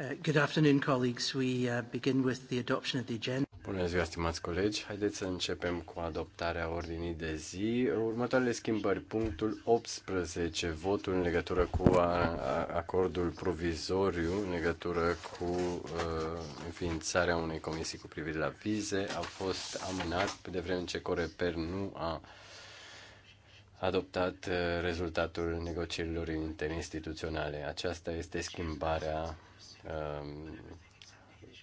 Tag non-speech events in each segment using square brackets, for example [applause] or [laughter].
Uh, good afternoon, colleagues. We uh, begin with the adoption of the agenda. Bună ziua, stimați colegi. Haideți să începem cu adoptarea ordinii de zi. Următoarele schimbări. Punctul 18. Votul în legătură cu acordul provizoriu în legătură cu a, uh, înființarea unei comisii cu privire la vize a fost amânat de vreme ce Coreper nu a adoptat rezultatul negocierilor interinstituționale. Aceasta este schimbarea Um,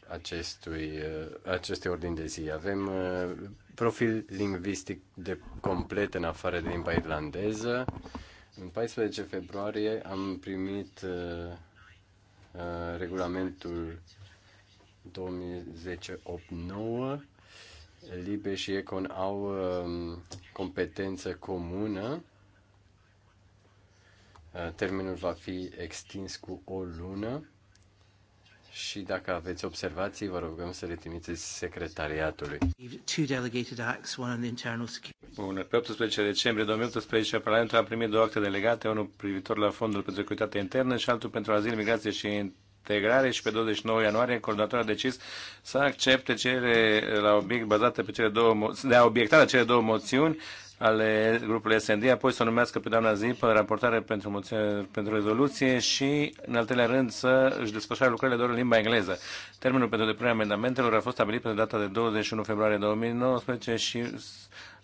acestui, uh, acestei ordini de zi. Avem uh, profil lingvistic de complet în afară de limba irlandeză. În 14 februarie am primit uh, regulamentul 2010 9 Libe și Econ au um, competență comună. termenul va fi extins cu o lună și dacă aveți observații, vă rugăm să le trimiteți secretariatului. Bun, pe 18 decembrie 2018, Parlamentul a primit două acte delegate, unul privitor la Fondul pentru Securitate Internă și altul pentru Azil, Migrație și integrare și pe 29 ianuarie coordonatorul a decis să accepte cele la obiect bazate pe cele două, de a obiecta la cele două moțiuni ale grupului SND, apoi să o numească pe doamna Zipă raportare pentru, moție, pentru rezoluție și, în al treilea rând, să își desfășoare lucrările doar în limba engleză. Termenul pentru depunerea amendamentelor a fost stabilit pentru data de 21 februarie 2019 și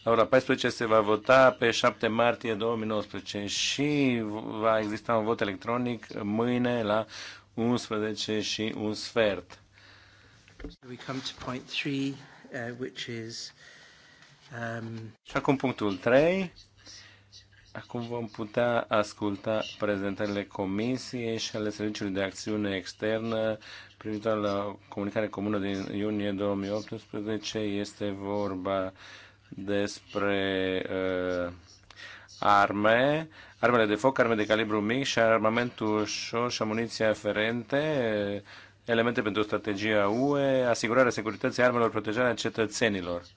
la ora 14 se va vota pe 7 martie 2019 și va exista un vot electronic mâine la 11 și un sfert. We come to point three, uh, which is Um... Și acum punctul 3. Acum vom putea asculta prezentările Comisiei și ale Serviciului de Acțiune Externă privitoare la comunicare comună din iunie 2018. Este vorba despre uh, arme, armele de foc, arme de calibru mic și armamentul ușor și amuniția aferente, elemente pentru strategia UE, asigurarea securității armelor, protejarea cetățenilor. Uh,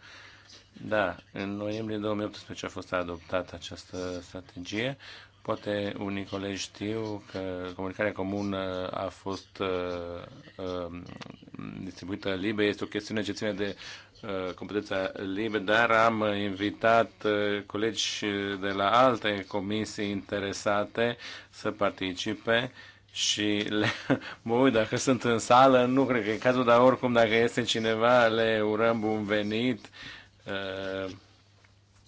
da, în noiembrie 2018 a fost adoptată această strategie. Poate unii colegi știu că comunicarea comună a fost uh, uh, distribuită liber. Este o chestiune ce ține de uh, competența liber, dar am invitat uh, colegi de la alte comisii interesate să participe și le, [laughs] mă uit, dacă sunt în sală, nu cred că e cazul, dar oricum dacă este cineva, le urăm bun venit Ehm,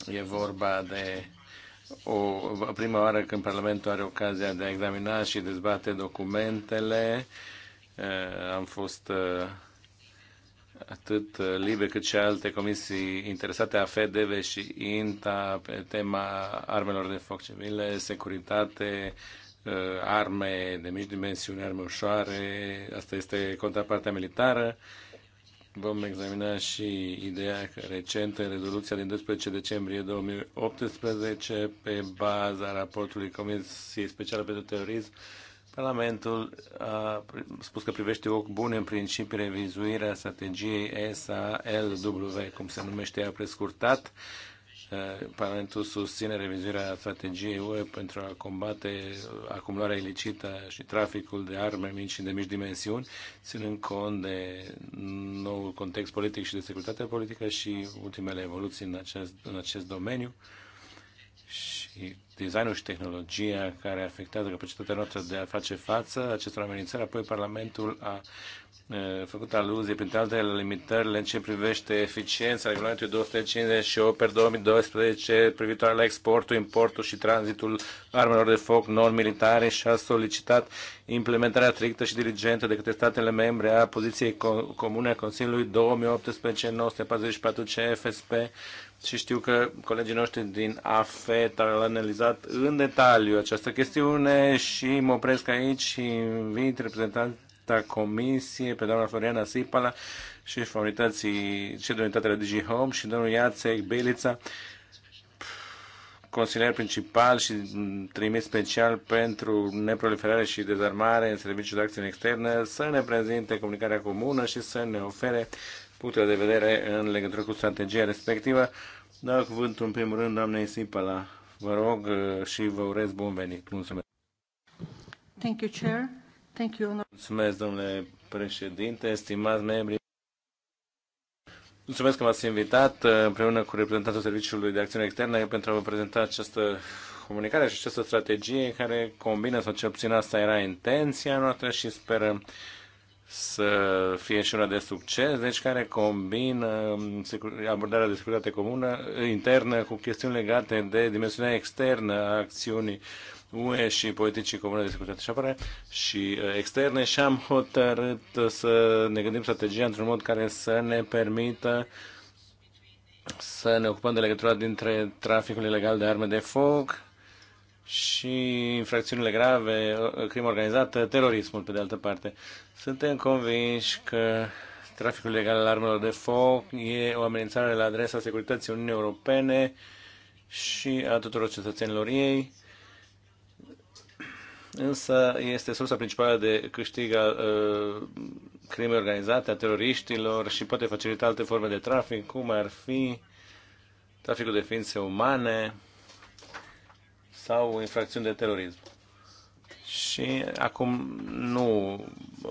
e vorba de o prima oară când Parlamentul are ocazia de a examina și dezbate documentele. Ehm, am fost ehm, atât LIBE cât și alte comisii interesate, FDV și INTA, pe tema armelor de foc civile, securitate, arme de mici dimensiuni, arme ușoare, asta este contrapartea militară Vom examina și ideea recentă în rezoluția din 12 decembrie 2018 pe baza raportului Comisiei Speciale pentru Terorism. Parlamentul a spus că privește ochi bune în principiu revizuirea strategiei SALW, cum se numește ea prescurtat, Parlamentul susține revizuirea strategiei UE pentru a combate acumularea ilicită și traficul de arme mici și de mici dimensiuni, ținând cont de noul context politic și de securitate politică și ultimele evoluții în acest, în acest domeniu și designul și tehnologia care afectează capacitatea noastră de a face față acestor amenințări. Apoi Parlamentul a făcut aluzie, printre altele, la limitările în ce privește eficiența regulamentului 258 per 2012 privitoare la exportul, importul și tranzitul armelor de foc non-militare și a solicitat implementarea strictă și diligentă de către statele membre a poziției comune a Consiliului 2018-944 CFSP și știu că colegii noștri din AFET au analizat în detaliu această chestiune și mă opresc aici și invit reprezentanții comisie, pe doamna Floriana Sipala, și șeful unității, șeful unității Digi Home și domnul Iacek Belița, consilier principal și trimis special pentru neproliferare și dezarmare în serviciul de acțiune externă, să ne prezinte comunicarea comună și să ne ofere punctele de vedere în legătură cu strategia respectivă. Dau cuvântul în primul rând doamnei Sipala. Vă rog uh, și vă urez bun venit. Mulțumesc. Thank you, Chair. Thank you. Mulțumesc, domnule președinte, estimați membri. Mulțumesc că m-ați invitat uh, împreună cu reprezentantul Serviciului de Acțiune Externă pentru a vă prezenta această comunicare și această strategie care combină, sau ce puțin asta era intenția noastră și sperăm să fie și una de succes, deci care combină um, abordarea de securitate comună internă cu chestiuni legate de dimensiunea externă a acțiunii UE și politicii comune de securitate și apărare și uh, externe și am hotărât să ne gândim strategia într-un mod care să ne permită să ne ocupăm de legătura dintre traficul ilegal de arme de foc și infracțiunile grave, uh, crimă organizată, terorismul, pe de altă parte. Suntem convinși că traficul ilegal al armelor de foc e o amenințare la adresa securității Uniunii Europene și a tuturor cetățenilor ei însă este sursa principală de câștig al uh, crimei organizate, a teroriștilor și poate facilita alte forme de trafic, cum ar fi traficul de ființe umane sau infracțiuni de terorism. Și acum nu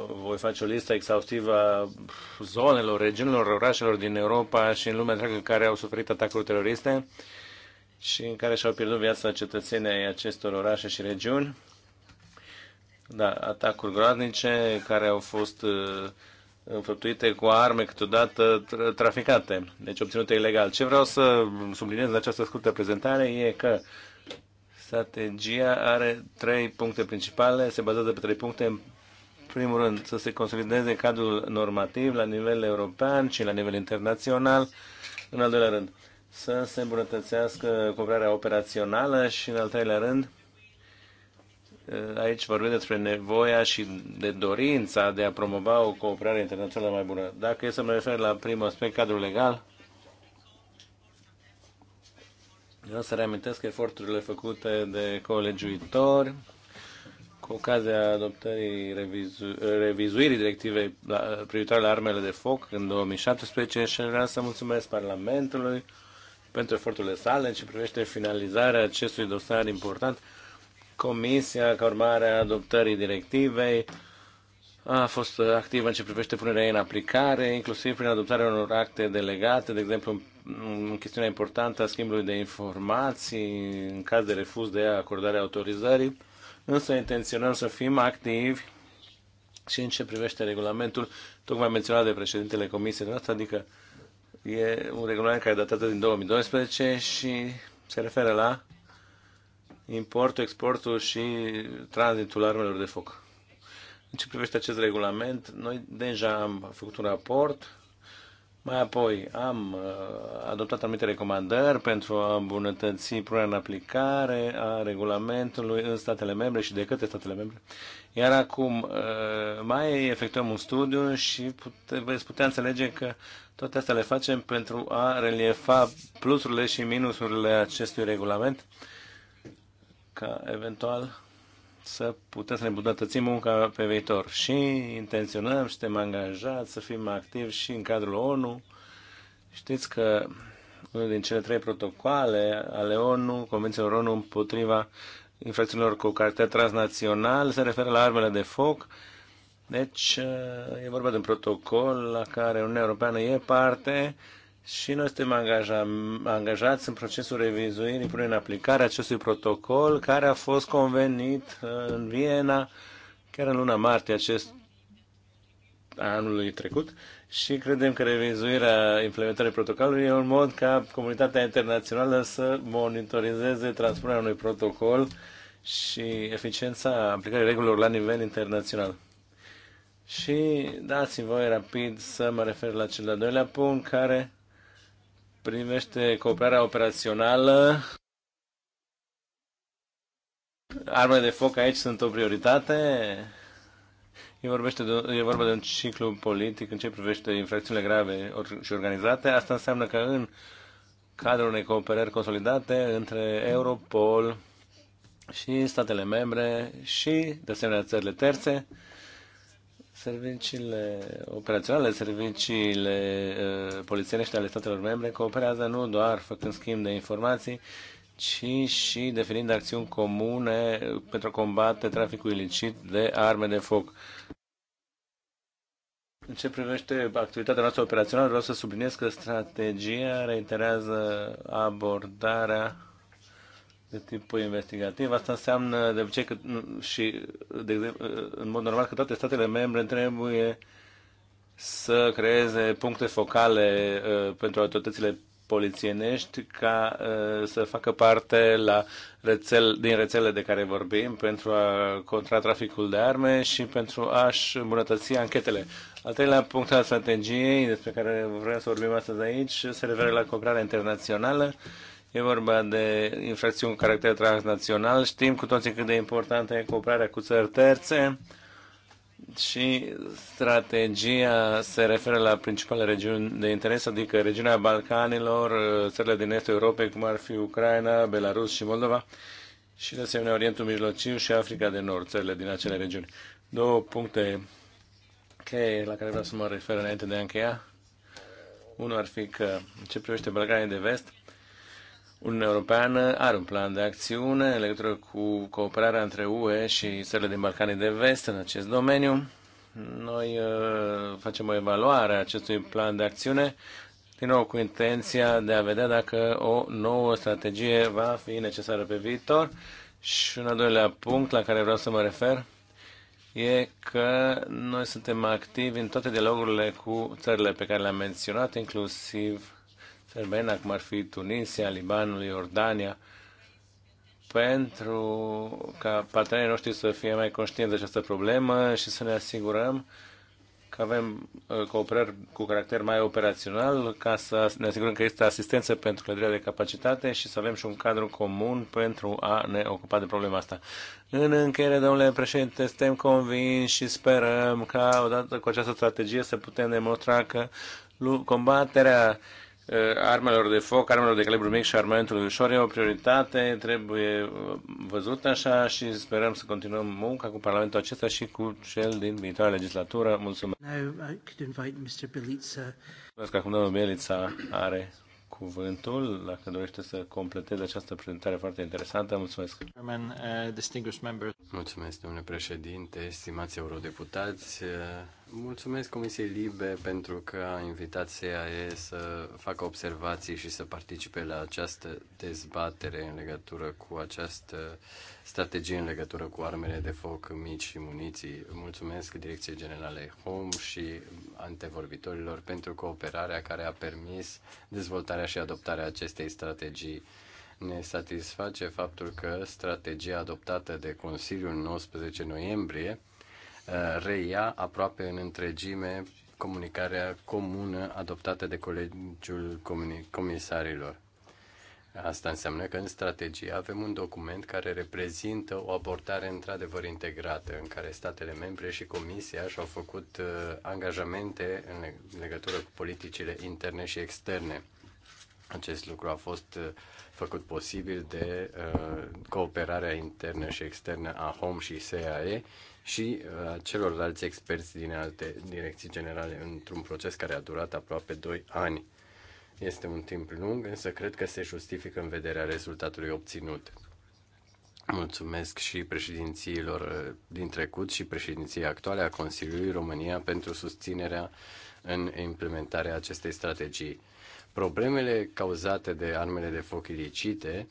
voi face o listă exhaustivă a zonelor, regiunilor, orașelor din Europa și în lumea întreagă care au suferit atacuri teroriste și în care și-au pierdut viața cetățenii acestor orașe și regiuni da, atacuri groaznice care au fost uh, înfăptuite cu arme câteodată traficate, deci obținute ilegal. Ce vreau să subliniez în această scurtă prezentare e că strategia are trei puncte principale, se bazează pe trei puncte. În primul rând, să se consolideze cadrul normativ la nivel european și la nivel internațional. În al doilea rând, să se îmbunătățească cooperarea operațională și, în al treilea rând, Eh, aici vorbim despre nevoia și de dorința de a promova o cooperare internațională mai bună. Dacă e să mă refer la primul aspect, cadrul legal, eu să reamintesc eforturile făcute de colegiuitori cu ocazia adoptării revizu- eh, revizuirii directivei la, eh, privitoare la armele de foc în 2017 și vreau să mulțumesc Parlamentului pentru eforturile sale în ce privește finalizarea acestui dosar important Comisia, ca urmare a adoptării directivei, a fost activă în ce privește punerea ei în aplicare, inclusiv prin adoptarea unor acte delegate, de exemplu, în chestiunea importantă a schimbului de informații, în caz de refuz de acordarea autorizării, însă intenționăm să fim activi și în ce privește regulamentul, tocmai menționat de președintele Comisiei noastre, adică e un regulament care datează din 2012 și se referă la importul, exportul și tranzitul armelor de foc. În ce privește acest regulament, noi deja am făcut un raport, mai apoi am uh, adoptat anumite recomandări pentru a îmbunătăți punerea în aplicare a regulamentului în statele membre și de către statele membre. Iar acum uh, mai efectuăm un studiu și pute, veți putea înțelege că toate astea le facem pentru a reliefa plusurile și minusurile acestui regulament ca eventual să putem să ne îmbunătățim munca pe viitor. Și intenționăm, suntem angajați să fim activi și în cadrul ONU. Știți că unul din cele trei protocoale ale ONU, Convenția ONU împotriva infracțiunilor cu caracter transnațional, se referă la armele de foc. Deci e vorba de un protocol la care Uniunea Europeană e parte și noi suntem angaja, angajați în procesul revizuirii până în aplicare acestui protocol care a fost convenit uh, în Viena chiar în luna martie acest anului trecut și credem că revizuirea implementării protocolului e un mod ca comunitatea internațională să monitorizeze transpunerea unui protocol și eficiența aplicării regulilor la nivel internațional. Și dați-mi voi rapid să mă refer la cel de-al doilea punct care privește cooperarea operațională, armele de foc aici sunt o prioritate. E, vorbește de, e vorba de un ciclu politic în ce privește infracțiunile grave și organizate. Asta înseamnă că în cadrul unei cooperări consolidate între Europol și statele membre și, de asemenea, țările terțe, Serviciile operaționale, serviciile uh, polițienești ale statelor membre cooperează nu doar făcând schimb de informații, ci și definind acțiuni comune pentru a combate traficul ilicit de arme de foc. În ce privește activitatea noastră operațională, vreau să subliniez că strategia reiterează abordarea de tip investigativ. Asta înseamnă de obicei că, și de, în mod normal că toate statele membre trebuie să creeze puncte focale uh, pentru autoritățile polițienești ca uh, să facă parte la rețel, din rețele de care vorbim pentru a contra traficul de arme și pentru a-și îmbunătăți anchetele. Al treilea punct al strategiei despre care vreau să vorbim astăzi aici se referă la cooperarea internațională. Uh, E vorba de infracțiuni cu caracter transnațional. Știm cu toții cât de importantă e cooperarea cu țări terțe și strategia se referă la principalele regiuni de interes, adică regiunea Balcanilor, țările din estul Europei, cum ar fi Ucraina, Belarus și Moldova, și de asemenea Orientul Mijlociu și Africa de Nord, țările din acele regiuni. Două puncte cheie la care vreau să mă refer înainte de a încheia. Unul ar fi că, în ce privește Balcanii de Vest, Uniunea Europeană are un plan de acțiune în legătură cu cooperarea între UE și țările din Balcanii de Vest în acest domeniu. Noi uh, facem o evaluare a acestui plan de acțiune, din nou cu intenția de a vedea dacă o nouă strategie va fi necesară pe viitor. Și un al doilea punct la care vreau să mă refer e că noi suntem activi în toate dialogurile cu țările pe care le-am menționat, inclusiv Serbena, cum ar fi Tunisia, Libanul, Iordania, pentru ca partenerii noștri să fie mai conștienți de această problemă și să ne asigurăm că avem uh, cooperări cu caracter mai operațional ca să ne asigurăm că există asistență pentru clădirea de capacitate și să avem și un cadru comun pentru a ne ocupa de problema asta. În încheiere, domnule președinte, suntem convinși și sperăm ca odată cu această strategie să putem demonstra că combaterea Eh, armelor de foc, armelor de calibru mic și armamentul ușor e o prioritate, trebuie uh, văzută așa și sperăm să continuăm munca cu Parlamentul acesta și cu cel din viitoarea legislatură. Mulțumesc! Now I could invite Mr. Belitza. Mulțumesc acum domnul Belița are cuvântul, dacă dorește să completeze această prezentare foarte interesantă. Mulțumesc! Uh, Mulțumesc, domnule președinte, stimați eurodeputați, uh, Mulțumesc Comisiei Libe pentru că a invitat SAE să facă observații și să participe la această dezbatere în legătură cu această strategie în legătură cu armele de foc mici și muniții. Mulțumesc Direcției Generale HOM și antevorbitorilor pentru cooperarea care a permis dezvoltarea și adoptarea acestei strategii ne satisface faptul că strategia adoptată de Consiliul 19 noiembrie Uh, reia aproape în întregime comunicarea comună adoptată de Colegiul Comisarilor. Asta înseamnă că în strategie avem un document care reprezintă o abordare într-adevăr integrată, în care statele membre și Comisia și-au făcut uh, angajamente în legătură cu politicile interne și externe. Acest lucru a fost uh, făcut posibil de uh, cooperarea internă și externă a HOME și SAE și uh, celorlalți experți din alte direcții generale într-un proces care a durat aproape 2 ani. Este un timp lung, însă cred că se justifică în vederea rezultatului obținut. Mulțumesc și președințiilor uh, din trecut și președinției actuale a Consiliului România pentru susținerea în implementarea acestei strategii. Problemele cauzate de armele de foc ilicite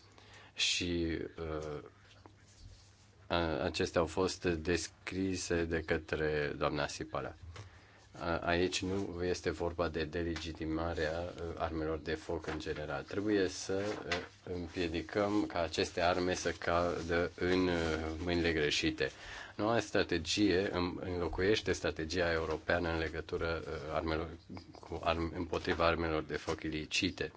și uh, Acestea au fost descrise de către doamna Sipala. Aici nu este vorba de delegitimarea armelor de foc în general. Trebuie să împiedicăm ca aceste arme să cadă în mâinile greșite. Noua strategie înlocuiește strategia europeană în legătură armelor, cu arme, împotriva armelor de foc ilicite.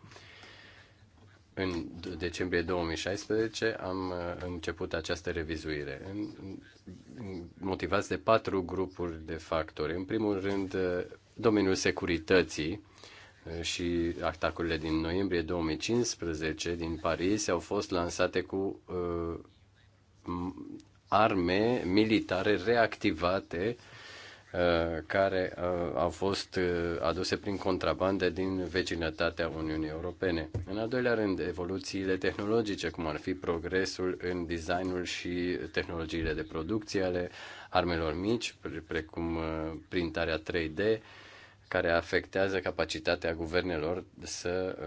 În decembrie 2016 am uh, început această revizuire, motivați de patru grupuri de factori. În primul rând, uh, domeniul securității uh, și atacurile din noiembrie 2015 din Paris au fost lansate cu arme militare reactivate Uh, care uh, au fost uh, aduse prin contrabandă din vecinătatea Uniunii Europene. În al doilea rând, evoluțiile tehnologice, cum ar fi progresul în designul și tehnologiile de producție ale armelor mici, precum printarea 3D, care afectează capacitatea guvernelor să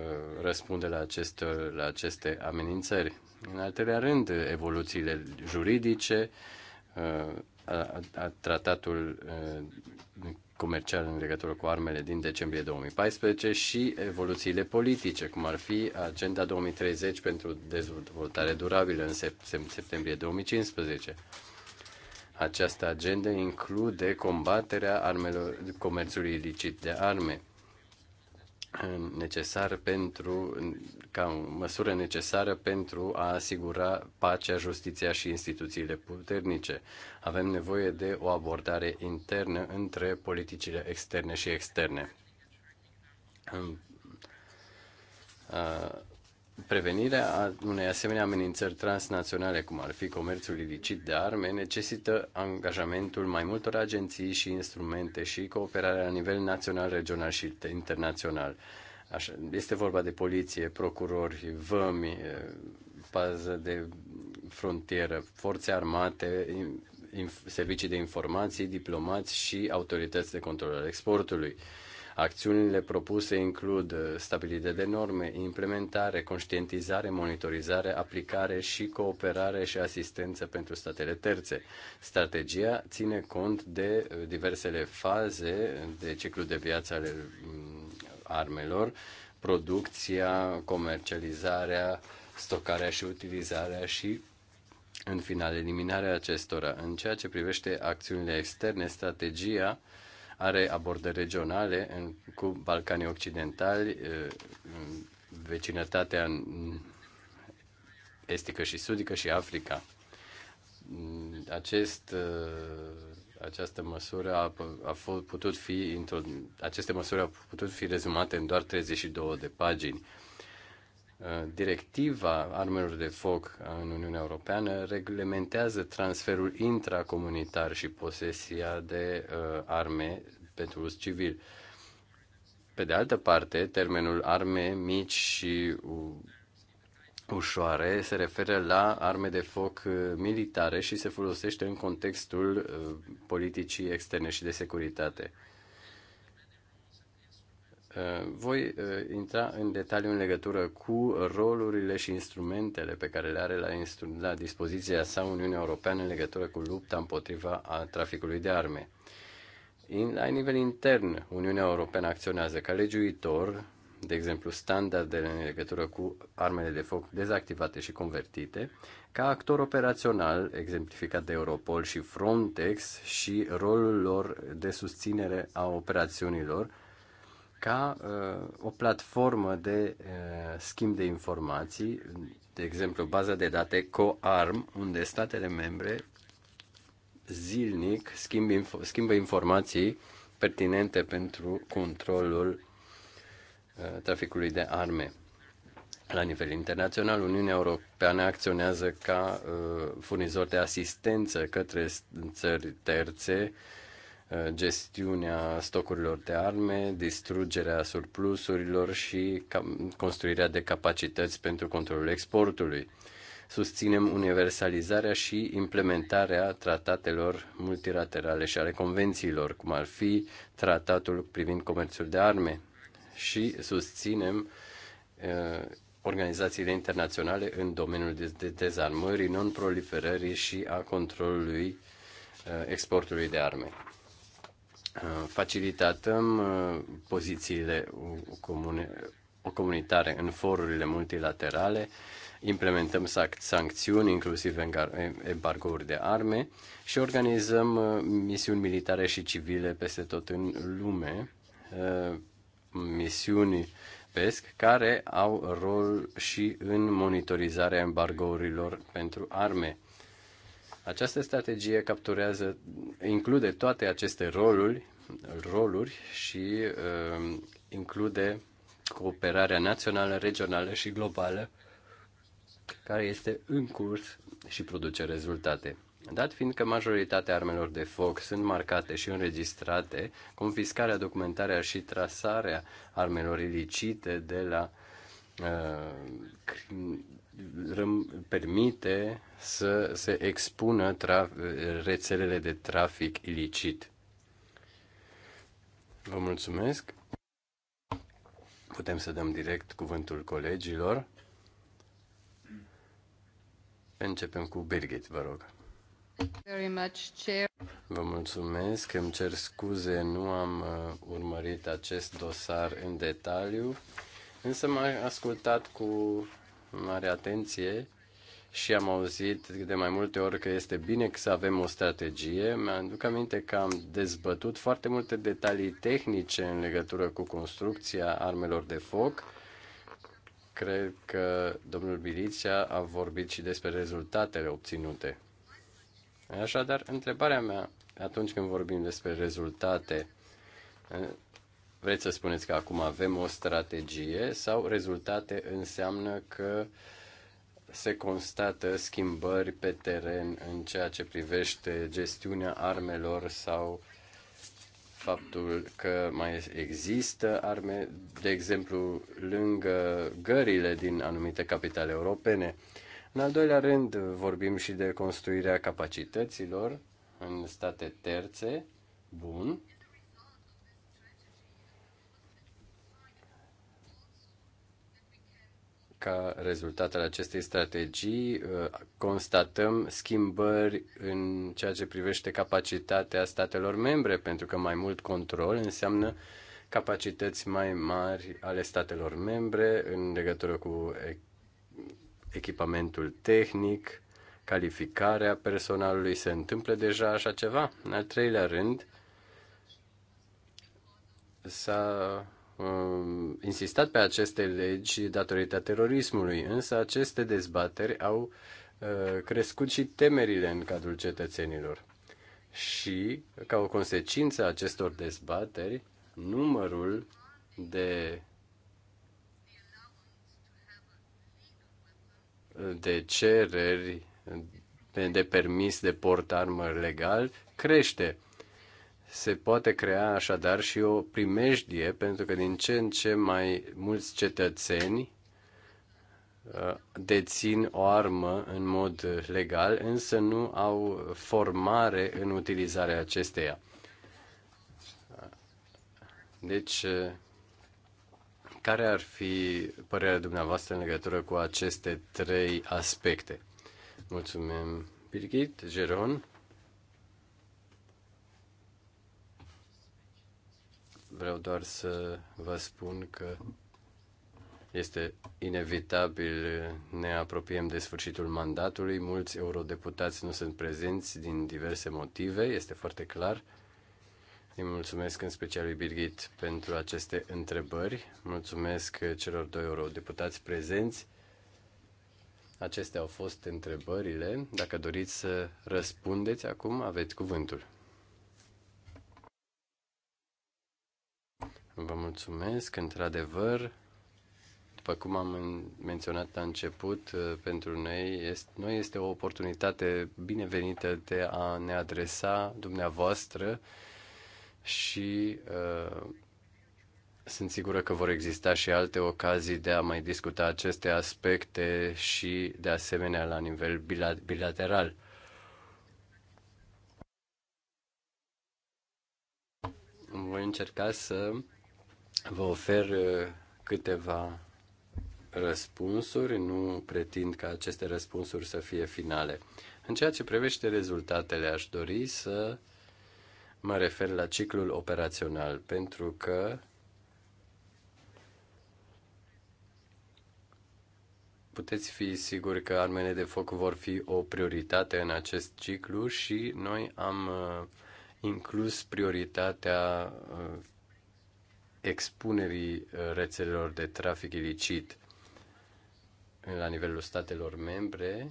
răspundă la, acest, la aceste amenințări. În al treilea rând, evoluțiile juridice, a, a tratatul comercial în legătură cu armele din decembrie 2014 și evoluțiile politice, cum ar fi Agenda 2030 pentru dezvoltare durabilă în septembrie 2015. Această agenda include combaterea armelor, comerțului ilicit de arme necesar pentru, ca o măsură necesară pentru a asigura pacea, justiția și instituțiile puternice. Avem nevoie de o abordare internă între politicile externe și externe. Prevenirea unei asemenea amenințări transnaționale, cum ar fi comerțul ilicit de arme, necesită angajamentul mai multor agenții și instrumente și cooperarea la nivel național, regional și internațional. Așa, este vorba de poliție, procurori, vămi, eh, pază de frontieră, forțe armate, servicii de informații, diplomați și autorități de control al exportului. Acțiunile propuse includ uh, stabilire de norme, implementare, conștientizare, monitorizare, aplicare și cooperare și asistență pentru statele terțe. Strategia ține cont de uh, diversele faze de ciclu de viață ale mm, armelor, producția, comercializarea, stocarea și utilizarea și în final, eliminarea acestora. În ceea ce privește acțiunile externe, strategia are abordări regionale în, cu Balcanii Occidentali, vecinătatea estică și sudică și Africa. Mm, acest, această măsură a, a fost, putut fi, aceste măsuri au putut fi rezumate în doar 32 de pagini. Directiva armelor de foc în Uniunea Europeană reglementează transferul intracomunitar și posesia de uh, arme pentru uz civil. Pe de altă parte, termenul arme mici și ușoare se referă la arme de foc uh, militare și se folosește în contextul uh, politicii externe și de securitate. Uh, voi intra în detaliu în legătură cu rolurile și instrumentele pe care le are la, la dispoziția sa Uniunea Europeană în legătură cu lupta împotriva a traficului de arme la nivel intern, Uniunea Europeană acționează ca legiuitor, de exemplu, standardele în legătură cu armele de foc dezactivate și convertite, ca actor operațional, exemplificat de Europol și Frontex, și rolul lor de susținere a operațiunilor, ca uh, o platformă de uh, schimb de informații, de exemplu, baza de date CoArm, unde statele membre zilnic schimb, info, schimbă informații pertinente pentru controlul uh, traficului de arme. La nivel internațional, Uniunea Europeană acționează ca uh, furnizor de asistență către țări terțe, uh, gestiunea stocurilor de arme, distrugerea surplusurilor și construirea de capacități pentru controlul exportului. Uh, susținem universalizarea și implementarea tratatelor multilaterale și ale convențiilor, cum ar fi tratatul privind comerțul de arme și susținem uh, organizațiile internaționale în domeniul de, de dezarmării, non-proliferării și a controlului uh, exportului de arme. Uh, facilităm uh, pozițiile comune, comunitare în forurile multilaterale, uh, implementăm sancțiuni, inclusiv embargouri de arme și organizăm uh, misiuni militare și civile peste tot în lume, uh, misiuni PESC, care au rol și în monitorizarea embargourilor pentru arme. Această strategie capturează, include toate aceste roluri, roluri și uh, include cooperarea națională, regională și globală care este în curs și produce rezultate. Dat fiind că majoritatea armelor de foc sunt marcate și înregistrate, confiscarea, documentarea și trasarea armelor ilicite de la uh, permite să se expună rețelele de trafic ilicit. Vă mulțumesc. Putem să dăm direct cuvântul colegilor. Începem cu Birgit, vă rog. Very much, chair. Vă mulțumesc, îmi cer scuze, nu am uh, urmărit acest dosar în detaliu, însă m-am ascultat cu mare atenție și am auzit de mai multe ori că este bine să avem o strategie. Mi-aduc aminte că am dezbătut foarte multe detalii tehnice în legătură cu construcția armelor de foc Cred că domnul Bilicea a vorbit și despre rezultatele obținute. Așadar, întrebarea mea, atunci când vorbim despre rezultate, vreți să spuneți că acum avem o strategie sau rezultate înseamnă că se constată schimbări pe teren în ceea ce privește gestiunea armelor sau faptul că mai există arme, de exemplu, lângă gările din anumite capitale europene. În al doilea rând, vorbim și de construirea capacităților în state terțe. Bun. ca rezultat al acestei strategii uh, constatăm schimbări în ceea ce privește capacitatea statelor membre, pentru că mai mult control înseamnă capacități mai mari ale statelor membre în legătură cu echipamentul tehnic, calificarea personalului. Se întâmplă deja așa ceva? În al treilea rând, s-a insistat pe aceste legi datorită terorismului, însă aceste dezbateri au uh, crescut și temerile în cadrul cetățenilor. Și, ca o consecință a acestor dezbateri, numărul de de cereri de permis de port armă legal crește se poate crea așadar și o primejdie, pentru că din ce în ce mai mulți cetățeni uh, dețin o armă în mod legal, însă nu au formare în utilizarea acesteia. Deci, uh, care ar fi părerea dumneavoastră în legătură cu aceste trei aspecte? Mulțumim, Birgit, Jeron. Vreau doar să vă spun că este inevitabil, ne apropiem de sfârșitul mandatului, mulți eurodeputați nu sunt prezenți din diverse motive, este foarte clar. Îi mulțumesc în special lui Birgit pentru aceste întrebări, mulțumesc celor doi eurodeputați prezenți. Acestea au fost întrebările. Dacă doriți să răspundeți acum, aveți cuvântul. Vă mulțumesc, într-adevăr, după cum am menționat la început, uh, pentru noi este, noi este o oportunitate binevenită de a ne adresa dumneavoastră și uh, sunt sigură că vor exista și alte ocazii de a mai discuta aceste aspecte și, de asemenea, la nivel bilateral. Voi încerca să Vă ofer uh, câteva răspunsuri, nu pretind ca aceste răspunsuri să fie finale. În ceea ce privește rezultatele, aș dori să mă refer la ciclul operațional, pentru că puteți fi siguri că armele de foc vor fi o prioritate în acest ciclu și noi am uh, inclus prioritatea uh, expunerii uh, rețelelor de trafic ilicit la nivelul statelor membre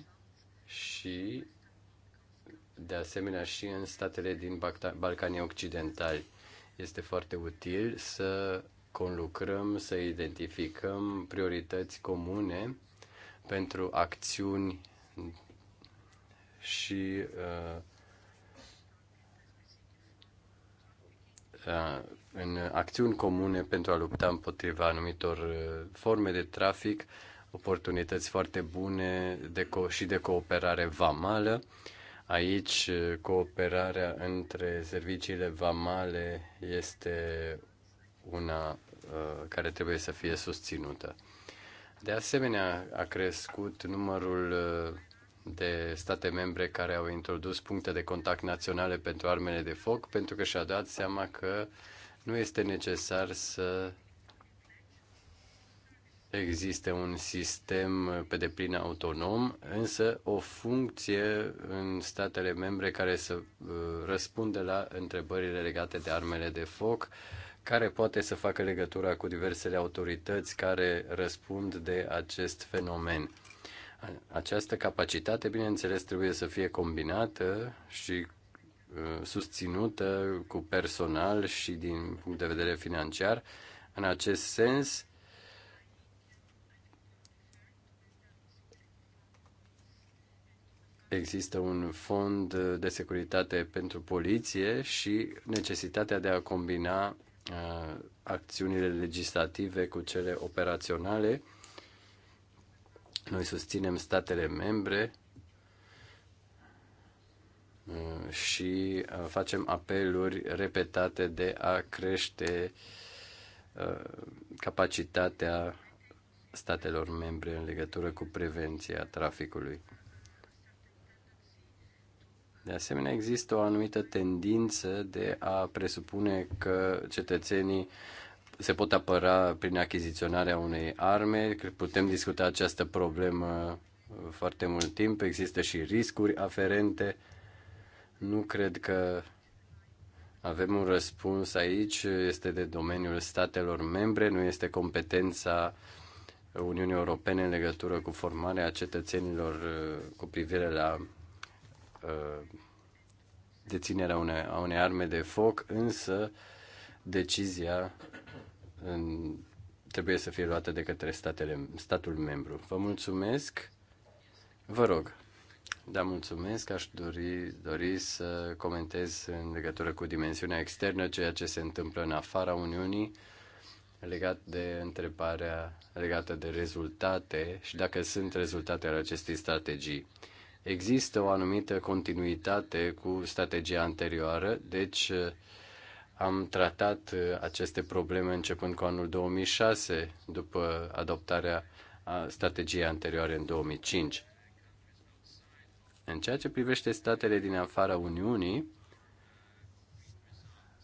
și de asemenea și în statele din Balcanii Occidentali. Este foarte util să conlucrăm, să identificăm priorități comune pentru acțiuni și uh, Uh, în acțiuni comune pentru a lupta împotriva anumitor uh, forme de trafic, oportunități foarte bune de co- și de cooperare vamală. Aici uh, cooperarea între serviciile vamale este una uh, care trebuie să fie susținută. De asemenea, a crescut numărul uh, de state membre care au introdus puncte de contact naționale pentru armele de foc, pentru că și-a dat seama că nu este necesar să existe un sistem pe deplin autonom, însă o funcție în statele membre care să uh, răspunde la întrebările legate de armele de foc, care poate să facă legătura cu diversele autorități care răspund de acest fenomen. Această capacitate, bineînțeles, trebuie să fie combinată și uh, susținută cu personal și din punct de vedere financiar. În acest sens, există un fond de securitate pentru poliție și necesitatea de a combina uh, acțiunile legislative cu cele operaționale noi susținem statele membre uh, și uh, facem apeluri repetate de a crește uh, capacitatea statelor membre în legătură cu prevenția traficului. De asemenea, există o anumită tendință de a presupune că cetățenii se pot apăra prin achiziționarea unei arme. Putem discuta această problemă uh, foarte mult timp. Există și riscuri aferente. Nu cred că avem un răspuns aici. Este de domeniul statelor membre, nu este competența Uniunii Europene în legătură cu formarea cetățenilor uh, cu privire la uh, deținerea unei, a unei arme de foc, însă decizia în, trebuie să fie luată de către statele, statul membru. Vă mulțumesc. Vă rog. Da, mulțumesc. Aș dori, dori să comentez în legătură cu dimensiunea externă ceea ce se întâmplă în afara Uniunii legat de întrebarea legată de rezultate și dacă sunt rezultate ale acestei strategii. Există o anumită continuitate cu strategia anterioară, deci am tratat uh, aceste probleme începând cu anul 2006, după adoptarea strategiei anterioare în 2005. În ceea ce privește statele din afara Uniunii,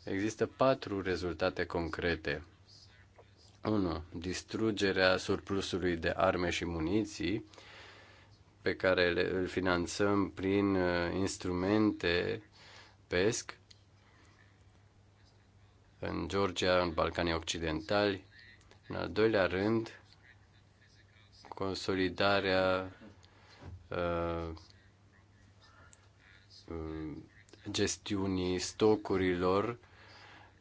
există patru rezultate concrete. 1. Distrugerea surplusului de arme și muniții pe care îl finanțăm prin uh, instrumente PESC în Georgia, în Balcanii Occidentali. În al doilea rând, consolidarea uh, uh gestiunii stocurilor,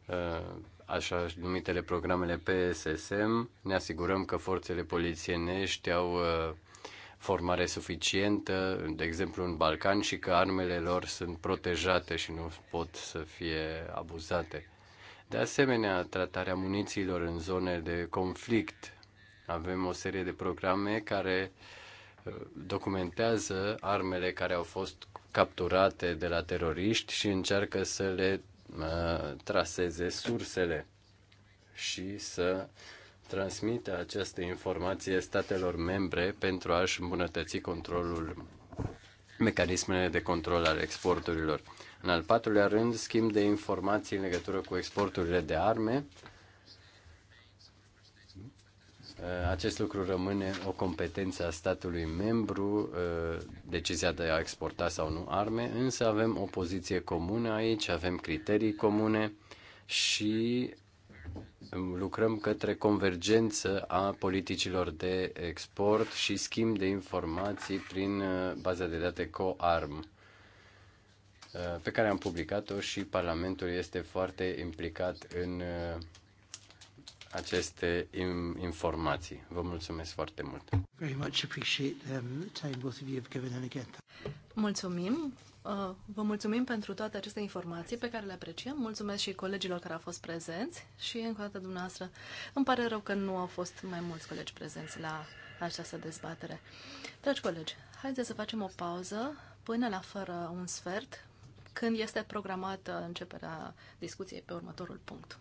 uh, așa numitele programele PSSM. Ne asigurăm că forțele polițienești au uh, formare suficientă, de exemplu în Balcan, și că armele lor sunt protejate și nu pot să fie abuzate. De asemenea, tratarea munițiilor în zone de conflict. Avem o serie de programe care uh, documentează armele care au fost capturate de la teroriști și încearcă să le uh, traseze sursele și să transmită această informație statelor membre pentru a-și îmbunătăți controlul, mecanismele de control al exporturilor. În al patrulea rând, schimb de informații în legătură cu exporturile de arme. Acest lucru rămâne o competență a statului membru, uh, decizia de a exporta sau nu arme, însă avem o poziție comună aici, avem criterii comune și um, lucrăm către convergență a politicilor de export și schimb de informații prin uh, baza de date CoArm. Uh, pe care am publicat-o și Parlamentul este foarte implicat în uh, aceste informații. Vă mulțumesc foarte mult. Very much appreciate um, time Mulțumim. Uh, vă mulțumim pentru toate aceste informații pe care le apreciem. Mulțumesc și colegilor care au fost prezenți și încă o dată dumneavoastră. Îmi pare rău că nu au fost mai mulți colegi prezenți la această dezbatere. Dragi colegi, haideți să facem o pauză până la fără un sfert, când este programată începerea discuției pe următorul punct.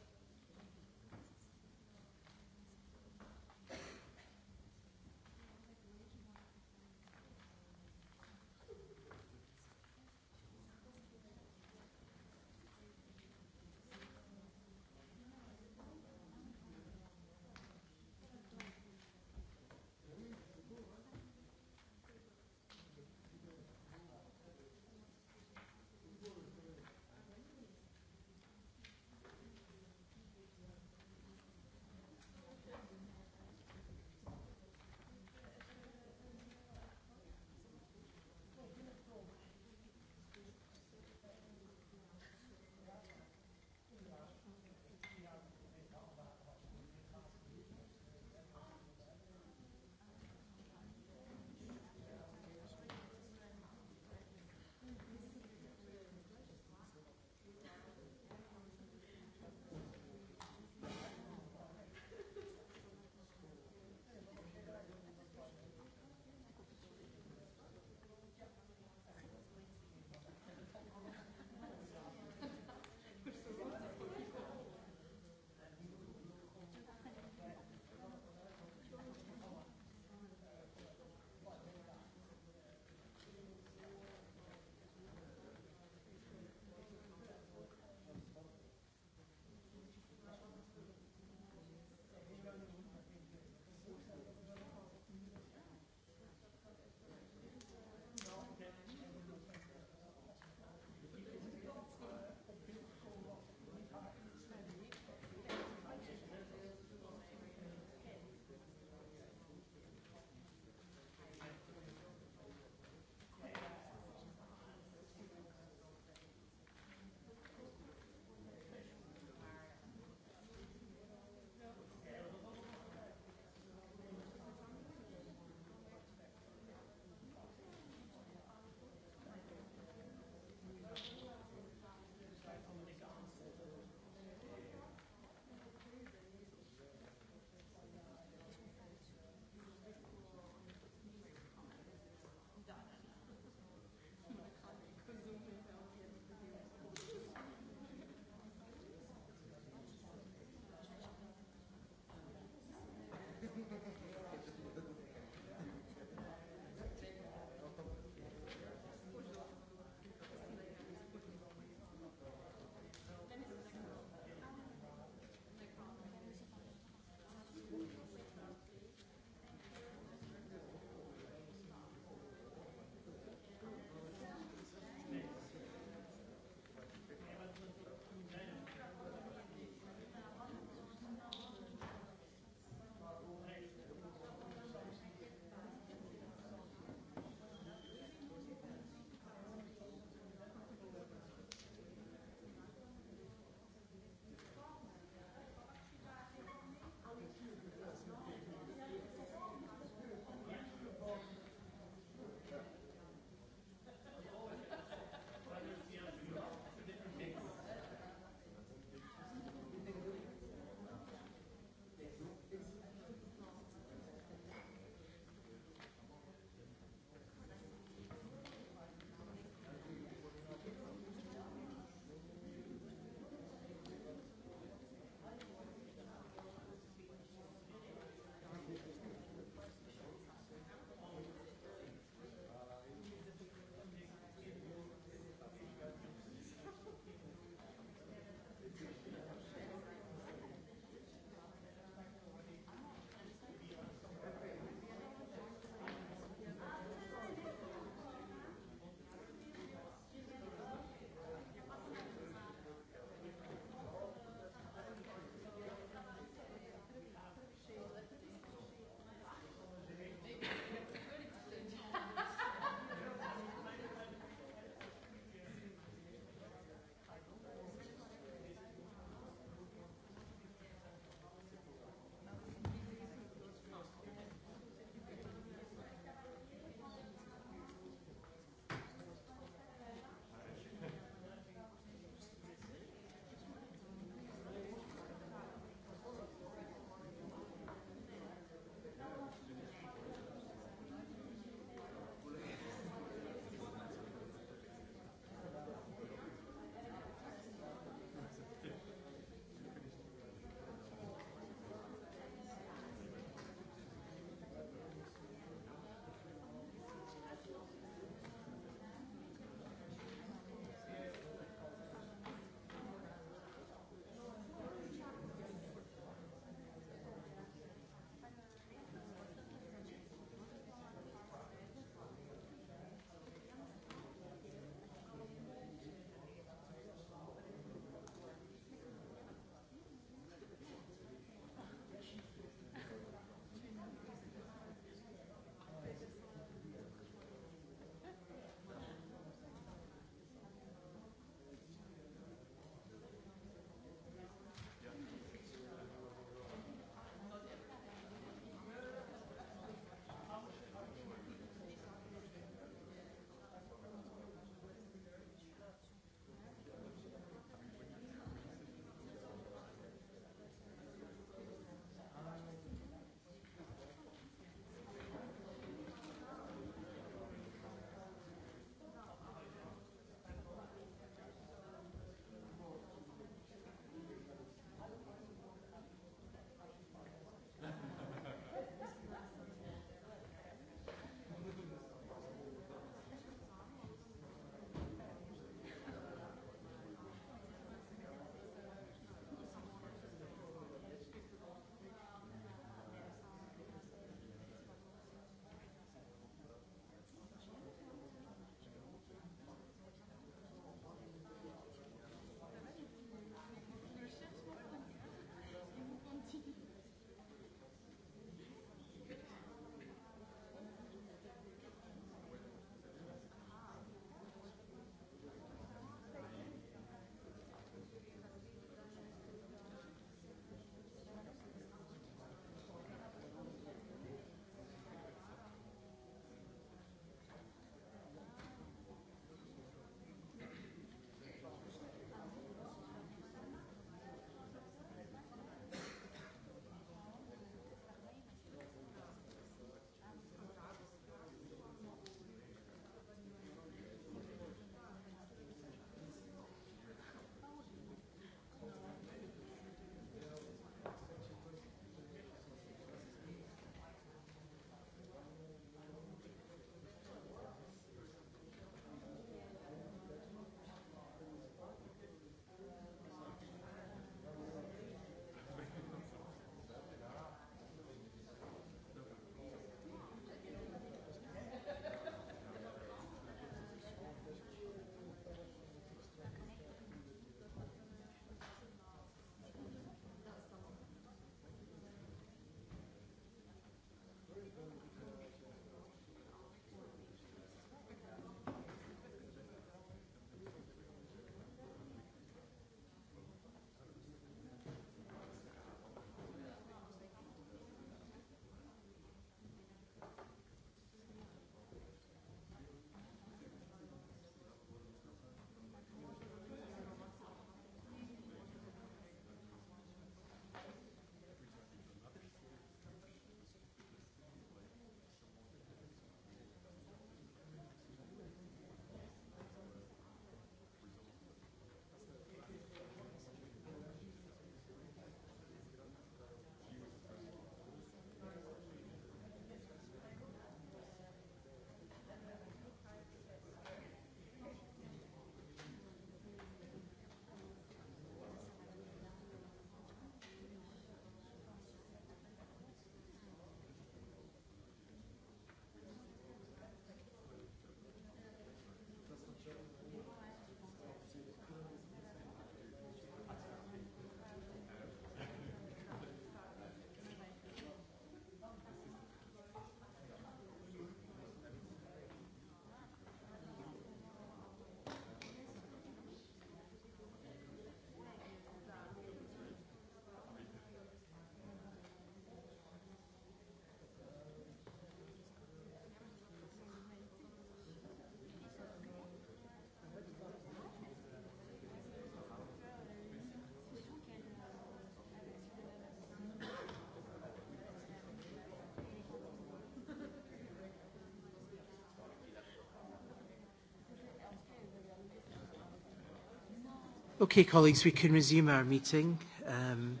Okay, colleagues, we can resume our meeting. Um,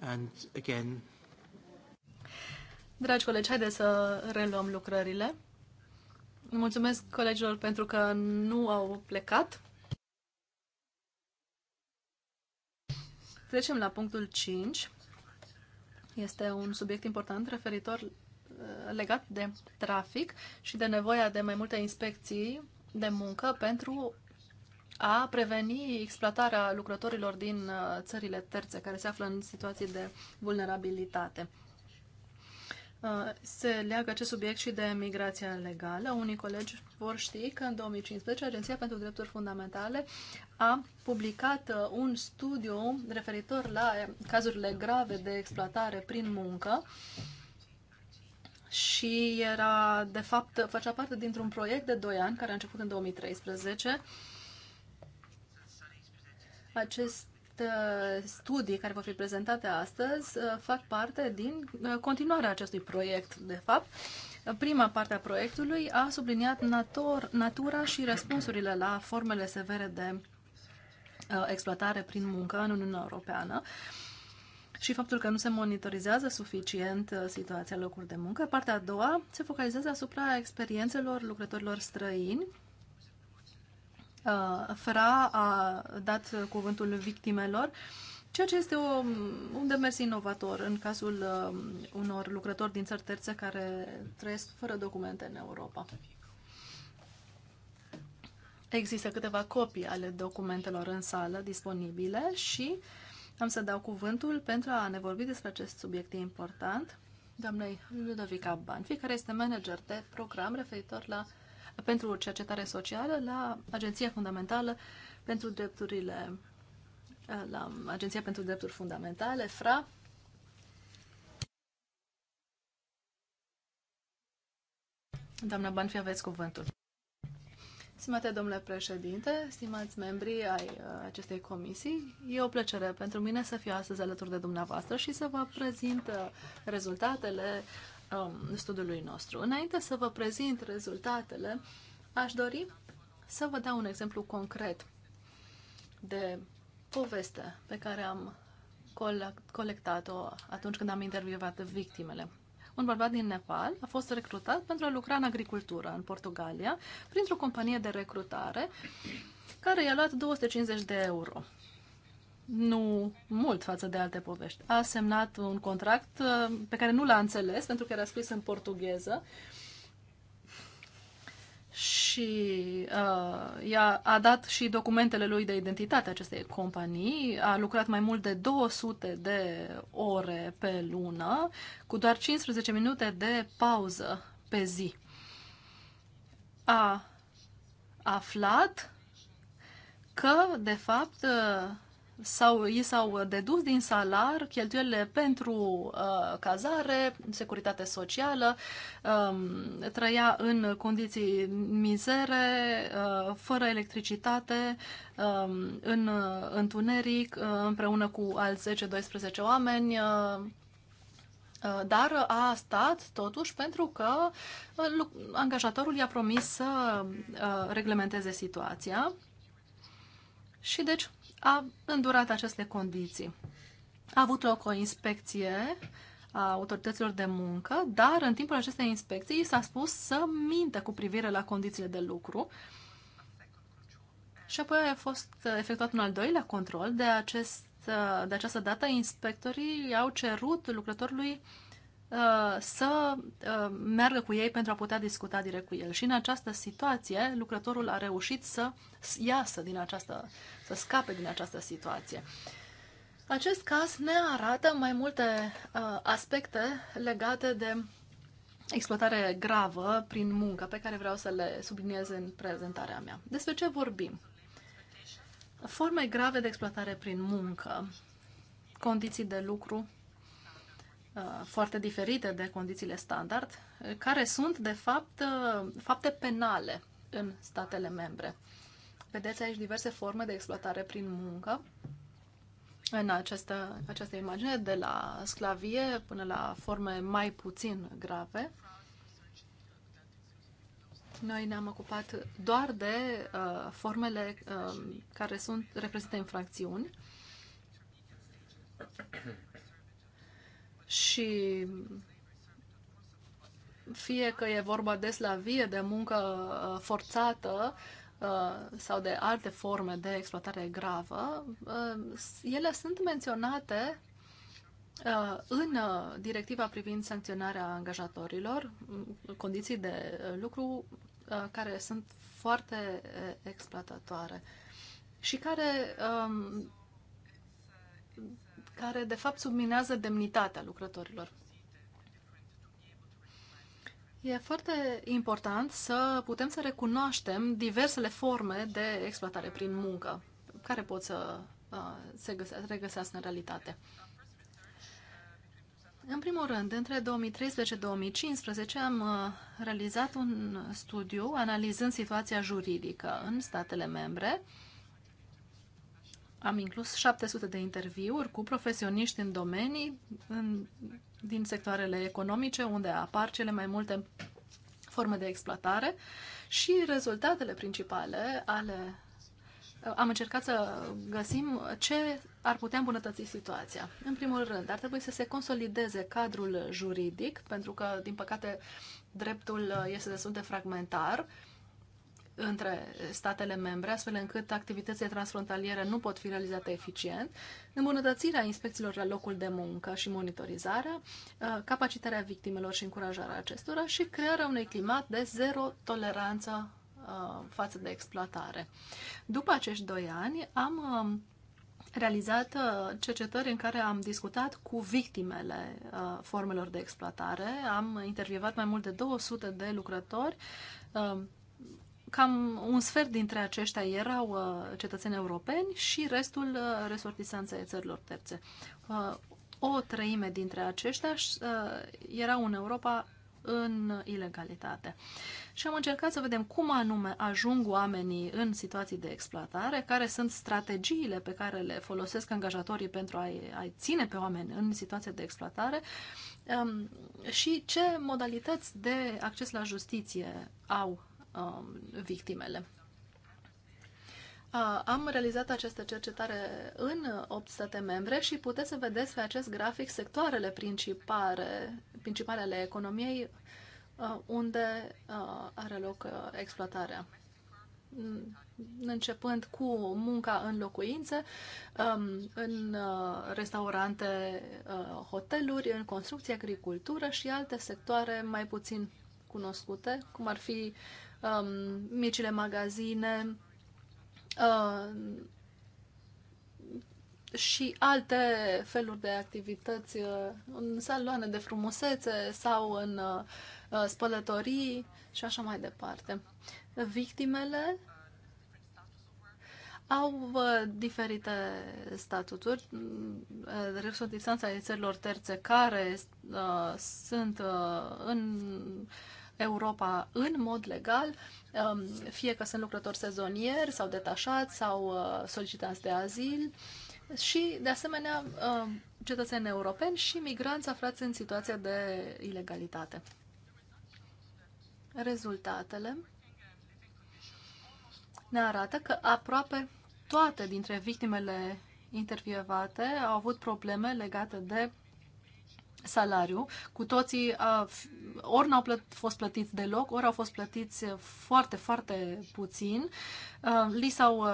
and again... Dragi colegi, haideți să reluăm lucrările. Mulțumesc colegilor pentru că nu au plecat. Trecem la punctul 5. Este un subiect important referitor uh, legat de trafic și de nevoia de mai multe inspecții de muncă pentru a preveni exploatarea lucrătorilor din uh, țările terțe care se află în situații de vulnerabilitate. Uh, se leagă acest subiect și de migrația legală. Unii colegi vor ști că în 2015 Agenția pentru Drepturi Fundamentale a publicat uh, un studiu referitor la cazurile grave de exploatare prin muncă și era, de fapt, făcea parte dintr-un proiect de 2 ani care a început în 2013 acest uh, studii care vor fi prezentate astăzi uh, fac parte din uh, continuarea acestui proiect, de fapt. Prima parte a proiectului a subliniat nator, natura și răspunsurile la formele severe de exploatare prin muncă în Uniunea Europeană și faptul că nu se monitorizează suficient situația locuri de muncă. Partea a doua se focalizează asupra experiențelor lucrătorilor străini Uh, FRA a dat cuvântul victimelor, ceea ce este o, un demers inovator în cazul um, unor lucrători din țări terțe care trăiesc fără documente în Europa. Există câteva copii ale documentelor în sală disponibile și am să dau cuvântul pentru a ne vorbi despre acest subiect important doamnei Ludovica Ban, fiecare este manager de program referitor la pentru cercetare socială la Agenția Fundamentală pentru Drepturile, eh, la Agenția pentru Drepturi Fundamentale, FRA, Doamna Banfi, aveți cuvântul. Stimate domnule președinte, stimați membrii ai eh, acestei comisii, e o plăcere pentru mine să fiu astăzi alături de dumneavoastră și să vă prezint eh, rezultatele um, studiului nostru. Înainte să vă prezint rezultatele, aș dori să vă dau un exemplu concret de poveste pe care am colectat-o atunci când am intervievat victimele. Un bărbat din Nepal a fost recrutat pentru a lucra în agricultură în Portugalia printr-o companie de recrutare care i-a luat 250 de euro nu mult față de alte povești. A semnat un contract uh, pe care nu l-a înțeles pentru că era scris în portugheză și uh, ea a dat și documentele lui de identitate acestei companii, a lucrat mai mult de 200 de ore pe lună, cu doar 15 minute de pauză pe zi. A aflat că, de fapt, uh, sau i s-au dedus din salar cheltuielile pentru uh, cazare, securitate socială, um, uh, trăia în condiții mizere, uh, fără electricitate, um, uh, în uh, întuneric, uh, împreună cu alți 10-12 oameni. Uh, uh, dar a stat totuși pentru că uh, angajatorul i-a promis să uh, reglementeze situația și deci a îndurat aceste condiții. A avut loc o inspecție a autorităților de muncă, dar în timpul acestei inspecții s-a spus să mintă cu privire la condițiile de lucru. Și apoi a fost efectuat un al doilea control. De, acest, de această dată, inspectorii au cerut lucrătorului uh, să uh, meargă cu ei pentru a putea discuta direct cu el. Și în această situație, lucrătorul a reușit să iasă din această să scape din această situație. Acest caz ne arată mai multe uh, aspecte legate de exploatare gravă prin muncă, pe care vreau să le subliniez în prezentarea mea. Despre ce vorbim? Forme grave de exploatare prin muncă, condiții de lucru uh, foarte diferite de condițiile standard, care sunt, de fapt, uh, fapte penale în statele membre. Vedeți aici diverse forme de exploatare prin muncă în această, această imagine, de la sclavie până la forme mai puțin grave. Noi ne-am ocupat doar de uh, formele uh, care sunt reprezintă infracțiuni și fie că e vorba de slavie, de muncă uh, forțată, uh, Uh, sau de alte forme de exploatare gravă, uh, ele sunt menționate uh, în directiva privind sancționarea angajatorilor, mm, condiții de lucru care sunt foarte exploatatoare și care, um, care de fapt subminează demnitatea lucrătorilor. E foarte important să putem să recunoaștem diversele forme de exploatare prin muncă care pot să uh, se regăsească în realitate. În primul rând, între 2013-2015 am uh, realizat un studiu analizând situația juridică în statele membre. Am inclus 700 de interviuri cu profesioniști în domenii, în din sectoarele economice, unde apar cele mai multe forme de exploatare și rezultatele principale ale. Am încercat să găsim ce ar putea îmbunătăți situația. În primul rând, ar trebui să se consolideze cadrul juridic, pentru că, din păcate, dreptul este destul de fragmentar. Uh, între statele membre, astfel încât activitățile transfrontaliere nu pot fi realizate eficient, îmbunătățirea inspecțiilor la locul de muncă și monitorizarea, uh, capacitarea victimelor și încurajarea acestora și crearea unui climat de zero toleranță uh, față de exploatare. După acești doi ani am um, realizat uh, cercetări în care am discutat cu victimele formelor de exploatare. Am intervievat mai mult de 200 de lucrători cam un sfert dintre aceștia erau uh, cetățeni europeni și restul uh, resortisanța ai țărilor terțe. Uh, o treime dintre aceștia erau în Europa în ilegalitate. Și am încercat să vedem cum anume ajung oamenii în situații de exploatare, care sunt strategiile pe care le folosesc angajatorii pentru a-i, a ține pe oameni în situații de exploatare um, și ce modalități de acces la justiție au um, victimele. Uh, am realizat această cercetare în 8 state membre și puteți să vedeți pe acest grafic sectoarele principale, principale ale economiei uh, unde uh, are loc exploatarea. Începând cu munca în locuințe, um, în restaurante, hoteluri, în construcție, agricultură și alte sectoare mai puțin cunoscute, cum ar fi uh, um, micile magazine uh, și alte feluri de activități uh, în saloane de frumusețe sau în uh, uh spălătorii și așa mai departe. Victimele au uh, diferite statuturi. Mm, uh, Resortisanța țărilor terțe care uh, sunt uh, în Europa în mod legal, um, fie că sunt lucrători sezonieri sau detașați sau uh, solicitanți de azil și, de asemenea, um, cetățeni europeni și migranți aflați în situația de ilegalitate. Rezultatele ne arată că aproape toate dintre victimele intervievate au avut probleme legate de salariu. Cu toții a, ori n-au plăt, fost plătiți deloc, ori au fost plătiți foarte, foarte puțin. A, li s-au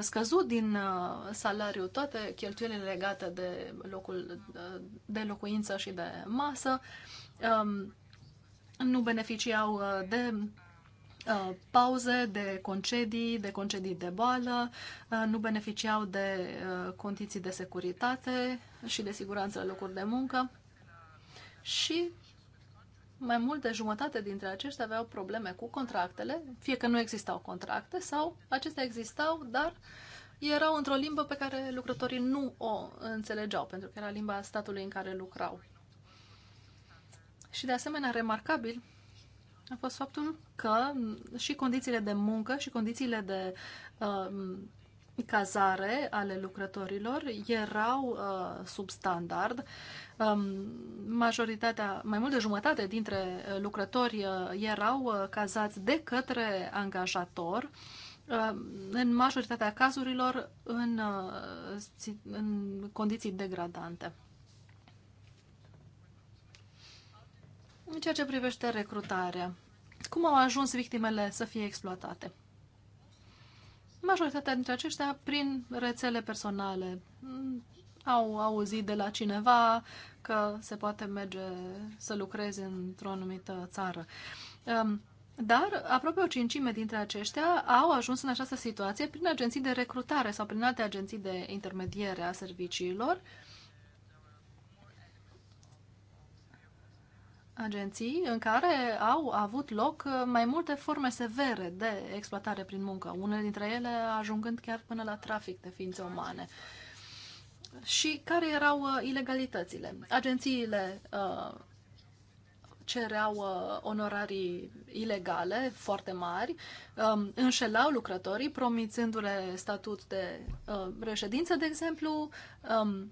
scăzut din a, salariu toate cheltuielile legate de, locul, de locuință și de masă. A, nu beneficiau de Uh, pauze, de concedii, de concedii de boală, uh, nu beneficiau de uh, condiții de securitate și de siguranță la locuri de muncă și mai mult de jumătate dintre aceștia aveau probleme cu contractele, fie că nu existau contracte sau acestea existau, dar erau într-o limbă pe care lucrătorii nu o înțelegeau, pentru că era limba statului în care lucrau. Și de asemenea, remarcabil a fost faptul că și condițiile de muncă și condițiile de uh, cazare ale lucrătorilor erau uh, substandard. Um, majoritatea, mai mult de jumătate dintre uh, lucrători uh, erau uh, cazați de către angajator. Um, în majoritatea cazurilor în, în condiții degradante. În ceea ce privește recrutarea, cum au ajuns victimele să fie exploatate? Majoritatea dintre aceștia prin rețele personale. Mm, au auzit de la cineva că se poate merge să lucreze într-o anumită țară. Um, dar aproape o cincime dintre aceștia au ajuns în această situație prin agenții de recrutare sau prin alte agenții de intermediere a serviciilor uh, agenții în care au avut loc uh, mai multe forme severe de exploatare prin muncă, unele dintre ele ajungând chiar până la trafic de ființe umane. Și care erau uh, ilegalitățile? Agențiile uh, cereau uh, onorarii ilegale foarte mari, um, înșelau lucrătorii, promițându-le statut de uh, reședință, de exemplu, um,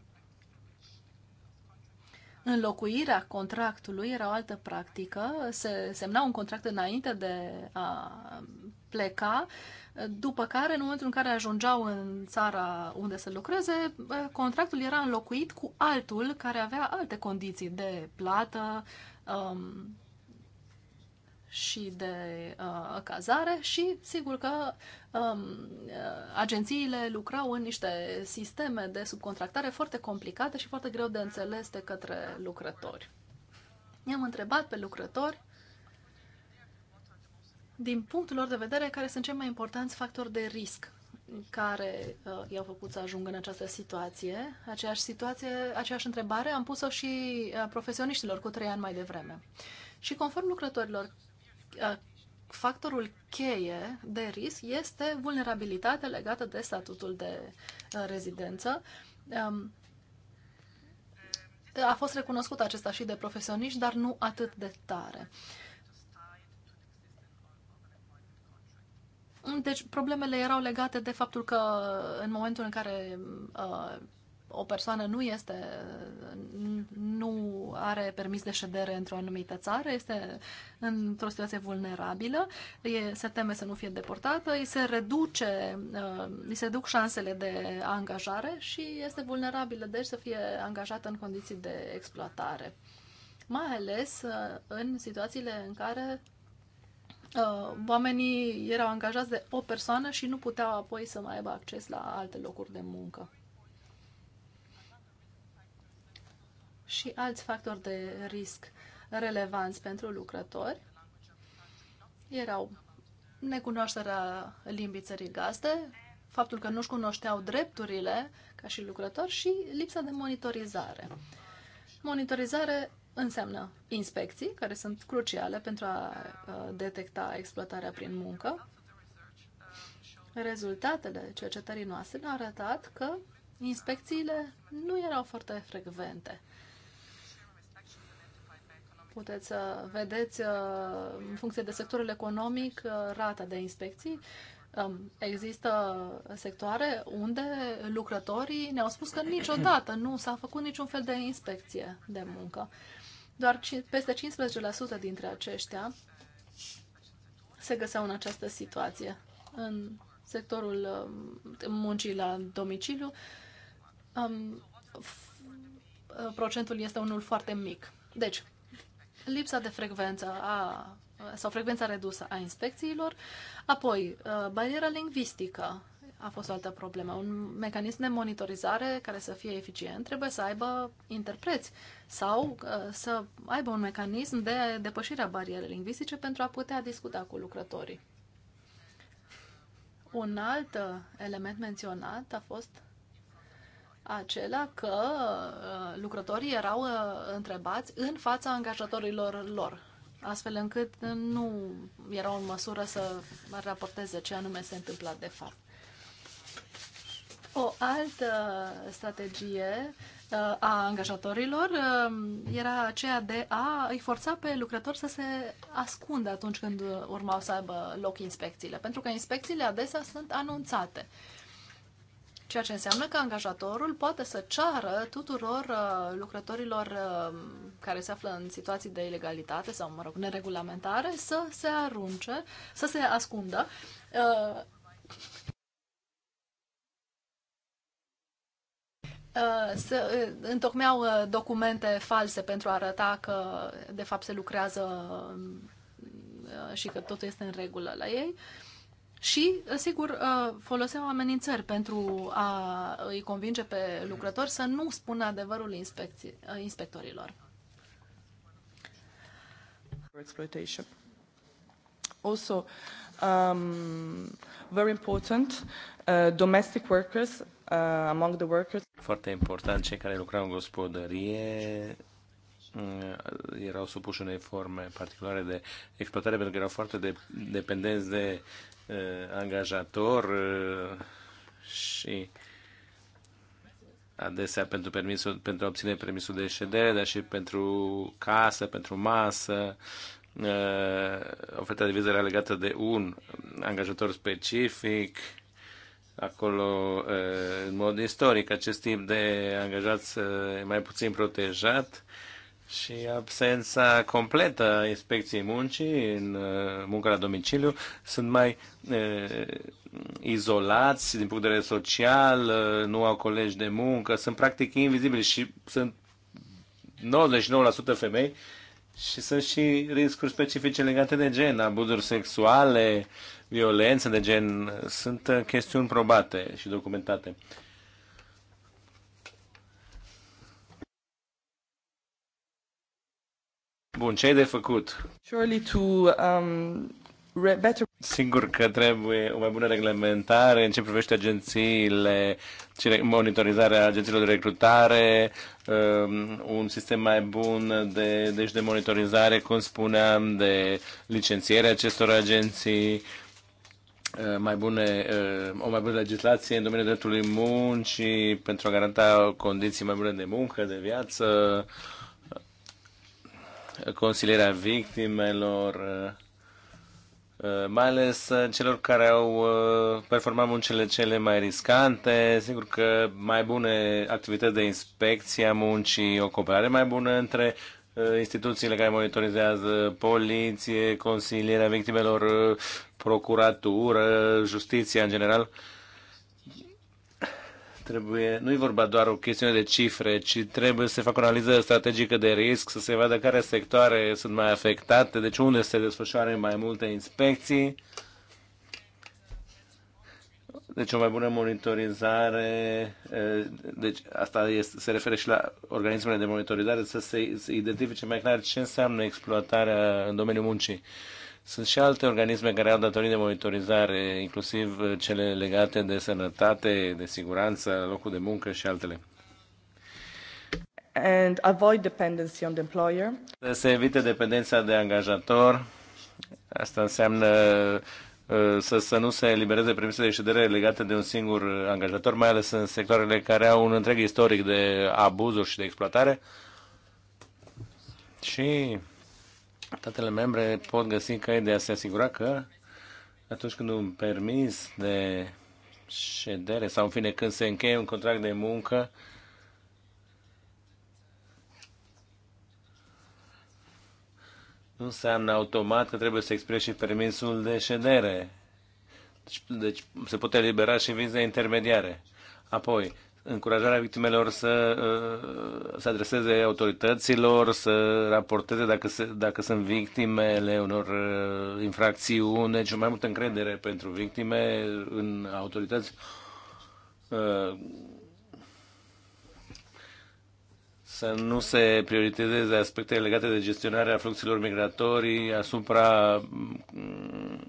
înlocuirea contractului era o altă practică. Se semna un contract înainte de a pleca, după care, în momentul în care ajungeau în țara unde să lucreze, contractul era înlocuit cu altul care avea alte condiții de plată, um, și de uh, cazare și sigur că um, uh, agențiile lucrau în niște sisteme de subcontractare foarte complicate și foarte greu de înțeles de către lucrători. I-am întrebat pe lucrători din punctul lor de vedere care sunt cei mai importanți factori de risc care uh, i-au făcut să ajungă în această situație. Aceeași situație, aceeași întrebare am pus-o și uh, profesioniștilor cu trei ani mai devreme. Și conform lucrătorilor factorul cheie de risc este vulnerabilitatea legată de statutul de rezidență. A fost recunoscut acesta și de profesioniști, dar nu atât de tare. Deci problemele erau legate de faptul că în momentul în care uh, o persoană nu este, nu are permis de ședere într-o anumită țară, este într-o situație vulnerabilă, e, se teme să nu fie deportată, îi se reduce, uh, îi se reduc șansele de angajare și este vulnerabilă, deci să fie angajată în condiții de exploatare. Mai ales uh, în situațiile în care uh, oamenii erau angajați de o persoană și nu puteau apoi să mai aibă acces la alte locuri de muncă. și alți factori de risc relevanți pentru lucrători. Erau necunoașterea limbii țării gazde, faptul că nu-și cunoșteau drepturile ca și lucrători și lipsa de monitorizare. Monitorizare înseamnă inspecții, care sunt cruciale pentru a detecta exploatarea prin muncă. Rezultatele cercetării noastre au arătat că inspecțiile nu erau foarte frecvente. Puteți să vedeți, uh, în funcție de sectorul economic, uh, rata de inspecții. Um, există sectoare unde lucrătorii ne-au spus că niciodată nu s-a făcut niciun fel de inspecție de muncă. Doar peste 15% dintre aceștia se găseau în această situație. În sectorul um, muncii la domiciliu, um, uh, procentul este unul foarte mic. Deci, lipsa de frecvență a, sau frecvența redusă a inspecțiilor, apoi uh, bariera lingvistică a fost o altă problemă. Un mecanism de monitorizare care să fie eficient trebuie să aibă interpreți sau uh, să aibă un mecanism de depășire a barierei lingvistice pentru a putea discuta cu lucrătorii. Un alt uh, element menționat a fost acela că uh, lucrătorii erau uh, întrebați în fața angajatorilor lor, astfel încât nu erau în măsură să raporteze ce anume se întâmpla de fapt. O altă strategie uh, a angajatorilor era aceea de a îi forța pe lucrători să se ascundă atunci când urmau să aibă loc inspecțiile, pentru că inspecțiile adesea sunt anunțate. Ceea ce înseamnă că angajatorul poate să ceară tuturor uh, lucrătorilor uh, care se află în situații de ilegalitate sau, mă rog, neregulamentare să se arunce, să se ascundă. Uh, să uh, întocmeau uh, documente false pentru a arăta că de fapt se lucrează uh, și că totul este în regulă la ei. Uh, și, uh, sigur, uh, foloseau amenințări pentru a îi convinge pe lucrători să nu spună adevărul uh, inspectorilor. Exploitation. Also, um, very important, uh, domestic workers uh, among the workers. Foarte important, cei care lucrau în gospodărie Mm, erau supuși unei forme particulare de exploatare pentru că erau foarte de, dependenți de uh, angajator uh, și adesea pentru, permisul, pentru a obține permisul de ședere, dar și pentru casă, pentru masă, uh, oferta de viză era legată de un angajator specific, acolo uh, în mod istoric acest tip de angajați uh, e mai puțin protejat, uh, și absența completă a inspecției muncii în uh, munca la domiciliu sunt mai e, uh, izolați din punct de vedere social, uh, nu au colegi de muncă, sunt practic invizibili și sunt 99% femei și sunt și riscuri specifice legate de gen, abuzuri sexuale, violențe de gen, sunt chestiuni probate și documentate. Bun, ce ai de făcut? Surely to, um, better... Sigur că trebuie o mai bună reglementare în ce privește agențiile, monitorizarea agențiilor de recrutare, um, un sistem mai bun de, deci de monitorizare, cum spuneam, de licențiere acestor agenții, uh, mai bune, uh, o mai bună legislație în domeniul dreptului muncii pentru a garanta condiții mai bune de muncă, de viață, consilierea victimelor, uh, uh, mai ales uh, celor care au performat muncile cele mai riscante, sigur că mai bune activități de inspecție a muncii, o cooperare mai bună între instituțiile care monitorizează poliție, consilierea victimelor, procuratură, justiția în general. Trebuie, nu e vorba doar o chestiune de cifre, ci trebuie să se facă o analiză strategică de risc, să se vadă care sectoare sunt mai afectate, deci unde se desfășoară mai multe inspecții. Deci o mai bună monitorizare, deci asta este, se referă și la organismele de monitorizare, să se, se identifice mai clar ce înseamnă exploatarea în domeniul muncii. Sunt și alte organisme care au datorii de monitorizare, inclusiv uh, cele legate de sănătate, de siguranță, locul de muncă și altele. And avoid dependency on the employer. Să se evite dependența de angajator. Asta înseamnă uh, să, să nu se elibereze premise de ședere legate de un singur angajator, mai ales în sectoarele care au un întreg istoric de abuzuri și de exploatare. Și statele membre pot găsi căi de a se asigura că atunci când un permis de ședere sau în fine când se încheie un contract de muncă nu înseamnă automat că trebuie să exprime și permisul de ședere. Deci, deci se poate elibera și vize intermediare. Apoi, încurajarea victimelor să uh, se adreseze autorităților, să raporteze dacă, se, dacă sunt victimele unor uh, infracțiuni, deci mai multă încredere pentru victime în autorități. Uh, să nu se prioritizeze aspectele legate de gestionarea fluxurilor migratorii asupra mm,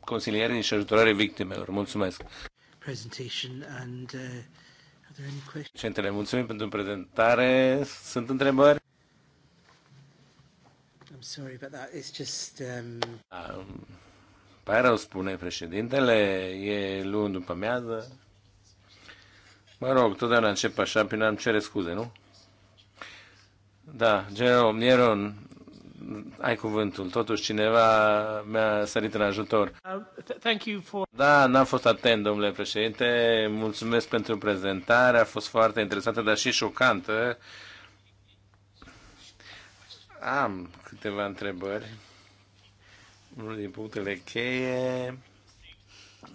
consilierii și ajutorării victimelor. Mulțumesc! presentation and uh, Centele, mulțumim pentru prezentare. Sunt întrebări? I'm sorry about that. It's just... Um... Um, pare rău, spune președintele, e luni după mează. Mă rog, totdeauna încep așa, până am cere scuze, nu? Da, Jerome, Nieron, ai cuvântul. Totuși cineva mi-a sărit în ajutor. Uh, thank you for... Da, n-am fost atent, domnule președinte. Mulțumesc pentru prezentare. A fost foarte interesantă, dar și șocantă. Am câteva întrebări. Unul din punctele cheie.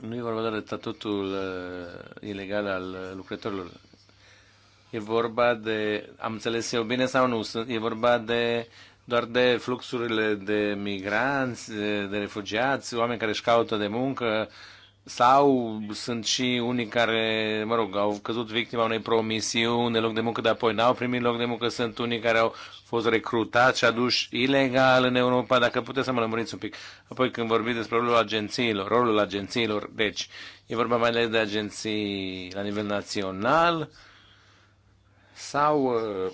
Nu e vorba doar de statutul uh, ilegal al uh, lucrătorilor. E vorba de, am înțeles eu bine sau nu, e vorba de uh, doar de fluxurile de migranți, de refugiați, oameni care își caută de muncă, sau sunt și unii care, mă rog, au căzut victima unei promisiuni de loc de muncă, dar apoi n-au primit loc de muncă. Sunt unii care au fost recrutați și aduși ilegal în Europa, dacă puteți să mă lămuriți un pic. Apoi când vorbim despre rolul agențiilor, rolul agențiilor, deci e vorba mai ales de agenții la nivel național sau uh,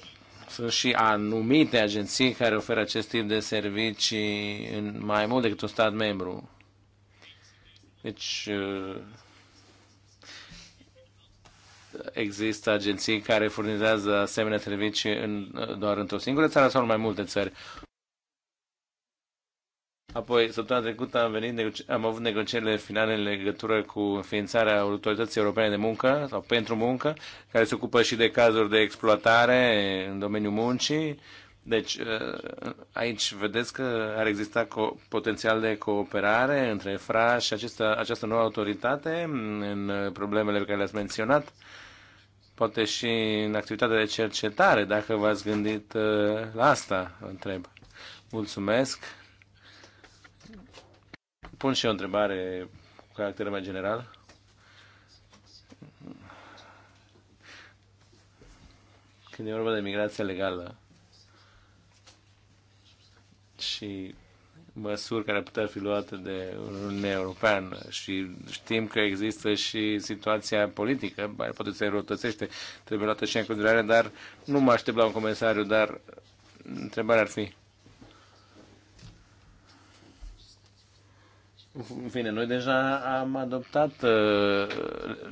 sunt și anumite agenții care oferă acest tip de servicii în mai mult decât un stat membru. Deci uh, există agenții care furnizează asemenea servicii în, uh, doar într-o singură țară sau în mai multe țări. Apoi, săptămâna trecută am, venit, am avut negocierile finale în legătură cu înființarea Autorității Europene de Muncă, sau pentru muncă, care se ocupă și de cazuri de exploatare în domeniul muncii. Deci, eh, aici vedeți că ar exista potențial de cooperare între FRA și această, această nouă autoritate în problemele pe care le-ați menționat, poate și în activitatea de cercetare, dacă v-ați gândit eh, la asta, întreb. Mulțumesc! pun și o întrebare cu caracter mai general. Când e vorba de migrație legală și măsuri care putea fi luate de un european. și știm că există și situația politică, mai poate se rotățește, trebuie luată și în considerare, dar nu mă aștept la un comisariu, dar întrebarea ar fi În fine, noi deja am adoptat uh,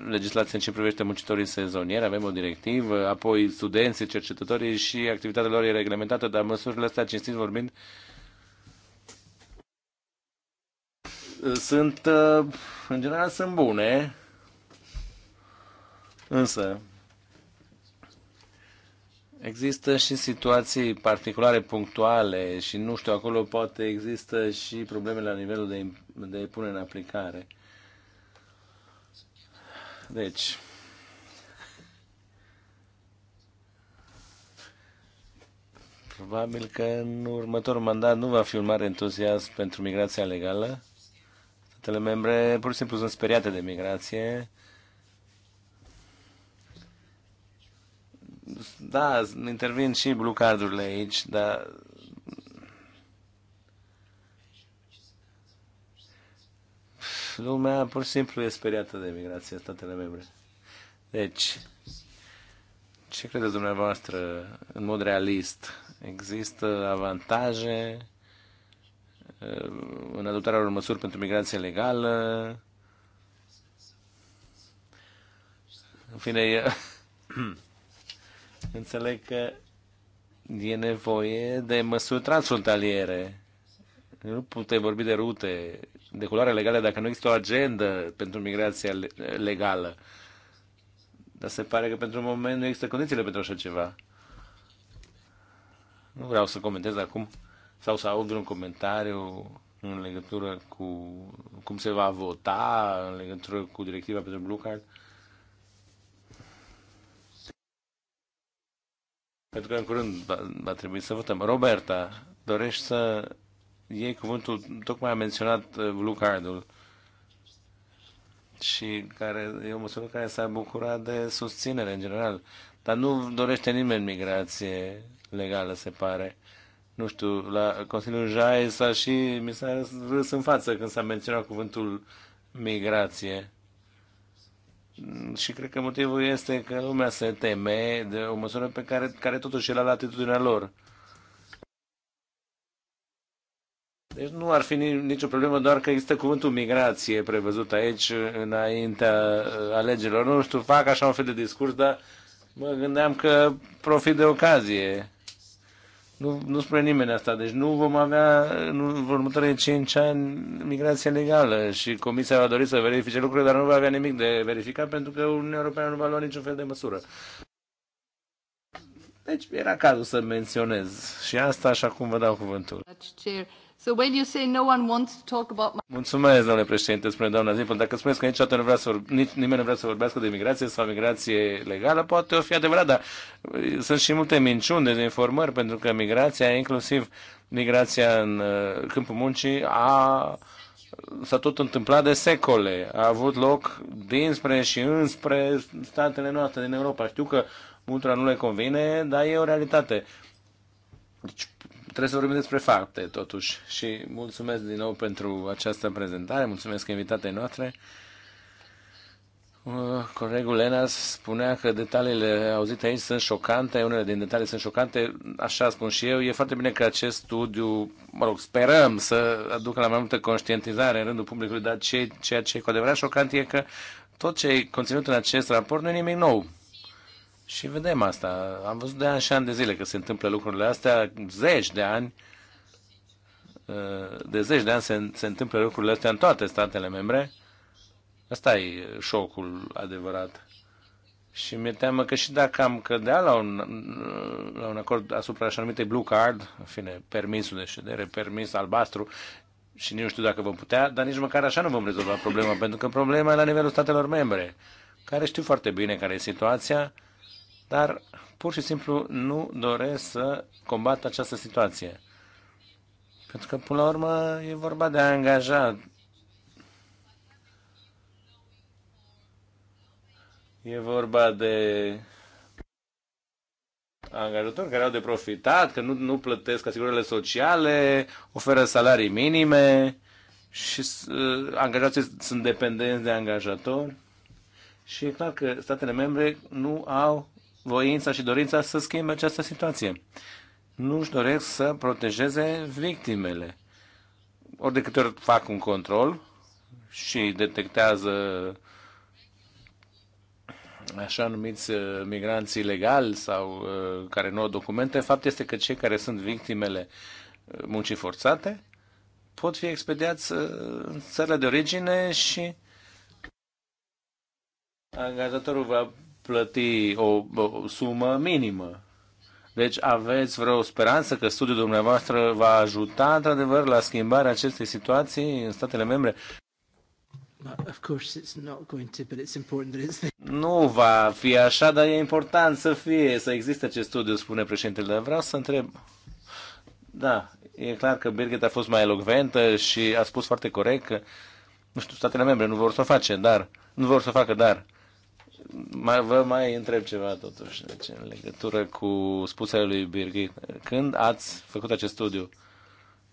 legislația în ce privește muncitorii sezonieri, avem o directivă, apoi studenții, cercetătorii și activitatea lor e reglementată, dar măsurile astea, cinstit vorbind, sunt, uh, în general, sunt bune, însă Există și situații particulare, punctuale și, nu știu, acolo poate există și probleme la nivelul de, de pune în aplicare. Deci, probabil că în următorul mandat nu va fi un mare entuziasm pentru migrația legală. Statele membre pur și simplu sunt speriate de migrație da, intervin și blocardurile aici, dar lumea pur și simplu e speriată de migrație statele membre. Deci, ce credeți dumneavoastră în mod realist? Există avantaje uh, în adoptarea unor măsuri pentru migrație legală? În fine, e... [clears throat] Înțeleg că e nevoie de măsuri transfrontaliere. Nu putem vorbi de rute, de culoare legale, dacă nu există o agendă pentru migrația legală. Dar se pare că pentru un moment nu există condițiile pentru așa ceva. Nu vreau să comentez acum sau să aud un comentariu în legătură cu cum se va vota, în legătură cu directiva pentru Blue Card. Pentru că în curând va, va trebui să votăm. Roberta, dorești să iei cuvântul, tocmai a menționat uh, blue cardul și care e o măsură care s-a bucurat de susținere în general. Dar nu dorește nimeni migrație legală, se pare. Nu știu, la Consiliul Jai s-a și mi s-a râs în față când s-a menționat cuvântul migrație. Și cred că motivul este că lumea se teme de o măsură pe care, care totuși era la atitudinea lor. Deci nu ar fi nicio problemă, doar că există cuvântul migrație prevăzut aici înaintea uh, alegerilor. Nu știu, fac așa un fel de discurs, dar mă gândeam că profit de ocazie. Nu, nu spune nimeni asta, deci nu vom avea nu, în următoarele 5 ani migrație legală și Comisia va dori să verifice lucrurile, dar nu va avea nimic de verificat pentru că Uniunea Europeană nu va lua niciun fel de măsură. Deci era cazul să menționez și asta așa cum vă dau cuvântul. So when you say no one wants to talk about... Mulțumesc, domnule președinte, spune doamna Zipul. Dacă spuneți că niciodată nu vrea să, nici, nimeni nu vrea să vorbească de migrație sau migrație legală, poate o fi adevărat, dar uh, sunt și multe minciuni, dezinformări, pentru că migrația, inclusiv migrația în uh, câmpul muncii, a s-a tot întâmplat de secole. A avut loc dinspre și înspre statele noastre din Europa. Știu că multora nu le convine, dar e o realitate. Deci trebuie să vorbim despre fapte, totuși. Și mulțumesc din nou pentru această prezentare, mulțumesc invitatei noastre. Uh, colegul Lenas spunea că detaliile auzite aici sunt șocante, unele din detalii sunt șocante, așa spun și eu. E foarte bine că acest studiu, mă rog, sperăm să aducă la mai multă conștientizare în rândul publicului, dar ce, ceea ce e cu adevărat șocant e că tot ce e conținut în acest raport nu e nimic nou. Și vedem asta. Am văzut de ani și ani de zile că se întâmplă lucrurile astea, zeci de ani, ă, de zeci de ani se, se întâmplă lucrurile astea în toate statele membre. Asta e șocul adevărat. Și mi-e teamă că și dacă am cădea la un, la un acord asupra așa numitei blue card, în fine, permisul de ședere, permis albastru, și nu știu dacă vom putea, dar nici măcar așa nu vom rezolva problema, pentru că problema e la nivelul statelor membre, care știu foarte bine care e situația, dar pur și simplu nu doresc să combat această situație. Pentru că, până la urmă, e vorba de a angaja. E vorba de angajatori care au de profitat, că nu, nu plătesc asigurările sociale, oferă salarii minime și uh, angajații sunt dependenți de angajatori. Și e clar că statele membre nu au voința și dorința să schimbe această situație. Nu își doresc să protejeze victimele. Ori de câte ori fac un control și detectează așa numiți uh, migranți ilegali sau uh, care nu au documente, fapt este că cei care sunt victimele uh, muncii forțate pot fi expediați în țările de origine și angajatorul va plăti o, o sumă minimă. Deci aveți vreo speranță că studiul dumneavoastră va ajuta într-adevăr la schimbarea acestei situații în statele membre? Nu va fi așa, dar e important să fie, să existe acest studiu, spune președintele. Dar vreau să întreb. Da, e clar că Birgit a fost mai elocventă și a spus foarte corect că, nu știu, statele membre nu vor să o face, dar, nu vor să o facă, dar mai, vă mai întreb ceva totuși, deci, în legătură cu spusele lui Birgit. Când ați făcut acest studiu,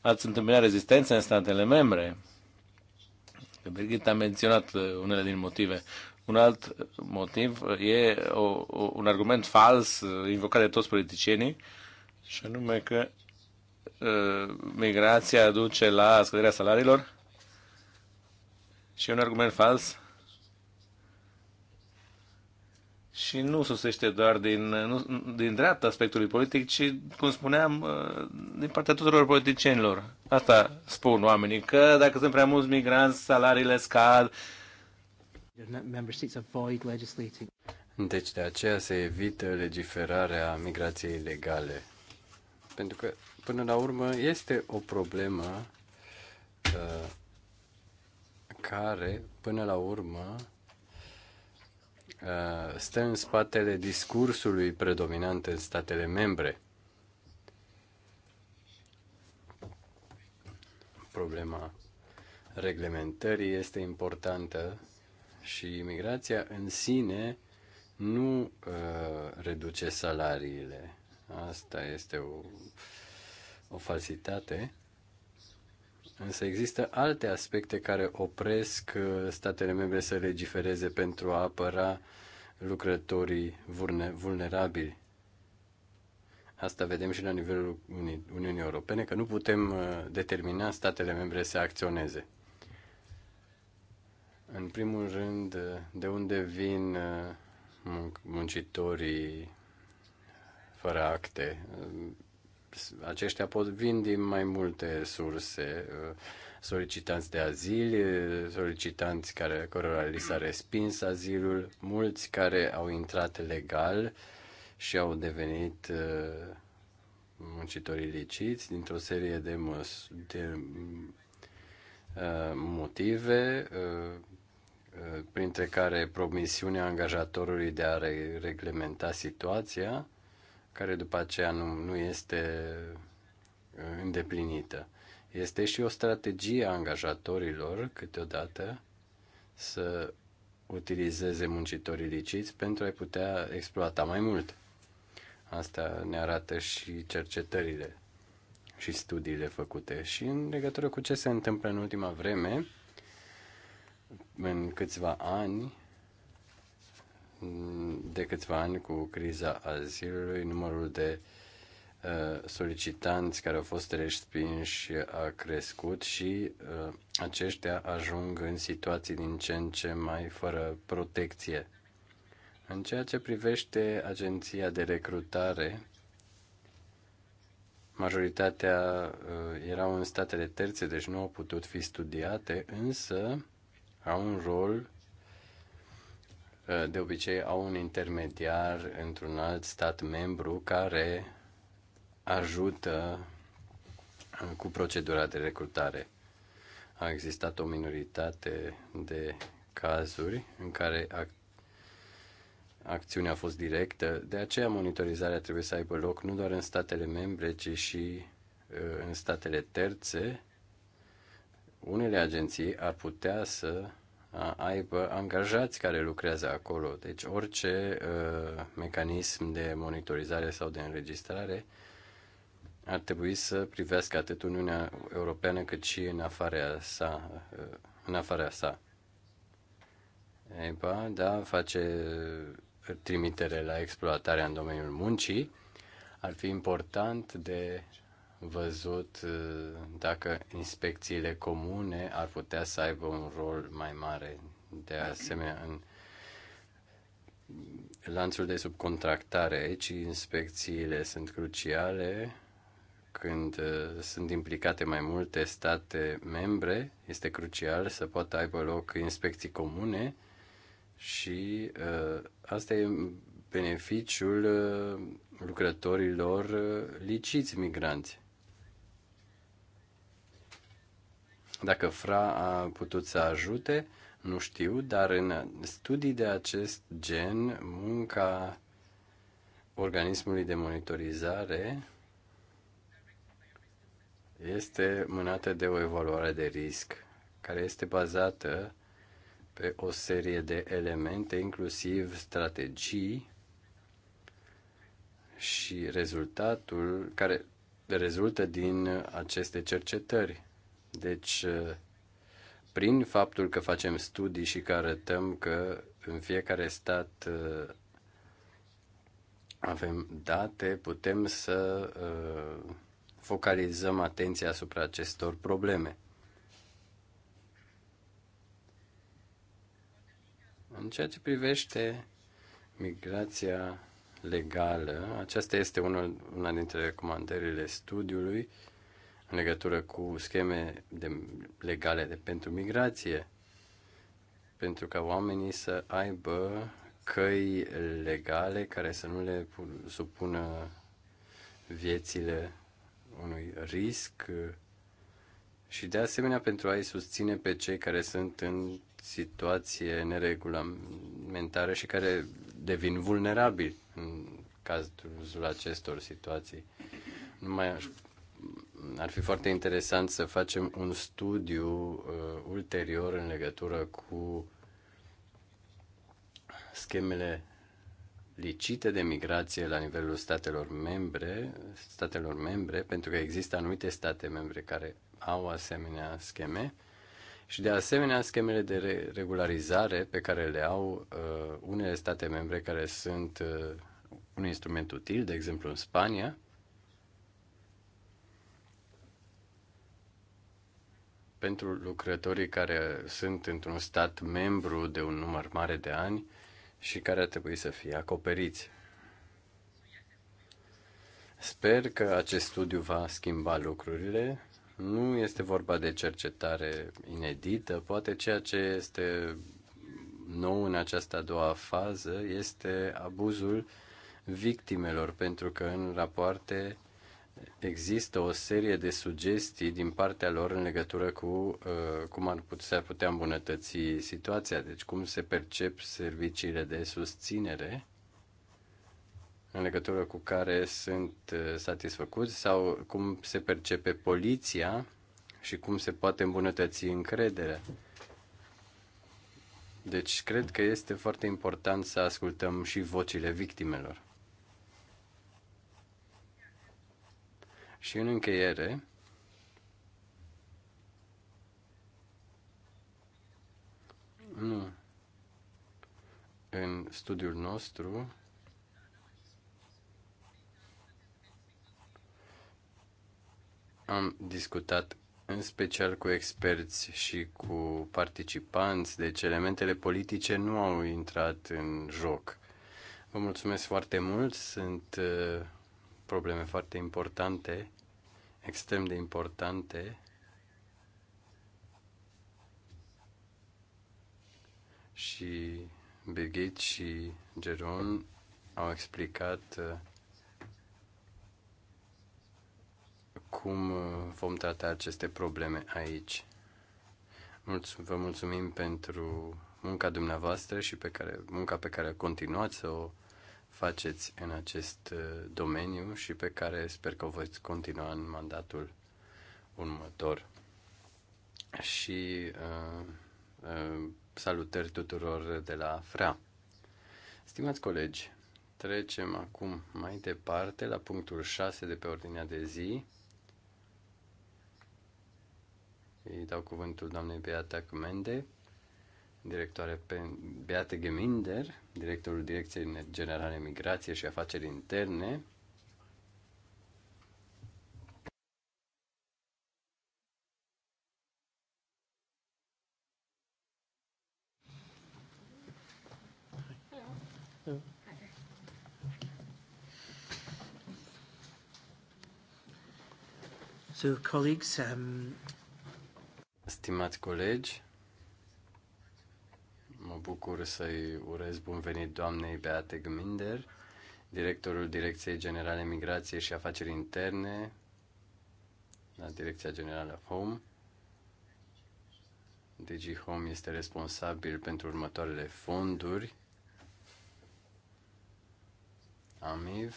ați întâmpinat rezistență în statele membre? Birgit a menționat uh, unele din motive. Un alt uh, motiv uh, e o, o, un argument fals invocat de toți politicienii, și anume că migrația duce la scăderea salariilor. Și e un argument fals și nu susește doar din, nu, din dreapta aspectului politic, ci, cum spuneam, uh, din partea tuturor politicienilor. Asta spun oamenii, că dacă sunt prea mulți migranți, salariile scad. Deci de aceea se evită legiferarea migrației ilegale. Pentru că, până la urmă, este o problemă uh, care, până la urmă, Uh, stă în spatele discursului predominant în statele membre. Problema reglementării este importantă și imigrația în sine nu uh, reduce salariile. Asta este o, o falsitate. Însă există alte aspecte care opresc uh, statele membre să legifereze pentru a apăra lucrătorii vulnerabili. Asta vedem și la nivelul Uniunii Europene, că nu putem uh, determina statele membre să acționeze. În primul rând, uh, de unde vin muncitorii fără acte? aceștia pot vin din mai multe surse, uh, solicitanți de azil, uh, solicitanți care, cărora li s-a respins azilul, mulți care au intrat legal și au devenit uh, muncitori iliciți dintr-o serie de, măs- de motive, printre care promisiunea angajatorului de a reglementa situația, care după aceea nu, nu este uh, îndeplinită. Este și o strategie a angajatorilor câteodată să utilizeze muncitorii liciți pentru a-i putea exploata mai mult. Asta ne arată și cercetările și studiile făcute. Și în legătură cu ce se întâmplă în ultima vreme, în câțiva ani, de câțiva ani cu criza azilului, numărul de uh, solicitanți care au fost respinși a crescut și uh, aceștia ajung în situații din ce în ce mai fără protecție. În ceea ce privește agenția de recrutare, majoritatea uh, erau în statele terțe, deci nu au putut fi studiate, însă au un rol Eh, de obicei au un intermediar într-un alt stat membru care ajută eh, cu procedura de recrutare. A existat o minoritate de cazuri în care ac- acțiunea a fost directă, de aceea monitorizarea trebuie să aibă loc nu doar în statele membre, ci și eh, în statele terțe. Unele agenții ar putea să aibă angajați care lucrează acolo. Deci orice uh, mecanism de monitorizare sau de înregistrare ar trebui să privească atât Uniunea Europeană cât și în afara sa. Uh, în afara sa. EPA, da, face trimitere la exploatarea în domeniul muncii. Ar fi important de văzut uh, dacă inspecțiile comune ar putea să aibă un rol mai mare. De asemenea, în lanțul de subcontractare, aici inspecțiile sunt cruciale când uh, sunt implicate mai multe state membre, este crucial să poată aibă loc inspecții comune și uh, asta e beneficiul uh, lucrătorilor uh, liciți migranți. Dacă Fra a putut să ajute, nu știu, dar în studii de acest gen, munca organismului de monitorizare este mânată de o evaluare de risc care este bazată pe o serie de elemente, inclusiv strategii și rezultatul care rezultă din aceste cercetări. Deci, uh, prin faptul că facem studii și că arătăm că în fiecare stat uh, avem date, putem să uh, focalizăm atenția asupra acestor probleme. În ceea ce privește migrația legală, aceasta este una, una dintre recomandările studiului în legătură cu scheme de, legale de, pentru migrație, pentru ca oamenii să aibă căi legale care să nu le supună viețile unui risc și de asemenea pentru a-i susține pe cei care sunt în situație neregulamentară și care devin vulnerabili în cazul acestor situații. Nu mai aș ar fi foarte interesant să facem un studiu uh, ulterior în legătură cu schemele licite de migrație la nivelul statelor membre, statelor membre, pentru că există anumite state membre care au asemenea scheme și de asemenea schemele de regularizare pe care le au uh, unele state membre care sunt uh, un instrument util, de exemplu în Spania, pentru lucrătorii care sunt într-un stat membru de un număr mare de ani și care ar trebui să fie acoperiți. Sper că acest studiu va schimba lucrurile. Nu este vorba de cercetare inedită, poate ceea ce este nou în această a doua fază este abuzul victimelor, pentru că în rapoarte există o serie de sugestii din partea lor în legătură cu uh, cum ar putea, putea îmbunătăți situația, deci cum se percep serviciile de susținere în legătură cu care sunt uh, satisfăcuți sau cum se percepe poliția și cum se poate îmbunătăți încrederea. Deci cred că este foarte important să ascultăm și vocile victimelor. Și în încheiere, nu, în studiul nostru, am discutat în special cu experți și cu participanți, deci elementele politice nu au intrat în joc. Vă mulțumesc foarte mult, sunt uh, probleme foarte importante, extrem de importante. Și Birgit și Geron au explicat uh, cum uh, vom trata aceste probleme aici. Vă mulțumim pentru munca dumneavoastră și pe care, munca pe care continuați să o faceți în acest uh, domeniu și pe care sper că o veți continua în mandatul următor. Și uh, uh, salutări tuturor de la FRA. Stimați colegi, trecem acum mai departe la punctul 6 de pe ordinea de zi. Îi dau cuvântul doamnei Beata Cumende directoare Beate Geminder, directorul Direcției Generale Migrație și Afaceri Interne, So, colleagues, um... Stimați colegi, Mă bucur să-i urez bun venit doamnei Beate Gminder, directorul Direcției Generale Migrație și Afaceri Interne la Direcția Generală Home. DG Home este responsabil pentru următoarele fonduri. AMIV,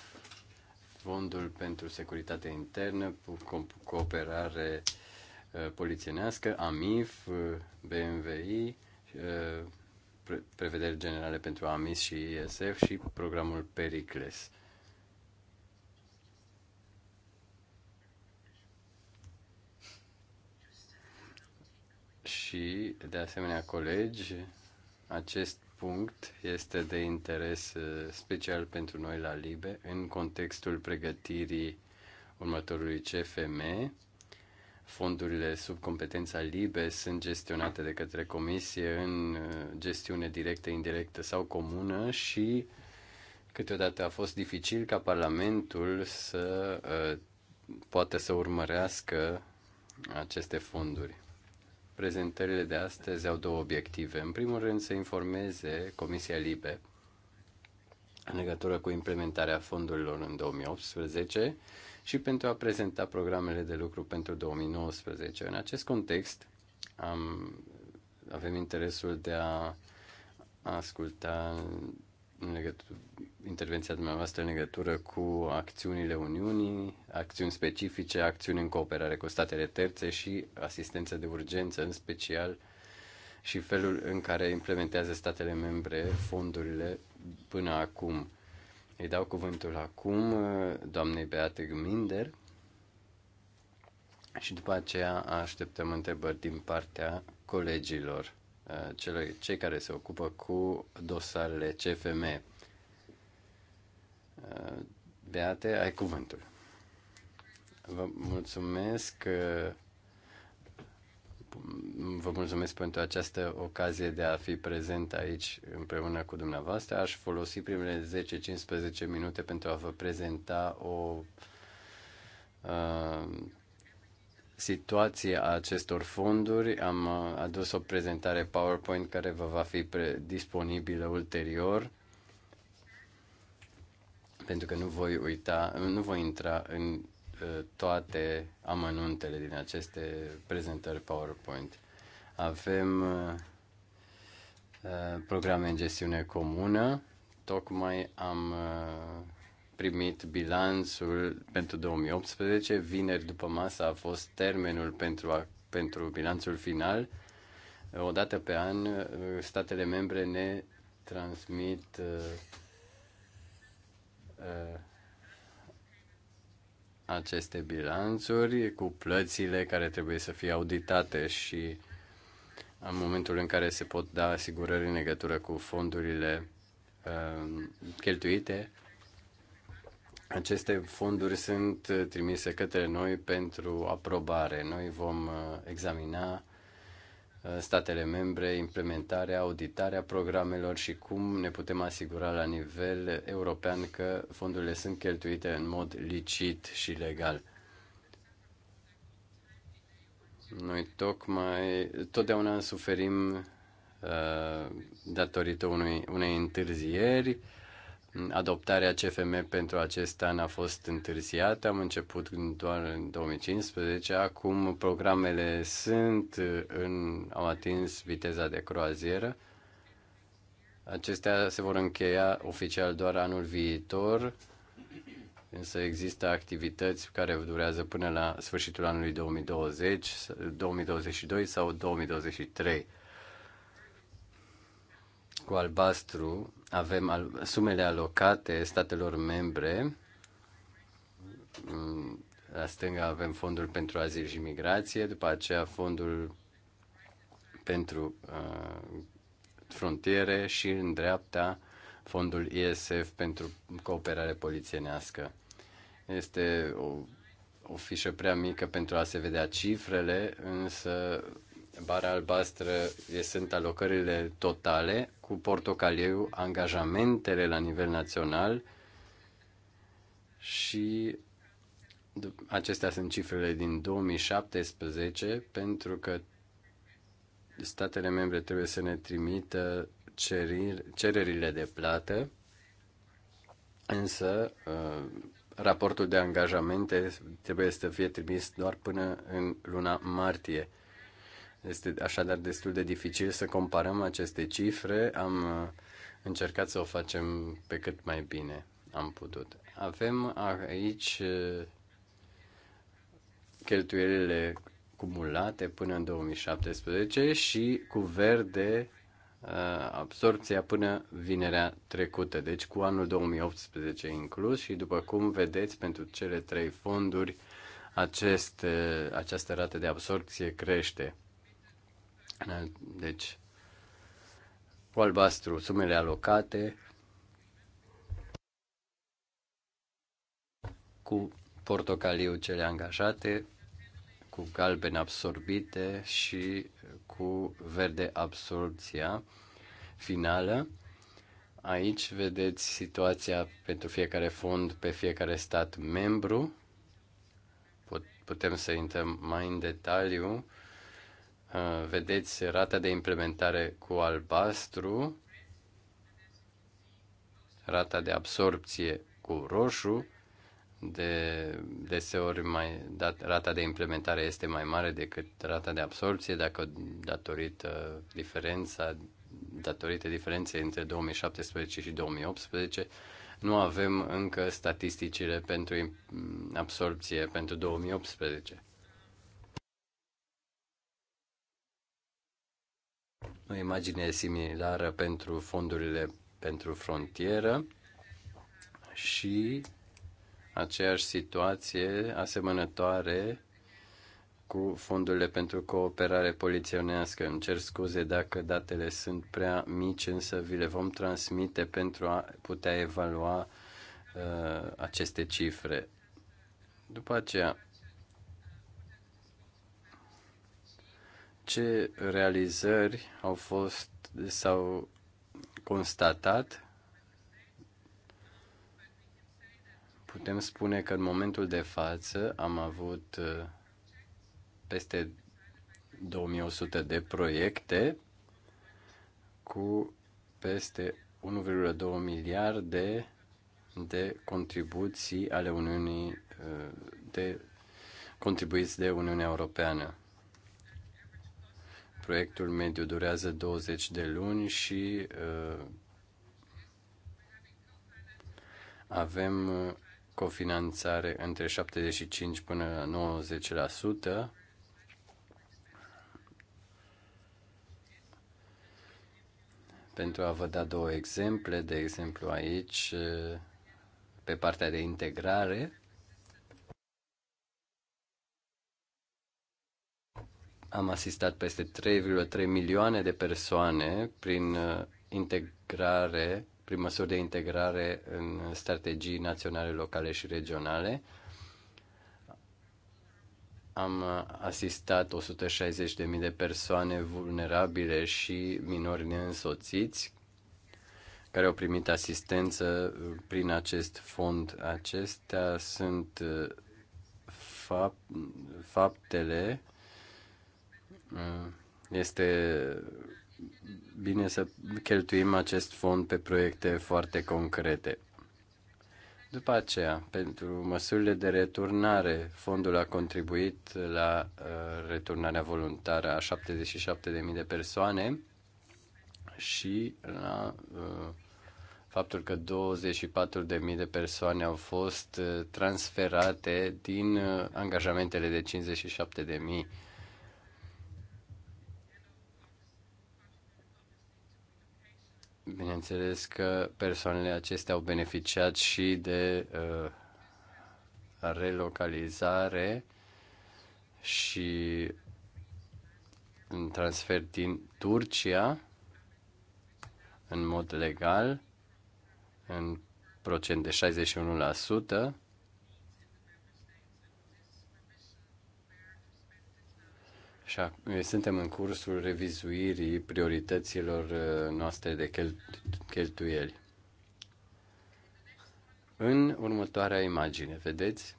Fondul pentru Securitate Internă, cu Cooperare uh, Polițienească, AMIF, uh, BMVI, uh, prevederi generale pentru AMIS și ISF și programul Pericles. Și, de asemenea, colegi, acest punct este de interes uh, special pentru noi la LIBE în contextul pregătirii următorului CFM fondurile sub competența LIBE sunt gestionate de către comisie în uh, gestiune directă, indirectă sau comună și câteodată a fost dificil ca Parlamentul să uh, poată să urmărească aceste fonduri. Prezentările de astăzi au două obiective. În primul rând să informeze Comisia LIBE în legătură cu implementarea fondurilor în 2018 și pentru a prezenta programele de lucru pentru 2019. În acest context, am, avem interesul de a asculta în legătură, intervenția dumneavoastră în legătură cu acțiunile Uniunii, acțiuni specifice, acțiuni în cooperare cu statele terțe și asistență de urgență, în special și felul în care implementează statele membre fondurile până acum îi dau cuvântul acum uh, doamnei Beate Gminder și după aceea așteptăm întrebări din partea colegilor, uh, cei care se ocupă cu dosarele CFM. Uh, Beate, ai cuvântul. Vă mulțumesc vă mulțumesc pentru această ocazie de a fi prezent aici împreună cu dumneavoastră. Aș folosi primele 10-15 minute pentru a vă prezenta o uh, situație a acestor fonduri. Am uh, adus o prezentare PowerPoint care vă va fi disponibilă ulterior pentru că nu voi uita, nu voi intra în Uh, toate amănuntele din aceste prezentări PowerPoint. Avem uh, uh, programe în gestiune comună. Tocmai am primit bilanțul pentru 2018. Vineri după masă a fost termenul pentru, a, pentru bilanțul final. O dată pe an, statele membre ne transmit uh, uh, aceste bilanțuri cu plățile care trebuie să fie auditate și în momentul în care se pot da asigurări în legătură cu fondurile uh, cheltuite, aceste fonduri sunt trimise către noi pentru aprobare. Noi vom uh, examina statele membre, implementarea, auditarea programelor și cum ne putem asigura la nivel european că fondurile sunt cheltuite în mod licit și legal. Noi tocmai, totdeauna suferim uh, datorită unui, unei întârzieri, Adoptarea CFM pentru acest an a fost întârziată, am început doar în 2015, acum programele sunt uh, în, au atins viteza de croazieră. Acestea se vor încheia oficial doar anul viitor, însă există activități care durează până la sfârșitul anului 2020, 2022 sau 2023. Cu albastru avem sumele alocate statelor membre. Mm, la stânga avem fondul pentru azil și migrație, după aceea fondul pentru uh, frontiere și în dreapta fondul ISF pentru cooperare polițienească. Este o, o fișă prea mică pentru a se vedea cifrele, însă bara albastră sunt alocările totale cu portocaliu angajamentele la nivel național și acestea sunt cifrele din 2017 pentru că statele membre trebuie să ne trimită cererile de plată, însă uh, raportul de angajamente trebuie să fie trimis doar până în luna martie. Este așadar destul de dificil să comparăm aceste cifre. Am uh, încercat să o facem pe cât mai bine am putut. Avem aici uh, cheltuielile cumulate până în 2017 și cu verde uh, absorpția până vinerea trecută, deci cu anul 2018 inclus și după cum vedeți pentru cele trei fonduri acest, această rată de absorpție crește. Deci, cu albastru, sumele alocate cu portocaliu cele angajate, cu galben absorbite și cu verde absorbția finală. Aici vedeți situația pentru fiecare fond pe fiecare stat membru. Putem să intrăm mai în detaliu Uh, vedeți rata de implementare cu albastru, rata de absorpție cu roșu, de deseori mai, dat, rata de implementare este mai mare decât rata de absorpție, dacă datorită diferența, datorită diferenței între 2017 și 2018, nu avem încă statisticile pentru absorpție pentru 2018. o imagine similară pentru fondurile pentru frontieră și aceeași situație asemănătoare cu fondurile pentru cooperare poliționească. Îmi cer scuze dacă datele sunt prea mici, însă vi le vom transmite pentru a putea evalua uh, aceste cifre. După aceea, ce realizări au fost sau constatat. Putem spune că în momentul de față am avut uh, peste 2100 de proiecte cu peste 1,2 miliarde de contribuții ale Uniunii uh, de contribuiți de Uniunea Europeană. Proiectul mediu durează 20 de luni și uh, avem uh, cofinanțare între 75 până la 90%. Pentru a vă da două exemple, de exemplu aici, uh, pe partea de integrare, am asistat peste 3,3 milioane de persoane prin uh, integrare, prin măsuri de integrare în strategii naționale, locale și regionale. Am uh, asistat 160.000 de persoane vulnerabile și minori neînsoțiți care au primit asistență uh, prin acest fond. Acestea sunt faptele Ah, este bine să cheltuim acest fond pe proiecte foarte concrete. După aceea, pentru măsurile de returnare, fondul a contribuit la uh, returnarea voluntară a 77.000 de persoane și la uh, faptul că 24.000 de persoane au fost uh, transferate din uh, angajamentele de 57.000 Bineînțeles că persoanele acestea au beneficiat și de uh, relocalizare și în transfer din Turcia în mod legal în procent de 61%, Și suntem în cursul revizuirii priorităților noastre de cheltuieli. În următoarea imagine, vedeți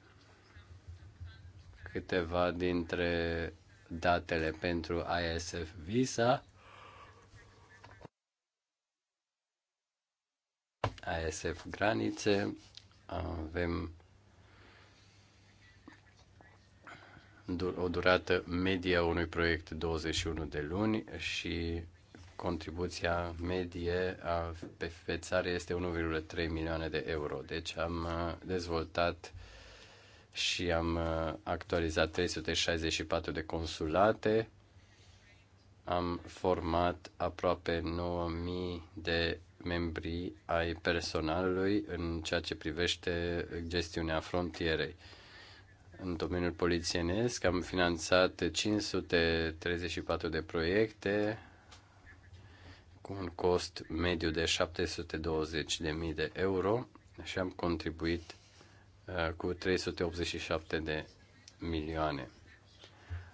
câteva dintre datele pentru ISF Visa, ISF Granițe, avem o durată medie a unui proiect 21 de luni și contribuția medie a, pe, pe țară este 1,3 milioane de euro. Deci am uh, dezvoltat și am uh, actualizat 364 de consulate, am format aproape 9000 de membri ai personalului în ceea ce privește gestiunea frontierei în domeniul polițienesc. Am finanțat 534 de proiecte cu un cost mediu de 720.000 de euro și am contribuit uh, cu 387 de milioane.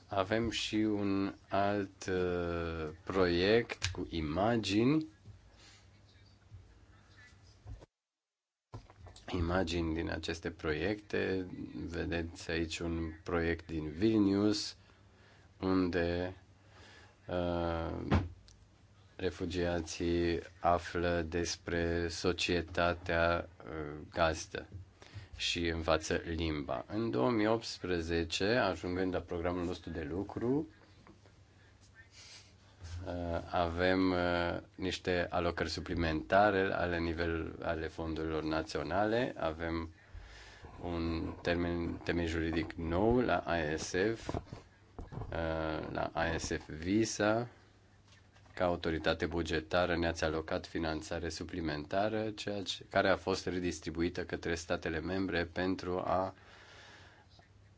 Avem și un alt uh, proiect cu imagini imagini din aceste proiecte. Vedeți aici un proiect din Vilnius, unde uh, refugiații află despre societatea uh, gazdă și învață limba. În 2018, ajungând la programul nostru de lucru, Uh, avem uh, niște alocări suplimentare ale nivel ale fondurilor naționale, avem un termen, termen juridic nou la ASF, uh, la ASF Visa, ca autoritate bugetară ne-ați alocat finanțare suplimentară, ceea ce, care a fost redistribuită către statele membre pentru a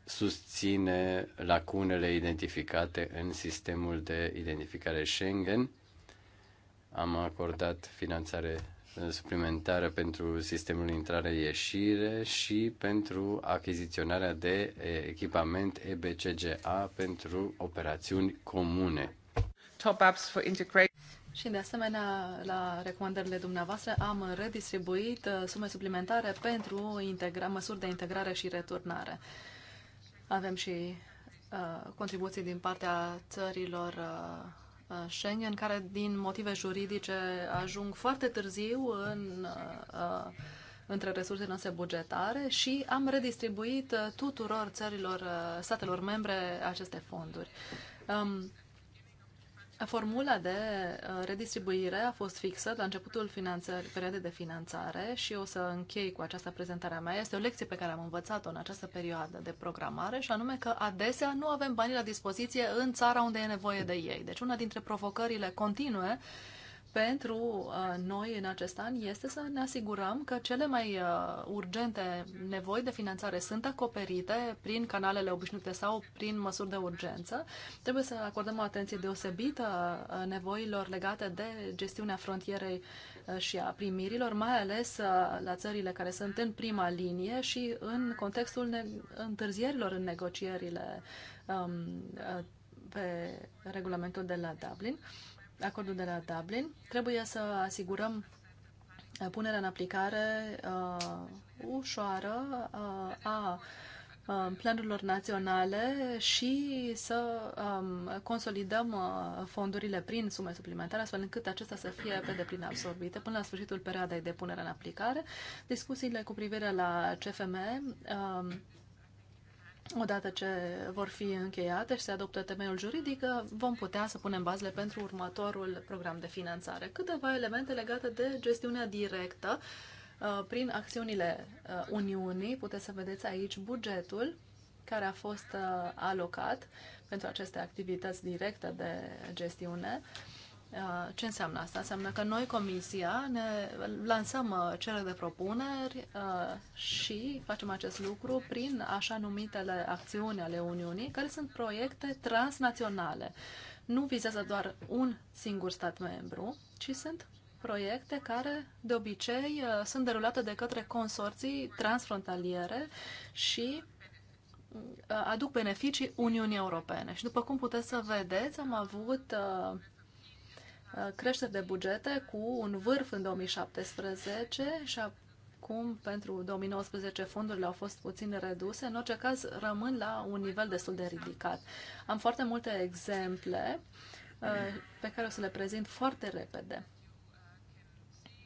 susține lacunele identificate în sistemul de identificare Schengen. Am acordat finanțare uh, suplimentară pentru sistemul intrare-ieșire și pentru achiziționarea de echipament EBCGA pentru operațiuni comune. Top-ups for integration. Și de asemenea, la recomandările dumneavoastră am redistribuit uh, sume suplimentare pentru integra- măsuri de integrare și returnare. Avem și uh, contribuții din partea țărilor uh, uh, Schengen, care din motive juridice ajung foarte târziu în, uh, între resursele noastre bugetare și am redistribuit uh, tuturor țărilor, uh, statelor membre aceste fonduri. Um, Formula de uh, redistribuire a fost fixă la începutul perioadei de finanțare și o să închei cu această prezentare a mea. Este o lecție pe care am învățat-o în această perioadă de programare și anume că adesea nu avem bani la dispoziție în țara unde e nevoie de ei. Deci una dintre provocările continue pentru uh, noi în acest an este să ne asigurăm că cele mai uh, urgente nevoi de finanțare sunt acoperite prin canalele obișnuite sau prin măsuri de urgență. Trebuie să acordăm o atenție deosebită uh, nevoilor legate de gestiunea frontierei și a primirilor, mai ales la țările care sunt în prima linie și în contextul întârzierilor în negocierile um, pe regulamentul de la Dublin acordul de la Dublin. Trebuie să asigurăm uh, punerea în aplicare uh, ușoară uh, a uh, planurilor naționale și să um, consolidăm uh, fondurile prin sume suplimentare, astfel încât acestea să fie pe deplin absorbite până la sfârșitul perioadei de punere în aplicare. Discuțiile cu privire la CFM um, odată ce vor fi încheiate și se adoptă temeiul juridic, vom putea să punem bazele pentru următorul program de finanțare. Câteva elemente legate de gestiunea directă uh, prin acțiunile uh, Uniunii. Puteți să vedeți aici bugetul care a fost uh, alocat pentru aceste activități directe de gestiune. Uh, ce înseamnă asta? Înseamnă că noi, Comisia, ne lansăm uh, cereri de propuneri uh, și facem acest lucru prin așa numitele acțiuni ale Uniunii, care sunt proiecte transnaționale. Nu vizează doar un singur stat membru, ci sunt proiecte care, de obicei, sunt derulate de către consorții transfrontaliere și aduc beneficii Uniunii Europene. Și după cum puteți să vedeți, am avut uh, Uh, creșteri de bugete cu un vârf în 2017 și acum pentru 2019 fondurile au fost puțin reduse, în orice caz rămân la un nivel destul de ridicat. Am foarte multe exemple uh, pe care o să le prezint foarte repede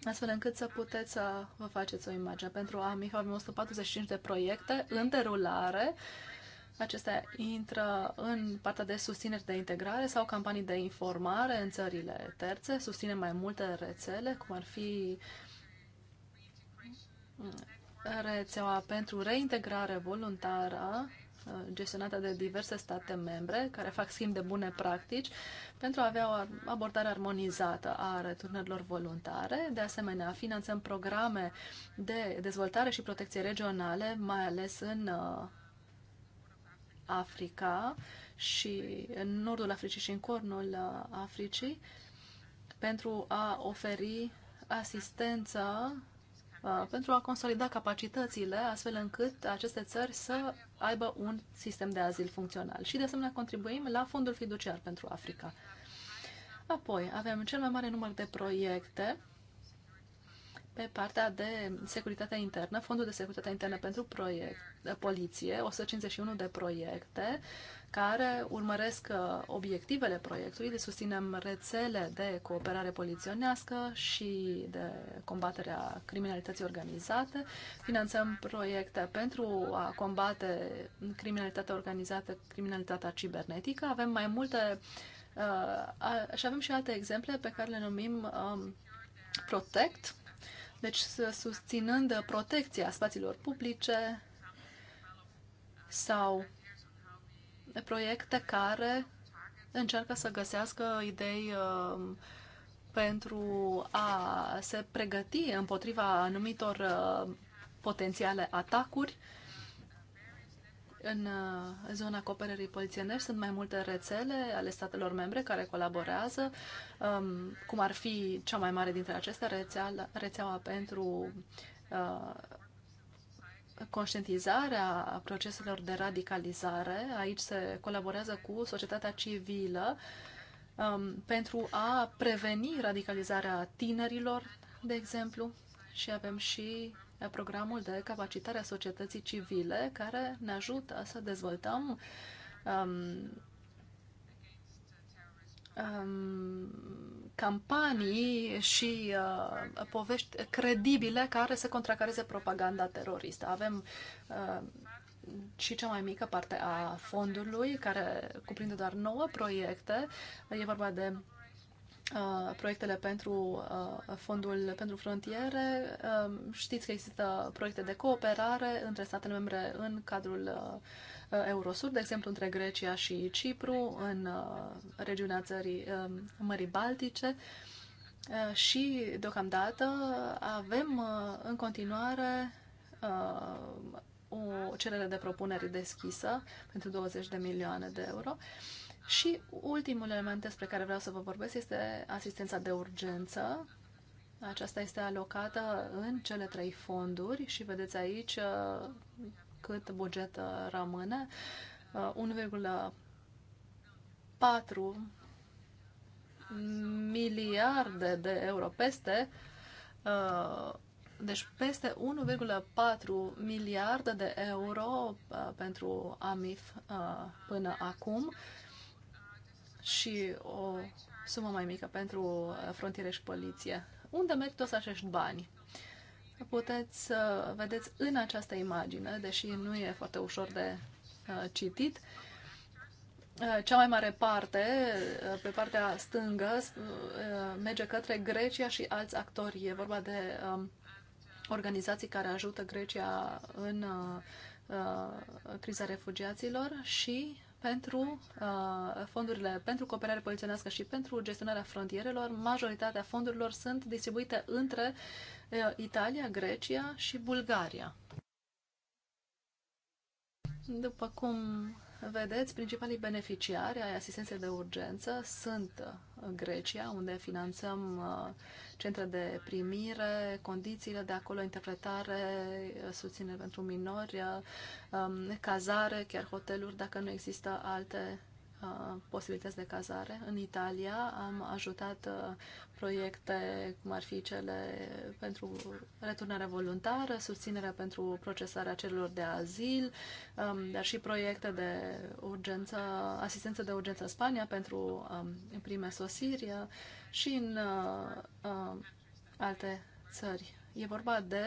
astfel încât să puteți să vă faceți o imagine. Pentru AMIH avem 145 de proiecte în derulare, Acestea intră în partea de susținere de integrare sau campanii de informare în țările terțe, susține mai multe rețele, cum ar fi mm, rețeaua pentru reintegrare voluntară uh, gestionată de diverse state membre care fac schimb de bune practici pentru a avea o abordare armonizată a returnărilor voluntare. De asemenea, finanțăm programe de dezvoltare și protecție regionale, mai ales în uh, Africa și în nordul Africii și în cornul uh, Africii pentru a oferi asistență uh, pentru a consolida capacitățile, astfel încât aceste țări să aibă un sistem de azil funcțional. Și, de asemenea, contribuim la fondul fiduciar pentru Africa. Apoi, avem cel mai mare număr de proiecte pe partea de securitate internă, Fondul de Securitate Internă pentru proiect, Poliție, 151 de proiecte care urmăresc uh, obiectivele proiectului, de susținem rețele de cooperare poliționească și de combaterea criminalității organizate, finanțăm proiecte pentru a combate criminalitatea organizată, criminalitatea cibernetică, avem mai multe uh, și avem și alte exemple pe care le numim um, Protect, deci, susținând protecția spațiilor publice sau proiecte care încearcă să găsească idei um, pentru a se pregăti împotriva anumitor uh, potențiale atacuri Uh, în zona cooperării polițienești sunt mai multe rețele ale statelor membre care colaborează, um, cum ar fi cea mai mare dintre acestea, rețeaua pentru uh, conștientizarea proceselor de radicalizare. Aici se colaborează cu societatea civilă um, pentru a preveni radicalizarea tinerilor, de exemplu, și avem și programul de capacitare a societății civile, care ne ajută să dezvoltăm um, um, campanii și uh, povești credibile care să contracareze propaganda teroristă. Avem uh, și cea mai mică parte a fondului, care cuprinde doar nouă proiecte. E vorba de Uh, proiectele pentru uh, fondul pentru frontiere. Um, știți că există proiecte de cooperare între statele membre în cadrul uh, Eurosur, de exemplu între Grecia și Cipru, în regiunea țării um, Mării Baltice. Și deocamdată avem în continuare o cerere de propuneri deschisă pentru 20 de milioane de euro. Și ultimul element despre care vreau să vă vorbesc este asistența de urgență. Aceasta este alocată în cele trei fonduri și vedeți aici uh, cât buget uh, rămâne. 1,4 uh, miliarde de euro peste deci peste 1,4 miliarde de euro pentru AMIF până acum și o sumă mai mică pentru frontiere și poliție. Unde merg toți acești bani? Puteți să vedeți în această imagine, deși nu e foarte ușor de uh, citit, uh, cea mai mare parte, uh, pe partea stângă, merge către Grecia și alți actori. E vorba de um, organizații care ajută Grecia în criza refugiaților și pentru uh, fondurile pentru cooperare poliționească și pentru gestionarea frontierelor, majoritatea fondurilor sunt distribuite între uh, Italia, Grecia și Bulgaria. După cum vedeți, principalii beneficiari ai asistenței de urgență sunt uh, Grecia, unde finanțăm uh, centre de primire, condițiile de acolo, interpretare, uh, susținere pentru minori, um, cazare, chiar hoteluri, dacă nu există alte Uh, posibilități de cazare. În Italia am ajutat uh, proiecte cum ar fi cele pentru returnarea voluntară, susținerea pentru procesarea celor de azil, um, dar și proiecte de urgență, asistență de urgență în Spania pentru um, prime sosiri și în uh, alte țări. E vorba de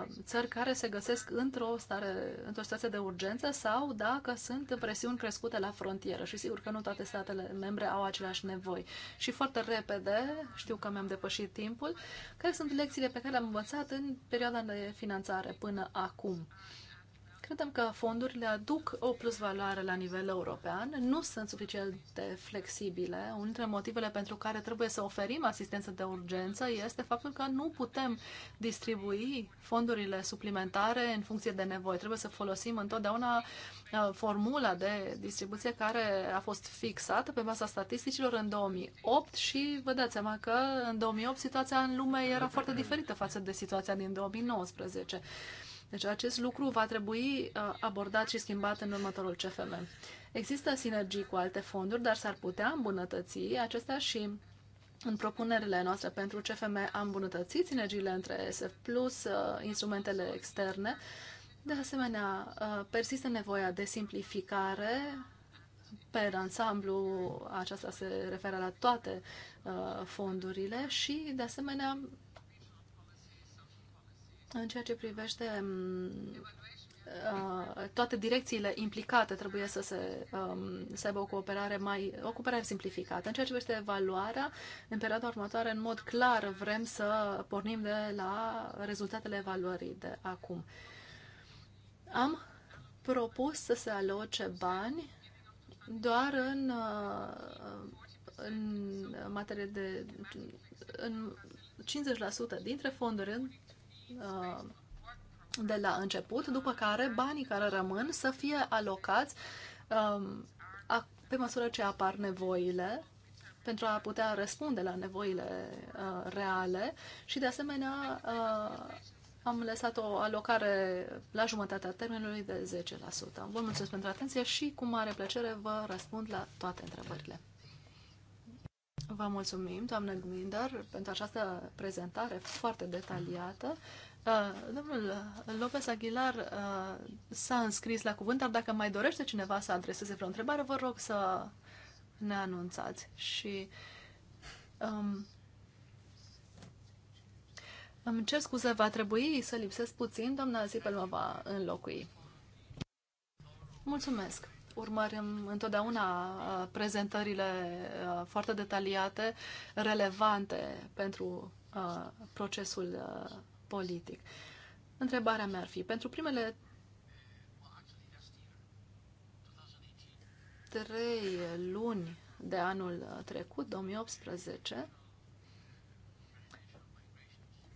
uh, țări care se găsesc într-o, stare, într-o situație de urgență sau dacă sunt presiuni crescute la frontieră. Și sigur că nu toate statele membre au aceleași nevoi. Și foarte repede, știu că mi-am depășit timpul, care sunt lecțiile pe care le-am învățat în perioada de finanțare până acum. Credem că fondurile aduc o plusvaloare la nivel european, nu sunt suficient de flexibile. Unul dintre motivele pentru care trebuie să oferim asistență de urgență este faptul că nu putem distribui fondurile suplimentare în funcție de nevoi. Trebuie să folosim întotdeauna uh, formula de distribuție care a fost fixată pe baza statisticilor în 2008 și vă dați seama că în 2008 situația în lume era foarte diferită față de situația din 2019. Deci acest lucru va trebui uh, abordat și schimbat în următorul CFM. Există sinergii cu alte fonduri, dar s-ar putea îmbunătăți acestea și în propunerile noastre pentru CFM am îmbunătățit sinergiile între SF+, Plus, uh, instrumentele externe. De asemenea, uh, persistă nevoia de simplificare pe ansamblu, aceasta se referă la toate fondurile și, de asemenea, în ceea ce privește mm, uh, toate direcțiile implicate trebuie să, se, um, să aibă o cooperare mai, o cooperare simplificată. În ceea ce privește evaluarea, în perioada următoare, în mod clar, vrem să pornim de la rezultatele evaluării de acum. Am propus să se aloce bani doar în, uh, în materie de în 50% dintre fonduri, în Uh, de la început, după care banii care rămân să fie alocați um, pe măsură ce apar nevoile pentru a putea răspunde la nevoile uh, reale și, de asemenea, uh, am lăsat o alocare la jumătatea termenului de 10%. Vă mulțumesc pentru atenție și cu mare plăcere vă răspund la toate întrebările. Vă mulțumim, doamnă Gminder, pentru această prezentare foarte detaliată. Uh, domnul Lopez Aguilar uh, s-a înscris la cuvânt, dar dacă mai dorește cineva să adreseze vreo întrebare, vă rog să ne anunțați. Și um, îmi cer scuze, va trebui să lipsesc puțin, doamna Zipel mă va înlocui. Mulțumesc! urmărim întotdeauna uh, prezentările uh, foarte detaliate, relevante pentru uh, procesul politic. Întrebarea mea ar fi, pentru primele trei luni de anul trecut, 2018,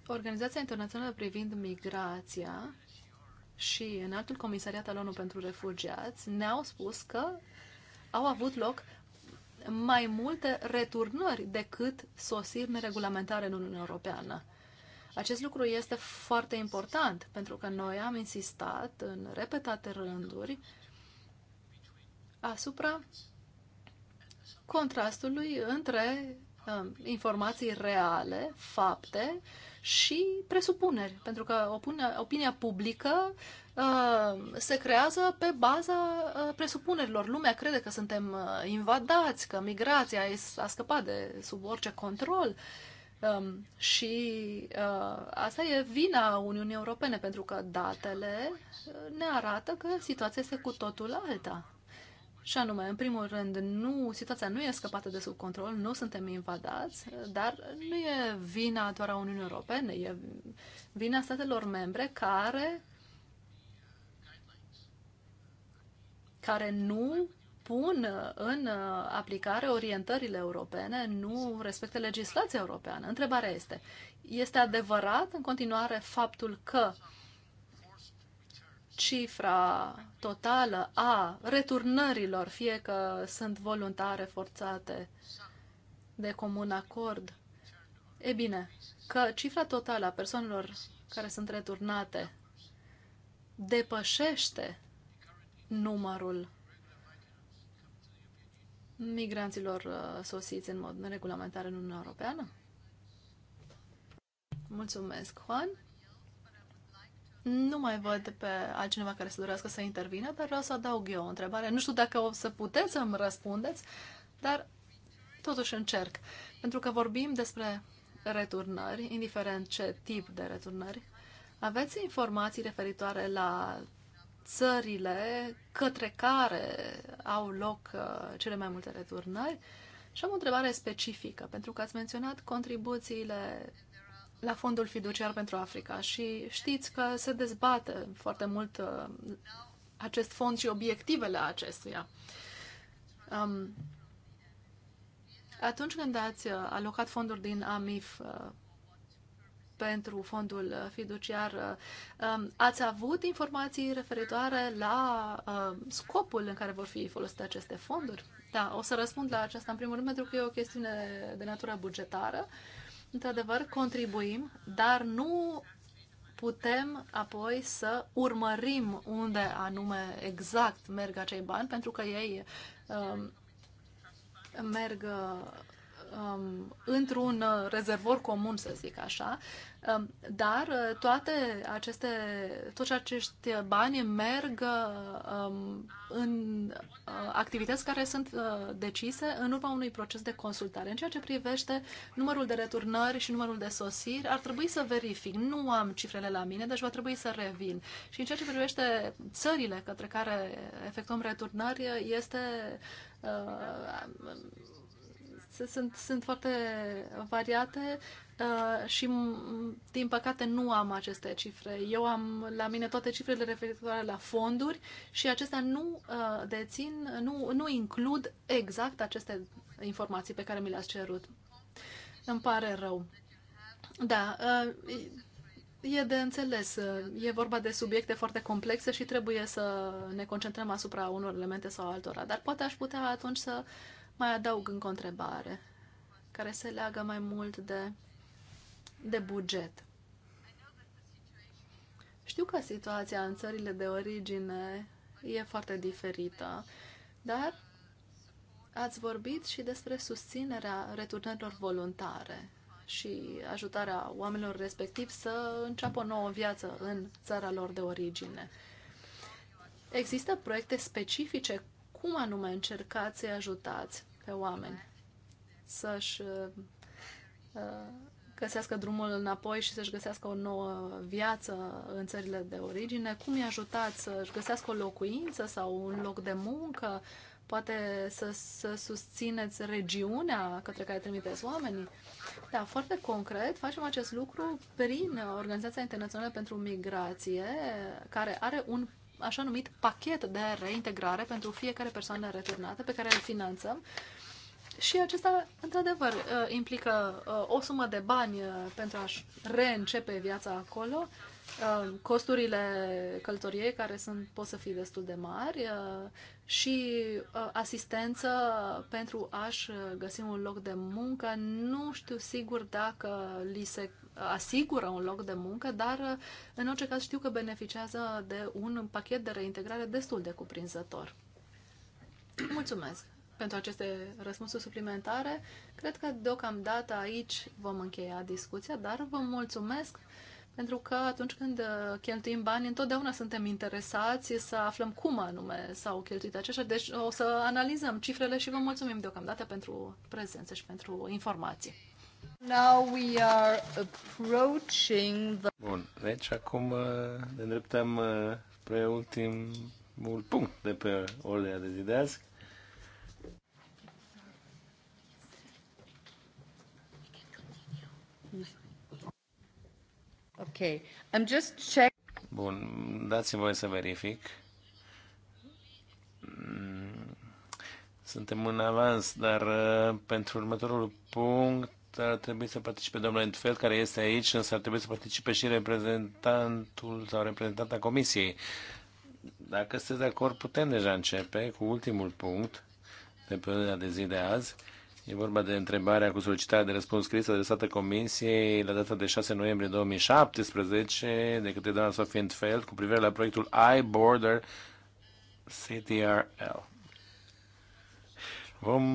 Organizația Internațională privind migrația și în altul comisariat al ONU pentru refugiați ne-au spus că au avut loc mai multe returnări decât sosiri neregulamentare în Uniunea Europeană. Acest lucru este foarte important pentru că noi am insistat în repetate rânduri asupra contrastului între uh, informații reale, fapte și presupuneri, pentru că opinia, opinia publică uh, se creează pe baza uh, presupunerilor. Lumea crede că suntem uh, invadați, că migrația a scăpat de sub orice control. Um, și uh, asta e vina Uniunii Europene, pentru că datele uh, ne arată că situația este cu totul alta. Și anume, în primul rând, nu, situația nu e scăpată de sub control, nu suntem invadați, dar nu e vina doar a Uniunii Europene, e vina statelor membre care, care nu pun în aplicare orientările europene, nu respectă legislația europeană. Întrebarea este, este adevărat în continuare faptul că uh, cifra totală a returnărilor, fie că sunt voluntare, forțate, de comun acord, e bine, că cifra totală a persoanelor care sunt returnate depășește numărul migranților uh, sosiți în mod neregulamentar în Uniunea Europeană? Mulțumesc, Juan. Nu mai văd pe altcineva care să dorească să intervină, dar vreau să adaug eu o întrebare. Nu știu dacă o să puteți să-mi răspundeți, dar totuși încerc. Pentru că vorbim despre returnări, indiferent ce tip de returnări. Aveți informații referitoare la țările către care au loc uh, cele mai multe returnări? Și am o întrebare specifică, pentru că ați menționat contribuțiile la Fondul Fiduciar pentru Africa și știți că se dezbate foarte mult uh, acest fond și obiectivele acestuia. Um, atunci când ați uh, alocat fonduri din AMIF uh, pentru fondul fiduciar, um, ați avut informații referitoare la scopul în care vor fi folosite aceste fonduri? Da, o să răspund la aceasta în primul rând pentru că e o chestiune de natură bugetară. Uh, într-adevăr, contribuim, dar nu putem apoi să urmărim unde anume exact merg acei bani, pentru că ei uh, merg um, într-un uh, rezervor comun, să zic așa, um, dar uh, toate aceste, toți acești bani merg uh, um, în uh, activități care sunt uh, decise în urma unui proces de consultare. În ceea ce privește numărul de returnări și numărul de sosiri, ar trebui să verific. Nu am cifrele la mine, deci va trebui să revin. Și în ceea ce privește țările către care efectuăm returnări, este uh, sunt, sunt foarte variate uh, și, din păcate, nu am aceste cifre. Eu am la mine toate cifrele referitoare la fonduri și acestea nu uh, dețin, nu, nu includ exact aceste informații pe care mi le-ați cerut. Îmi pare rău. Da, uh, E de înțeles. E vorba de subiecte foarte complexe și trebuie să ne concentrăm asupra unor elemente sau altora. Dar poate aș putea atunci să uh, mai adaug încă o întrebare care se leagă mai mult de, de buget. Știu că situația în țările de origine e foarte diferită, dar ați vorbit și despre susținerea returnărilor voluntare și ajutarea oamenilor respectiv să înceapă o nouă viață în țara lor de origine. Există proiecte specifice cum anume încercați să-i ajutați pe oameni să-și uh, uh, găsească drumul înapoi și să-și găsească o nouă viață în țările de origine? Cum îi ajutați să-și găsească o locuință sau un loc de muncă? Poate să, să susțineți regiunea către care trimiteți oamenii? Da, foarte concret facem acest lucru prin Organizația Internațională pentru Migrație, care are un așa numit pachet de reintegrare pentru fiecare persoană returnată pe care îl finanțăm. Și acesta, într-adevăr, uh, implică uh, o sumă de bani uh, pentru a-și reîncepe viața acolo, Uh, costurile călătoriei care sunt, pot să fie destul de mari uh, și uh, asistență pentru a-și găsi un loc de muncă. Nu știu sigur dacă li se asigură un loc de muncă, dar în orice caz știu că beneficiază de un pachet de reintegrare destul de cuprinzător. Mulțumesc pentru aceste răspunsuri suplimentare. Cred că deocamdată aici vom încheia discuția, dar vă mulțumesc pentru că atunci când uh, cheltuim bani, întotdeauna suntem interesați să aflăm cum anume s-au cheltuit aceștia. Deci o să analizăm cifrele și vă mulțumim deocamdată pentru prezență și pentru informații. Now we are approaching the... Bun, deci acum uh, ne îndreptăm uh, spre ultimul punct de pe ordinea de zi de azi. Ok. I'm just check... Bun, dați-mi voie să verific. Mm, suntem în avans, dar uh, pentru următorul punct ar trebui să participe domnul Entfeld, care este aici, însă ar trebui să participe și reprezentantul sau reprezentanta comisiei. Dacă sunteți de acord, putem deja începe cu ultimul punct de pe de zi de azi E vorba de întrebarea cu solicitarea de răspuns scris adresată Comisiei la data de 6 noiembrie 2017 de către doamna Sofie Entfeld cu privire la proiectul iBorder CTRL. Vom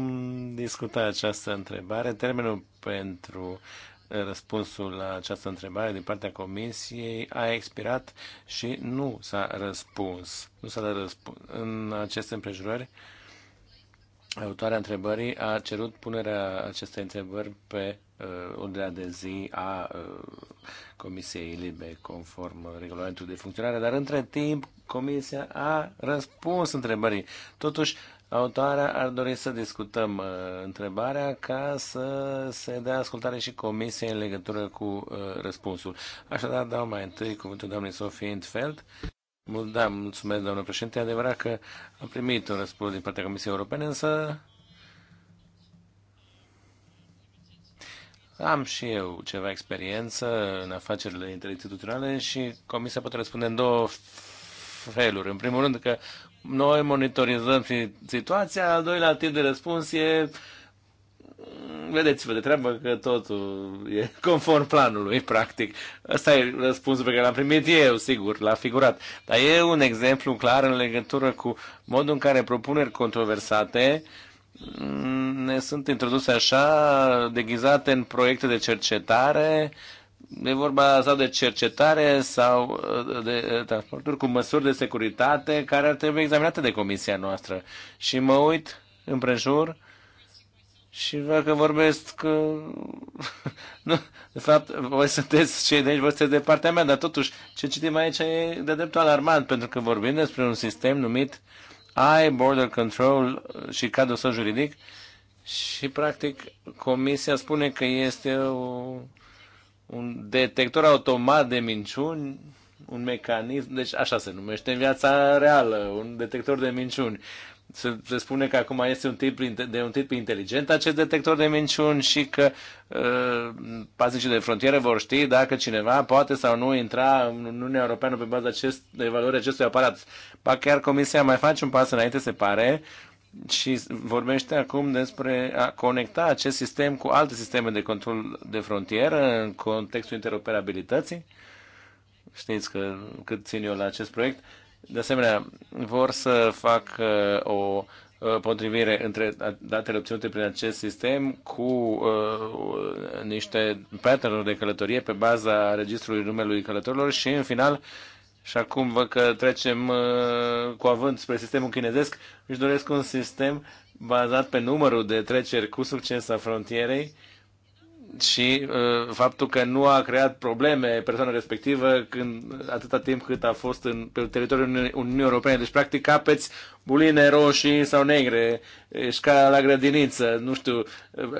discuta această întrebare. Termenul pentru răspunsul la această întrebare din partea Comisiei a expirat și nu s-a răspuns. Nu s-a dat răspuns. În aceste împrejurări, Autoarea întrebării a cerut punerea acestei întrebări pe uh, ordinea de zi a uh, Comisiei Libe, conform regulamentului de funcționare, dar între timp Comisia a răspuns întrebării. Totuși, autoarea ar dori să discutăm uh, întrebarea ca să se dea ascultare și Comisiei în legătură cu uh, răspunsul. Așadar, dau mai întâi cuvântul doamnei Sofie Intfeld da, mulțumesc, domnule președinte. E adevărat că am primit un răspuns din partea Comisiei Europene, însă am și eu ceva experiență în afacerile interinstituționale și Comisia poate răspunde în două feluri. În primul rând că noi monitorizăm situația, al doilea tip de răspuns e vedeți-vă de treabă că totul e [laughs] conform planului, practic. Asta e răspunsul pe care l-am primit eu, sigur, l-a figurat. Dar e un exemplu clar în legătură cu modul în care propuneri controversate mm, ne sunt introduse așa, deghizate în proiecte de cercetare, e vorba sau de cercetare sau uh, de uh, transporturi cu măsuri de securitate care ar trebui examinate de comisia noastră. Și mă uit împrejur, și văd că vorbesc că... Uh, [laughs] nu, de fapt, voi sunteți cei de aici, voi sunteți de partea mea, dar totuși ce citim aici e de dreptul alarmant, pentru că vorbim despre un sistem numit I Border Control uh, și cadrul său juridic și, practic, Comisia spune că este o, un detector automat de minciuni, un mecanism, deci așa se numește în viața reală, un detector de minciuni se, se spune că acum este un tip de un tip inteligent acest detector de minciuni și că uh, de frontieră vor ști dacă cineva poate sau nu intra în Uniunea Europeană pe baza acest, de valori acestui aparat. Ba chiar Comisia mai face un pas înainte, se pare, și vorbește acum despre a conecta acest sistem cu alte sisteme de control de frontieră în contextul interoperabilității. Știți că cât țin eu la acest proiect. Uh, de asemenea, vor să fac o potrivire între datele obținute prin acest sistem cu niște pattern de călătorie pe baza registrului numelui călătorilor și, în final, și acum văd că trecem uh, cu avânt spre sistemul chinezesc, își doresc un sistem bazat pe numărul de treceri cu succes a frontierei și uh, faptul că nu a creat probleme persoana respectivă când, atâta timp cât a fost în, pe teritoriul Uniunii Europene. Deci, practic, capeți buline roșii sau negre, ești ca la grădiniță, nu știu,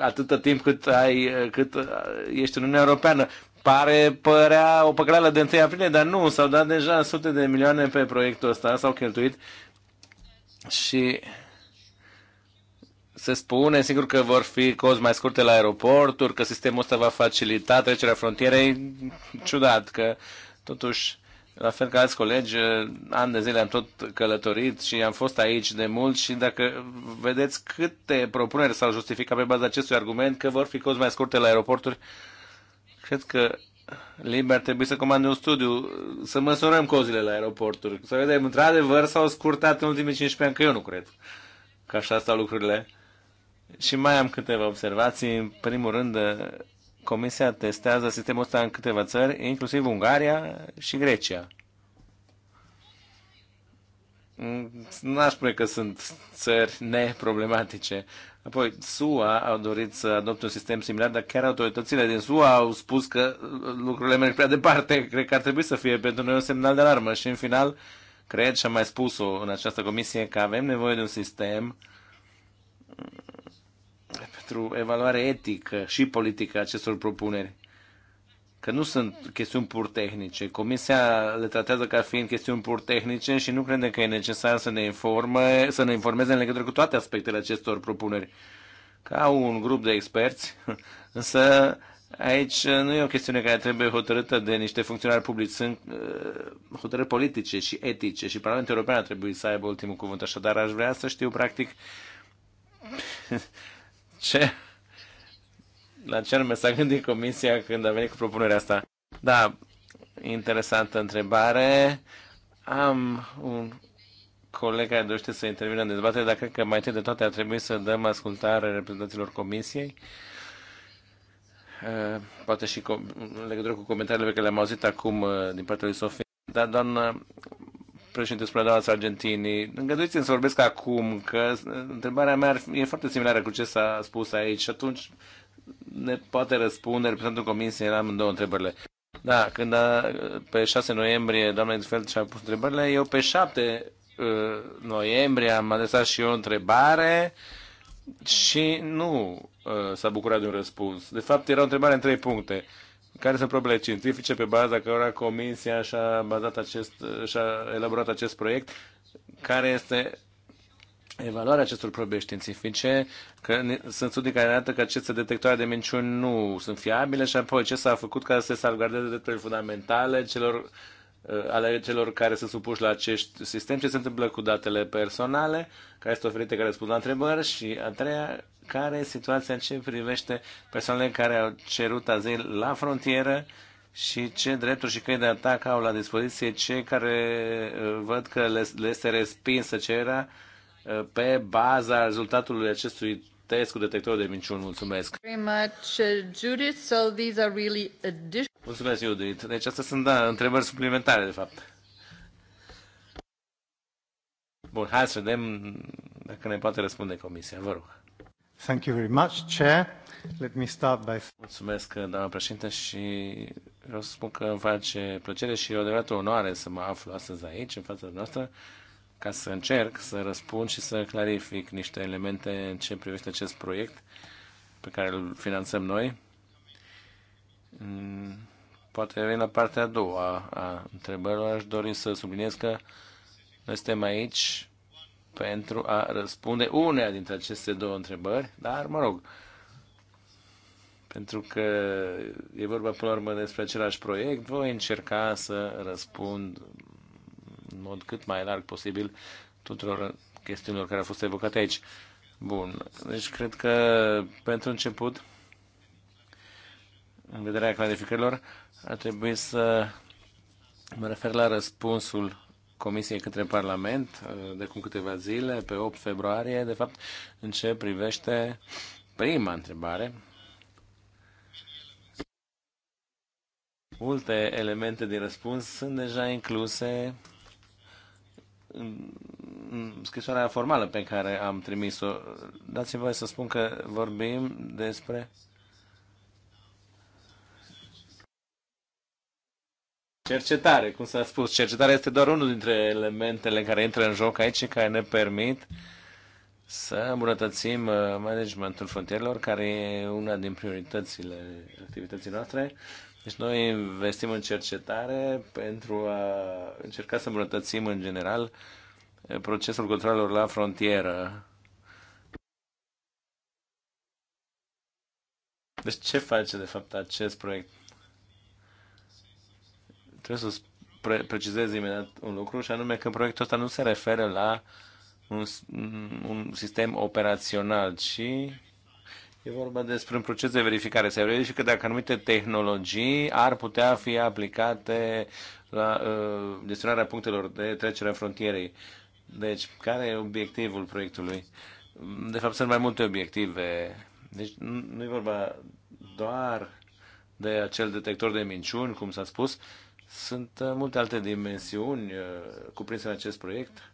atâta timp cât, ai, cât uh, ești în Uniunea Europeană. Pare părea o păcăleală de 1 aprilie, dar nu, s-au dat deja sute de milioane pe proiectul ăsta, s-au cheltuit și se spune, sigur că vor fi cozi mai scurte la aeroporturi, că sistemul ăsta va facilita trecerea frontierei. Ciudat că totuși la fel ca alți colegi, ani de zile am tot călătorit și am fost aici de mult și dacă vedeți câte propuneri s-au justificat pe baza acestui argument că vor fi cozi mai scurte la aeroporturi, cred că Liber trebuie să comande un studiu, să măsurăm cozile la aeroporturi, să vedem într-adevăr s-au scurtat în ultimii 15 ani, că eu nu cred că așa stau lucrurile. Și mai am câteva observații. În primul rând, Comisia testează sistemul ăsta în câteva țări, inclusiv Ungaria și Grecia. N-aș spune că sunt țări neproblematice. Apoi, SUA au dorit să adopte un sistem similar, dar chiar autoritățile din SUA au spus că lucrurile merg prea departe. Cred că ar trebui să fie pentru noi un semnal de alarmă. Și, în final, cred și am mai spus-o în această comisie că avem nevoie de un sistem pentru evaluare etică și politică acestor propuneri. Că nu sunt chestiuni pur tehnice. Comisia le tratează ca fiind chestiuni pur tehnice și nu crede că e necesar să ne, informe, să ne informeze în legătură cu toate aspectele acestor propuneri. Ca un grup de experți, [laughs] însă Aici nu e o chestiune care trebuie hotărâtă de niște funcționari publici, sunt uh, hotărâri politice și etice și Parlamentul European ar trebui să aibă ultimul cuvânt. Așadar, aș vrea să știu, practic, [laughs] ce, la ce anume s-a gândit Comisia când a venit cu propunerea asta? Da, interesantă întrebare. Am un coleg care dorește să intervină în dezbatere, dar cred că mai întâi de toate ar trebui să dăm ascultare reprezentanților Comisiei. Eh, poate și în legătură cu comentariile pe care le-am auzit acum eh, din partea lui Sofie. Dar, doamnă președinte spunea doamna Sargentini. Îngăduiți-mi să vorbesc acum, că întrebarea mea e foarte similară cu ce s-a spus aici și atunci ne poate răspunde reprezentantul Comisiei la amândouă întrebările. Da, când a, pe 6 noiembrie doamna Edfeld și-a pus întrebările, eu pe 7 uh, noiembrie am adresat și eu o întrebare și nu uh, s-a bucurat de un răspuns. De fapt, era o întrebare în trei puncte. Uh, care sunt probele științifice pe baza cărora Comisia și-a, bazat acest, și-a elaborat acest proiect, care este evaluarea acestor probe științifice, că sunt studii care arată că aceste detectoare de minciuni nu sunt fiabile și apoi ce s-a făcut ca să se salvgardeze drepturile fundamentale celor Uh, ale celor care sunt supuși la acest sistem, ce se întâmplă cu datele personale, care este oferite care răspund la întrebări și a treia, care e situația ce privește persoanele care au cerut azil la frontieră și ce drepturi și căi de atac au la dispoziție cei care uh, văd că le, le este respinsă cererea uh, pe baza rezultatului acestui test cu detectorul de minciuni. Mulțumesc! Very much, Judith. So these are really Mulțumesc, Judith. Deci astea sunt da, întrebări suplimentare, de fapt. Bun, hai să vedem dacă ne poate răspunde Comisia. Vă rog. Thank you very much, Chair. Let me start by... Mulțumesc, doamna președinte, și vreau să spun că îmi face plăcere și o adevărată onoare să mă aflu astăzi aici, în fața noastră, ca să încerc să răspund și să clarific niște elemente în ce privește acest proiect pe care îl finanțăm noi poate revin la partea a doua a întrebărilor, aș dori să subliniez că noi suntem aici pentru a răspunde unea dintre aceste două întrebări, dar mă rog, pentru că e vorba până la urmă despre același proiect, voi încerca să răspund în mod cât mai larg posibil tuturor chestiunilor care au fost evocate aici. Bun, deci cred că pentru început, în vederea clarificărilor, ar trebui să mă refer la răspunsul Comisiei către Parlament uh, de cum câteva zile, pe 8 februarie, de fapt, în ce privește prima întrebare. Multe elemente din răspuns sunt deja incluse în scrisoarea formală pe care am trimis-o. Dați-mi voie să spun că vorbim despre Cercetare, cum s-a spus. Cercetarea este doar unul dintre elementele care intră în joc aici și care ne permit să îmbunătățim uh, managementul frontierelor, care e una din prioritățile activității noastre. Deci noi investim în cercetare pentru a încerca să îmbunătățim în general uh, procesul controlelor la frontieră. Deci ce face de fapt acest proiect? Trebuie să pre- precizez imediat un lucru și anume că proiectul ăsta nu se referă la un, un sistem operațional, ci E vorba despre un proces de verificare. Se verifică dacă anumite tehnologii ar putea fi aplicate la uh, gestionarea punctelor de trecere a frontierei. Deci, care e obiectivul proiectului? De fapt, sunt mai multe obiective. Deci, nu e vorba doar de acel detector de minciuni, cum s-a spus, uh, sunt uh, multe alte dimensiuni uh, cuprinse în acest proiect.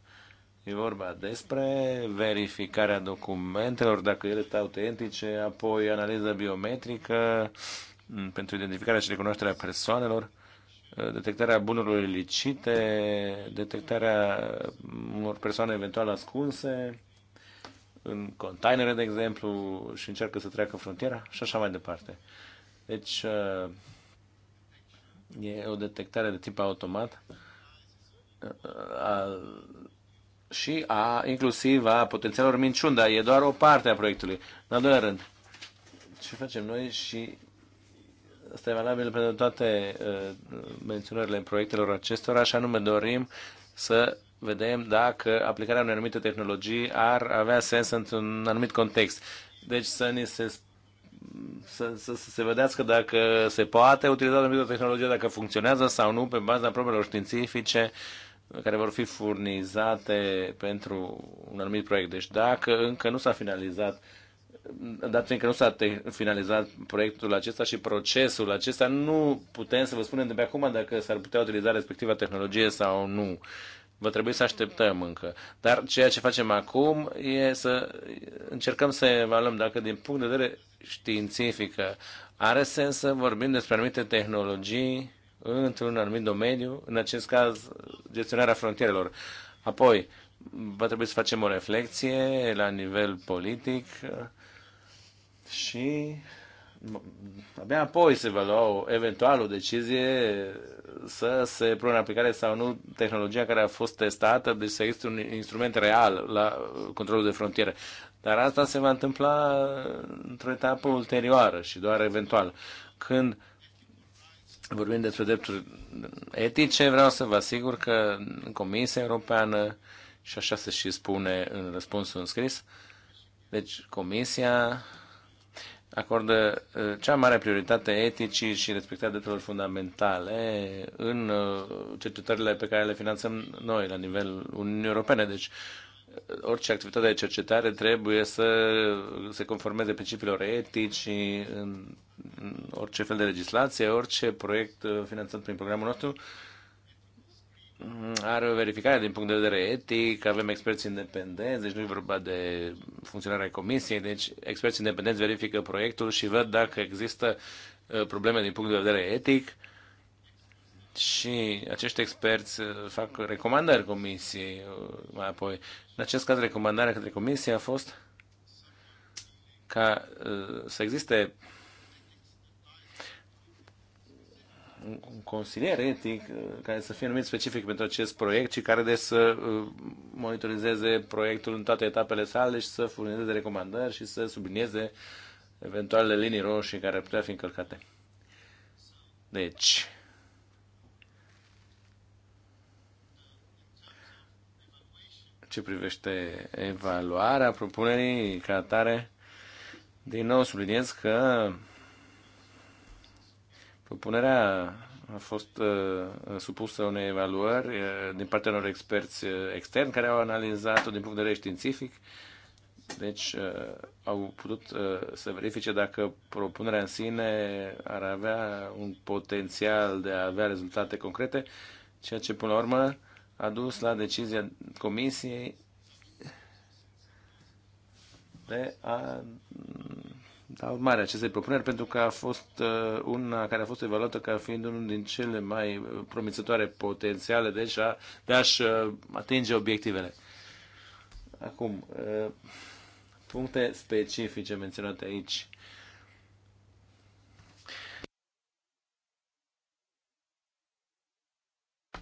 E vorba despre verificarea documentelor, dacă ele sunt autentice, apoi analiza biometrică mm, pentru identificarea și recunoașterea persoanelor, uh, detectarea bunurilor ilicite, detectarea unor persoane eventual ascunse în containere, de exemplu, și încearcă să treacă frontiera și așa mai departe. Deci, E o detectare de tip automat a, și a, inclusiv a potențialelor minciuni, dar e doar o parte a proiectului. În al doilea rând, ce facem noi și asta e valabil pentru toate uh, menționările proiectelor acestora, așa nume dorim să vedem dacă aplicarea unei anumite tehnologii ar avea sens într-un anumit context. Deci să ni se să, să, să se vedească dacă se poate utiliza o tehnologie, dacă funcționează sau nu, pe baza probelor științifice care vor fi furnizate pentru un anumit proiect. Deci dacă încă nu s-a finalizat dat fiindcă nu s-a finalizat proiectul acesta și procesul acesta, nu putem să vă spunem de pe acum dacă s-ar putea utiliza respectiva tehnologie sau nu va trebui să așteptăm încă. Dar ceea ce facem acum e să încercăm să evaluăm dacă din punct de vedere științific are sens să vorbim despre anumite tehnologii într-un anumit domeniu, în acest caz gestionarea frontierelor. Apoi, va trebui să facem o reflexie la nivel politic și abia apoi se va lua eventual o decizie să se pună în aplicare sau nu tehnologia care a fost testată, deci să există un instrument real la controlul de frontieră. Dar asta se va întâmpla într-o etapă ulterioară și doar eventual. Când vorbim despre drepturi etice, vreau să vă asigur că Comisia Europeană, și așa se și spune în răspunsul înscris, deci Comisia acordă uh, cea mare prioritate eticii și respectarea drepturilor fundamentale în uh, cercetările pe care le finanțăm noi la nivel Uniunii Europene. Deci, uh, orice activitate de cercetare trebuie să se conformeze principiilor etici în orice fel de legislație, orice proiect finanțat prin programul nostru are o verificare din punct de vedere etic, avem experți independenți, deci nu e vorba de funcționarea comisiei, deci experți independenți verifică proiectul și văd dacă există uh, probleme din punct de vedere etic și acești experți uh, fac recomandări comisiei uh, mai apoi. În acest caz, recomandarea către comisie a fost ca să existe un, consilier etic uh, care să fie numit specific pentru acest proiect și care de să uh, monitorizeze proiectul în toate etapele sale și să furnizeze recomandări și să sublinieze eventualele linii roșii care ar putea fi încălcate. Deci, ce privește evaluarea propunerii ca atare, din nou subliniez că Propunerea a fost uh, supusă unei evaluări uh, din partea unor experți uh, externi care au analizat-o din punct de vedere științific. Deci uh, au putut uh, să verifice dacă propunerea în sine ar avea un potențial de a avea rezultate concrete, ceea ce până la urmă a dus la decizia Comisiei de a da, urmare acestei propuneri, pentru că a fost uh, una care a fost evaluată ca fiind unul din cele mai promițătoare potențiale de, deci, a, de a-și uh, atinge obiectivele. Acum, uh, puncte specifice menționate aici.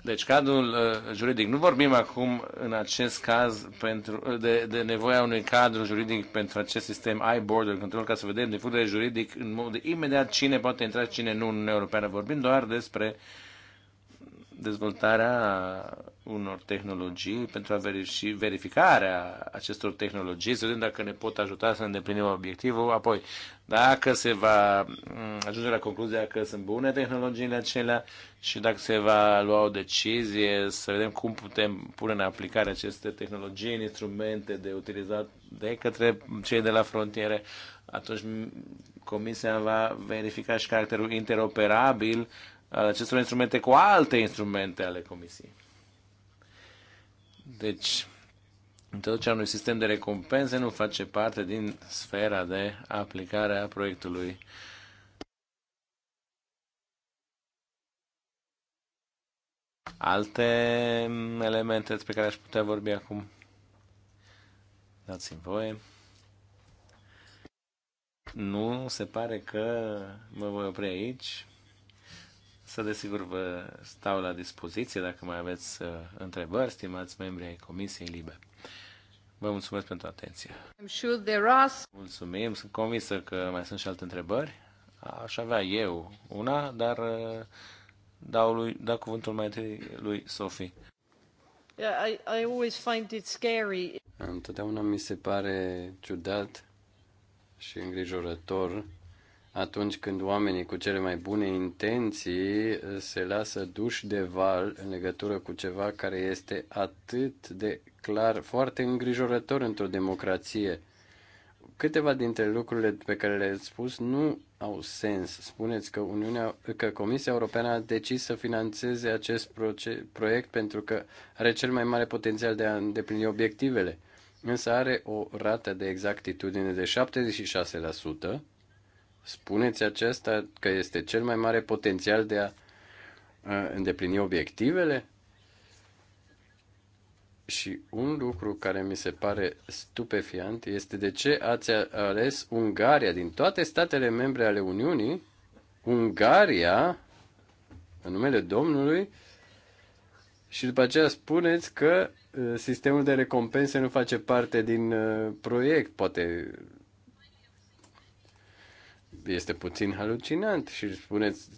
Deci cadrul uh, juridic. Nu vorbim acum în acest caz pentru, uh, de, de nevoia unui cadru juridic pentru acest sistem I-Border Control ca să vedem din punct de juridic în mod imediat cine poate intra, cine nu în Uniunea Europeană. Vorbim doar despre uh, dezvoltarea unor tehnologii pentru a verifici, verificarea acestor tehnologii, să vedem dacă ne pot ajuta să îndeplinim obiectivul. Apoi, dacă se va mm, ajunge la concluzia că sunt bune tehnologiile acelea și dacă se va lua o decizie, să vedem cum putem pune în aplicare aceste tehnologii în instrumente de utilizat de către cei de la frontiere, atunci Comisia va verifica și caracterul interoperabil al acestor instrumente cu alte instrumente ale Comisiei. Deci, introducerea unui sistem de recompense nu face parte din sfera de aplicare a proiectului. Alte elemente despre care aș putea vorbi acum? Dați-mi voie. Nu, se pare că mă voi opri aici. Să desigur, vă stau la dispoziție dacă mai aveți uh, întrebări, stimați membri ai Comisiei Libe. Vă mulțumesc pentru atenție. Mulțumim, sunt convinsă că mai sunt și alte întrebări. Aș avea eu una, dar uh, dau, lui, dau cuvântul mai întâi lui Sophie. Yeah, I, I always find it scary. Întotdeauna mi se pare ciudat și îngrijorător atunci când oamenii cu cele mai bune intenții uh, se lasă duși de val în legătură cu ceva care este atât de clar, foarte îngrijorător într-o democrație. Câteva dintre lucrurile pe care le-ați spus nu au sens. Spuneți că, Uniunea, că Comisia Europeană a decis să financeze acest proiect pentru că are cel mai mare potențial de a îndeplini obiectivele, însă are o rată de exactitudine de 76%, Spuneți aceasta că este cel mai mare potențial de a îndeplini obiectivele? Și un lucru care mi se pare stupefiant este de ce ați ales Ungaria din toate statele membre ale Uniunii. Ungaria, în numele Domnului, și după aceea spuneți că uh, sistemul de recompense nu face parte din uh, proiect. Poate este puțin halucinant și spuneți,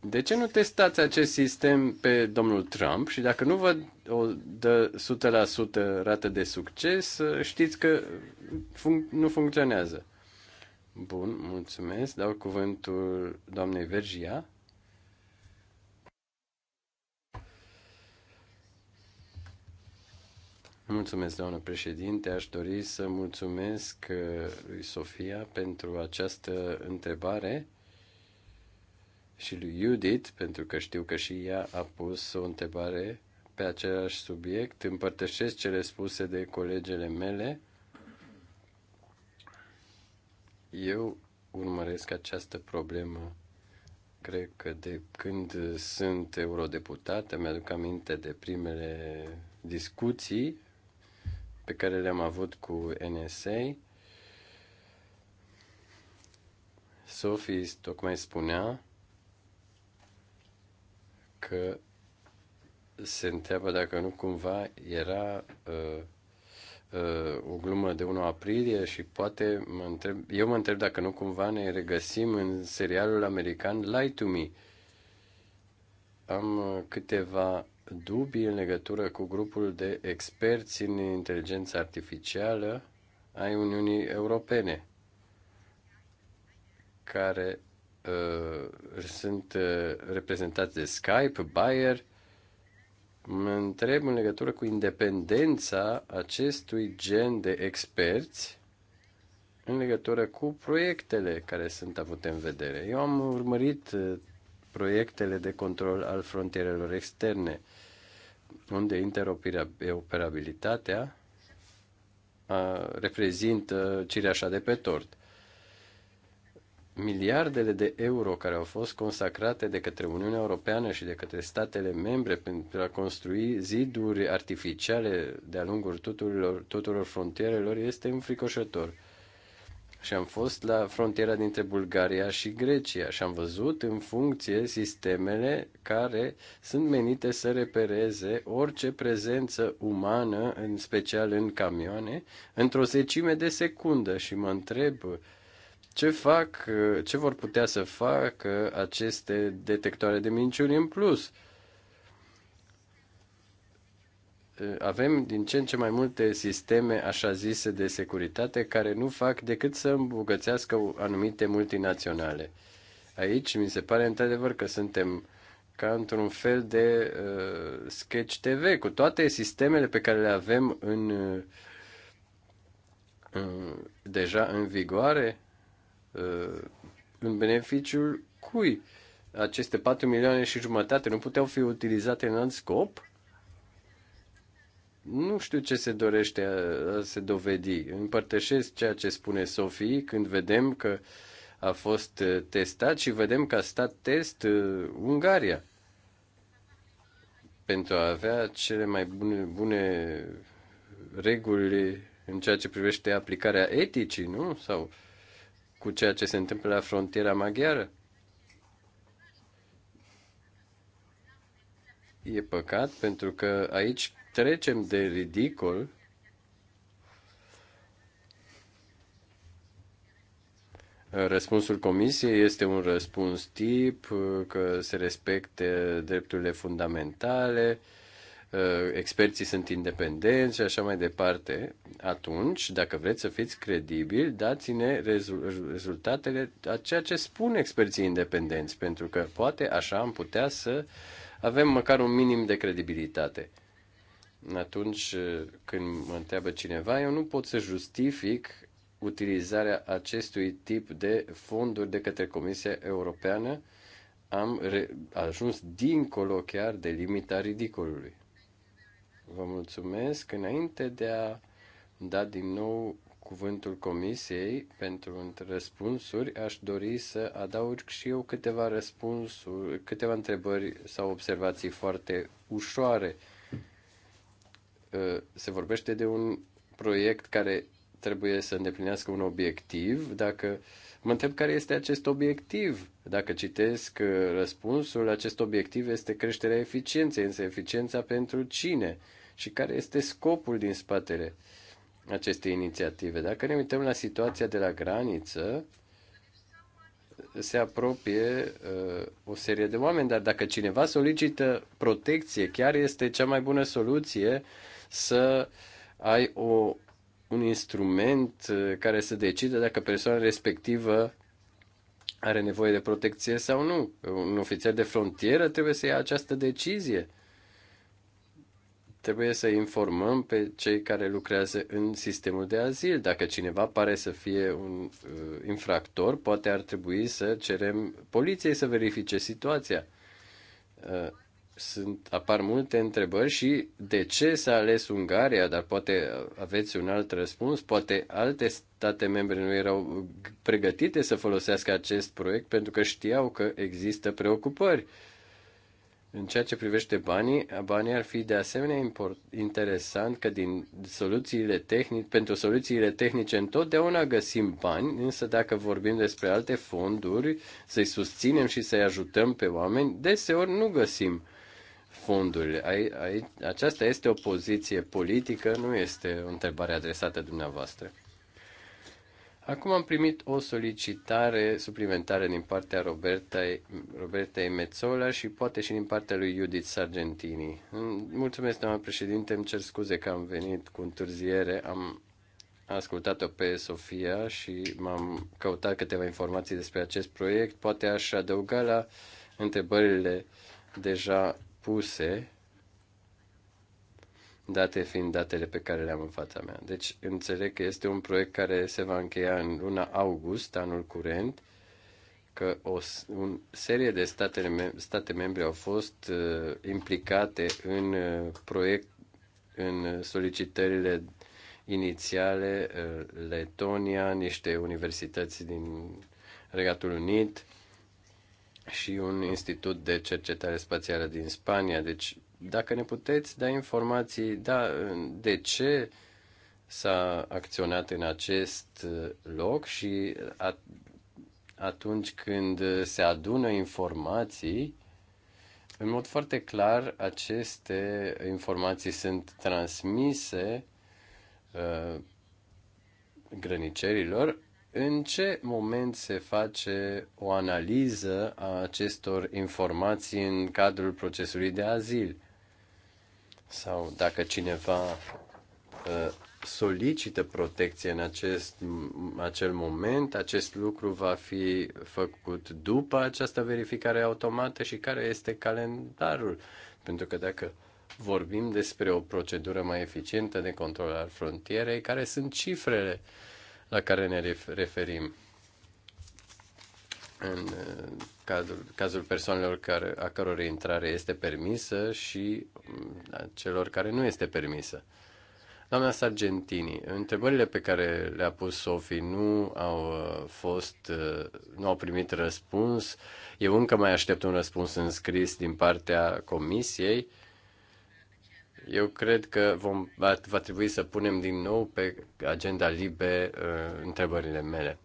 de ce nu testați acest sistem pe domnul Trump și dacă nu vă o dă 100% rată de succes, știți că fun- nu funcționează. Bun, mulțumesc. Dau cuvântul doamnei Vergia. Mulțumesc, doamnă președinte. Aș dori să mulțumesc uh, lui Sofia pentru această întrebare și lui Judith, pentru că știu că și ea a pus o întrebare pe același subiect. Împărtășesc cele spuse de colegele mele. Eu urmăresc această problemă, cred că de când sunt eurodeputată, mi aduc aminte de primele discuții pe care le-am avut cu NSA. Sophie tocmai spunea că se întreabă dacă nu cumva era uh, uh, o glumă de 1 aprilie și poate mă întreb, eu mă întreb dacă nu cumva ne regăsim în serialul american Lie to Me. Am uh, câteva dubii în legătură cu grupul de experți în inteligență artificială ai Uniunii Europene, care uh, sunt uh, reprezentați de Skype, Bayer. Mă întreb în legătură cu independența acestui gen de experți în legătură cu proiectele care sunt avute în vedere. Eu am urmărit uh, proiectele de control al frontierelor externe unde interoperabilitatea reprezintă cireașa de pe tort. Miliardele de euro care au fost consacrate de către Uniunea Europeană și de către statele membre pentru a construi ziduri artificiale de-a lungul tuturor, tuturor frontierelor este înfricoșător și am fost la frontiera dintre Bulgaria și Grecia și am văzut în funcție sistemele care sunt menite să repereze orice prezență umană, în special în camioane, într-o zecime de secundă și mă întreb ce fac, ce vor putea să facă aceste detectoare de minciuni în plus. Ă, avem din ce în ce mai multe sisteme așa zise de securitate care nu fac decât să îmbogățească anumite multinaționale. Aici mi se pare într-adevăr că suntem ca într-un fel de uh, sketch TV, cu toate sistemele pe care le avem în, uh, deja în vigoare, uh, în beneficiul cui? Aceste 4 milioane și jumătate nu puteau fi utilizate în alt scop? nu știu ce se dorește a se dovedi. Împărtășesc ceea ce spune Sofie când vedem că a fost testat și vedem că a stat test Ungaria pentru a avea cele mai bune, bune reguli în ceea ce privește aplicarea eticii, nu? Sau cu ceea ce se întâmplă la frontiera maghiară. E păcat pentru că aici trecem de ridicol Răspunsul comisiei este un răspuns tip, uh, că se respecte drepturile fundamentale, uh, experții sunt independenți și așa mai departe. Atunci, dacă vreți să fiți credibili, dați-ne rezultatele a ceea ce spun experții independenți, pentru că poate așa am putea să avem măcar un minim de credibilitate atunci eh, când mă întreabă cineva, eu nu pot să justific utilizarea acestui tip de fonduri de către Comisia Europeană. Am ajuns dincolo chiar de limita ridicolului. Vă mulțumesc. Înainte de a da din nou cuvântul Comisiei pentru răspunsuri, aș dori să adaug și eu câteva răspunsuri, câteva întrebări sau observații foarte ușoare Uh, se vorbește de un proiect care trebuie să îndeplinească un obiectiv, dacă mă întreb care este acest obiectiv, dacă citesc uh, răspunsul, acest obiectiv este creșterea eficienței, însă eficiența pentru cine și care este scopul din spatele acestei inițiative. Dacă ne uităm la situația de la graniță, se apropie uh, o serie de oameni, dar dacă cineva solicită protecție, chiar este cea mai bună soluție uh, să ai o, un instrument uh, care să decide dacă persoana respectivă are nevoie de protecție sau nu. Un ofițer de frontieră trebuie să ia această decizie. Trebuie să informăm pe cei care lucrează în sistemul de azil. Dacă cineva pare să fie un uh, infractor, poate ar trebui să cerem poliției să verifice situația. Uh, sunt, apar multe întrebări și de ce s-a ales Ungaria, dar poate aveți un alt răspuns, poate alte state membre nu erau pregătite să folosească acest proiect pentru că știau că există preocupări. În ceea ce privește banii, banii ar fi de asemenea import, interesant că din soluțiile tehnic, pentru soluțiile tehnice întotdeauna găsim bani, însă dacă vorbim despre alte fonduri, să-i susținem și să-i ajutăm pe oameni, deseori nu găsim fondurile. Aceasta este o poziție politică, nu este o întrebare adresată dumneavoastră. Acum am primit o solicitare suplimentară din partea Robertei, Robertei Mezzola și poate și din partea lui Judith Sargentini. Mulțumesc, doamna președinte, îmi cer scuze că am venit cu întârziere. Am ascultat-o pe Sofia și m-am căutat câteva informații despre acest proiect. Poate aș adăuga la întrebările deja puse, date fiind datele pe care le am în fața mea. Deci înțeleg că este un proiect care se va încheia în luna august, anul curent, că o un serie de state mem- state membre au fost uh, implicate în uh, proiect, în solicitările inițiale, uh, Letonia, niște universități din Regatul Unit, uh, și un institut de cercetare spațială din Spania. Deci, dacă ne puteți da informații, da, de ce s-a acționat în acest loc și atunci când se adună informații, în mod foarte clar, aceste informații sunt transmise uh, grănicerilor în ce moment se face o analiză a acestor informații în cadrul procesului de azil? Sau dacă cineva ă, solicită protecție în acest, acel moment, acest lucru va fi făcut după această verificare automată și care este calendarul? Pentru că dacă vorbim despre o procedură mai eficientă de control al frontierei, care sunt cifrele la care ne referim în uh, cazul, cazul persoanelor care, a căror intrare este permisă și mm, a celor care nu este permisă. Doamna Sargentini, întrebările pe care le-a pus Sofi nu au uh, fost, uh, nu au primit răspuns. Eu încă mai aștept un răspuns în scris din partea comisiei eu cred că vom, va, va trebui să punem din nou pe agenda libe uh, întrebările mele.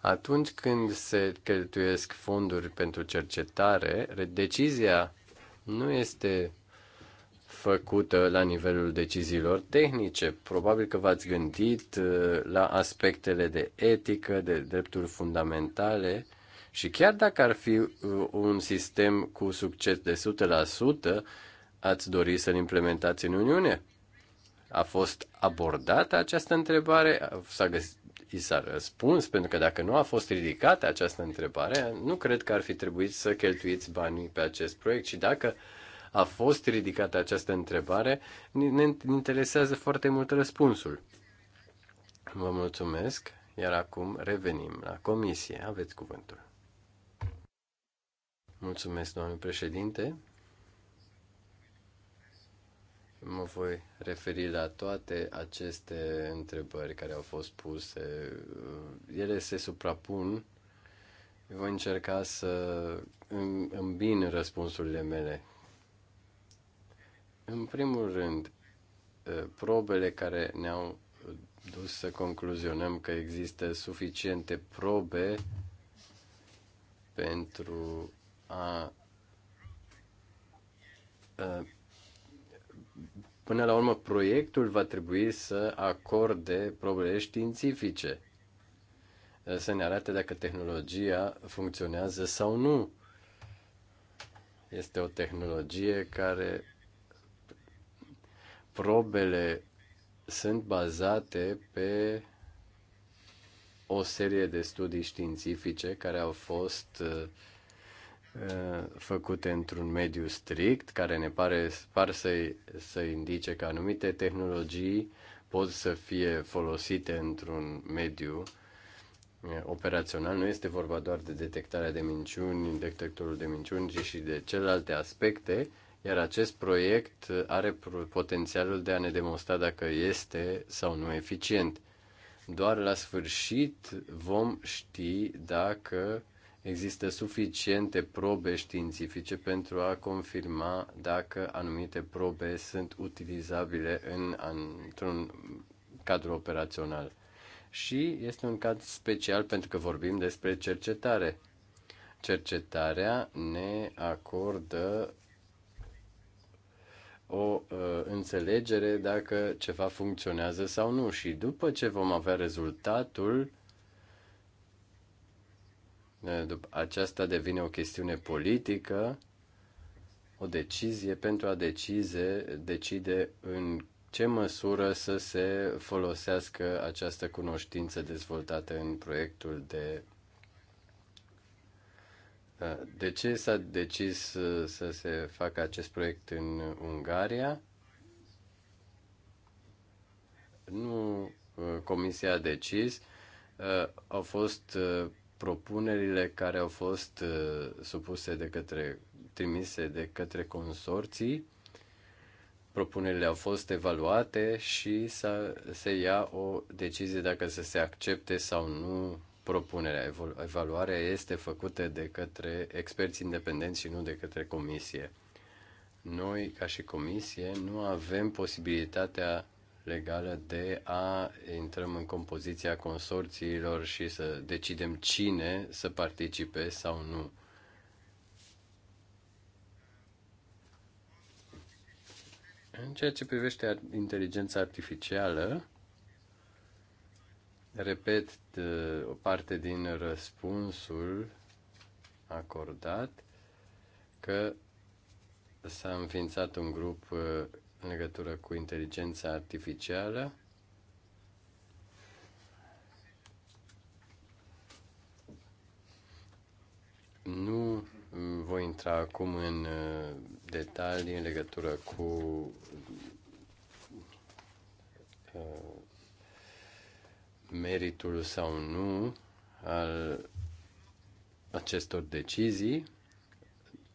Atunci când se cheltuiesc fonduri pentru cercetare, decizia nu este făcută la nivelul deciziilor tehnice. Probabil că v-ați gândit uh, la aspectele de etică, de drepturi fundamentale și chiar dacă ar fi uh, un sistem cu succes de 100%, ați dori să-l implementați în Uniune? A fost abordată această întrebare? S-a găsit, i s-a răspuns? Pentru că dacă nu a fost ridicată această întrebare, nu cred că ar fi trebuit să cheltuiți banii pe acest proiect. Și dacă a fost ridicată această întrebare, ne interesează foarte mult răspunsul. Vă mulțumesc, iar acum revenim la comisie. Aveți cuvântul. Mulțumesc, doamne președinte. Mă voi referi la toate aceste întrebări care au fost puse. Ele se suprapun. Voi încerca să îmbin răspunsurile mele. În primul rând, probele care ne-au dus să concluzionăm că există suficiente probe pentru a Până la urmă, proiectul va trebui să acorde probleme științifice, să ne arate dacă tehnologia funcționează sau nu. Este o tehnologie care probele sunt bazate pe o serie de studii științifice care au fost uh, Uh, făcute într-un mediu strict, care ne pare, par să, să indice că anumite tehnologii pot să fie folosite într-un mediu uh, operațional. Nu este vorba doar de detectarea de minciuni, detectorul de minciuni, ci și de celelalte aspecte, iar acest proiect are potențialul de a ne demonstra dacă este sau nu eficient. Doar la sfârșit vom ști dacă există suficiente probe științifice pentru a confirma dacă anumite probe sunt utilizabile în, într-un cadru operațional. Și este un caz special pentru că vorbim despre cercetare. Cercetarea ne acordă o uh, înțelegere dacă ceva funcționează sau nu și după ce vom avea rezultatul, aceasta devine o chestiune politică, o decizie pentru a decize, decide în ce măsură să se folosească această cunoștință dezvoltată în proiectul de. Da, de ce s-a decis să se facă acest proiect în Ungaria? Nu uh, Comisia a decis, uh, au fost uh, propunerile care au fost uh, supuse de către, trimise de către consorții, propunerile au fost evaluate și să se ia o decizie dacă să se accepte sau nu propunerea. Evaluarea este făcută de către experți independenți și nu de către comisie. Noi, ca și comisie, nu avem posibilitatea legală de a intrăm în compoziția consorțiilor și să decidem cine să participe sau nu. În ceea ce privește inteligența artificială, repet o parte din răspunsul acordat că s-a înființat un grup uh, în legătură cu inteligența artificială. Nu voi intra acum în uh, detalii în legătură cu uh, meritul sau nu al acestor decizii,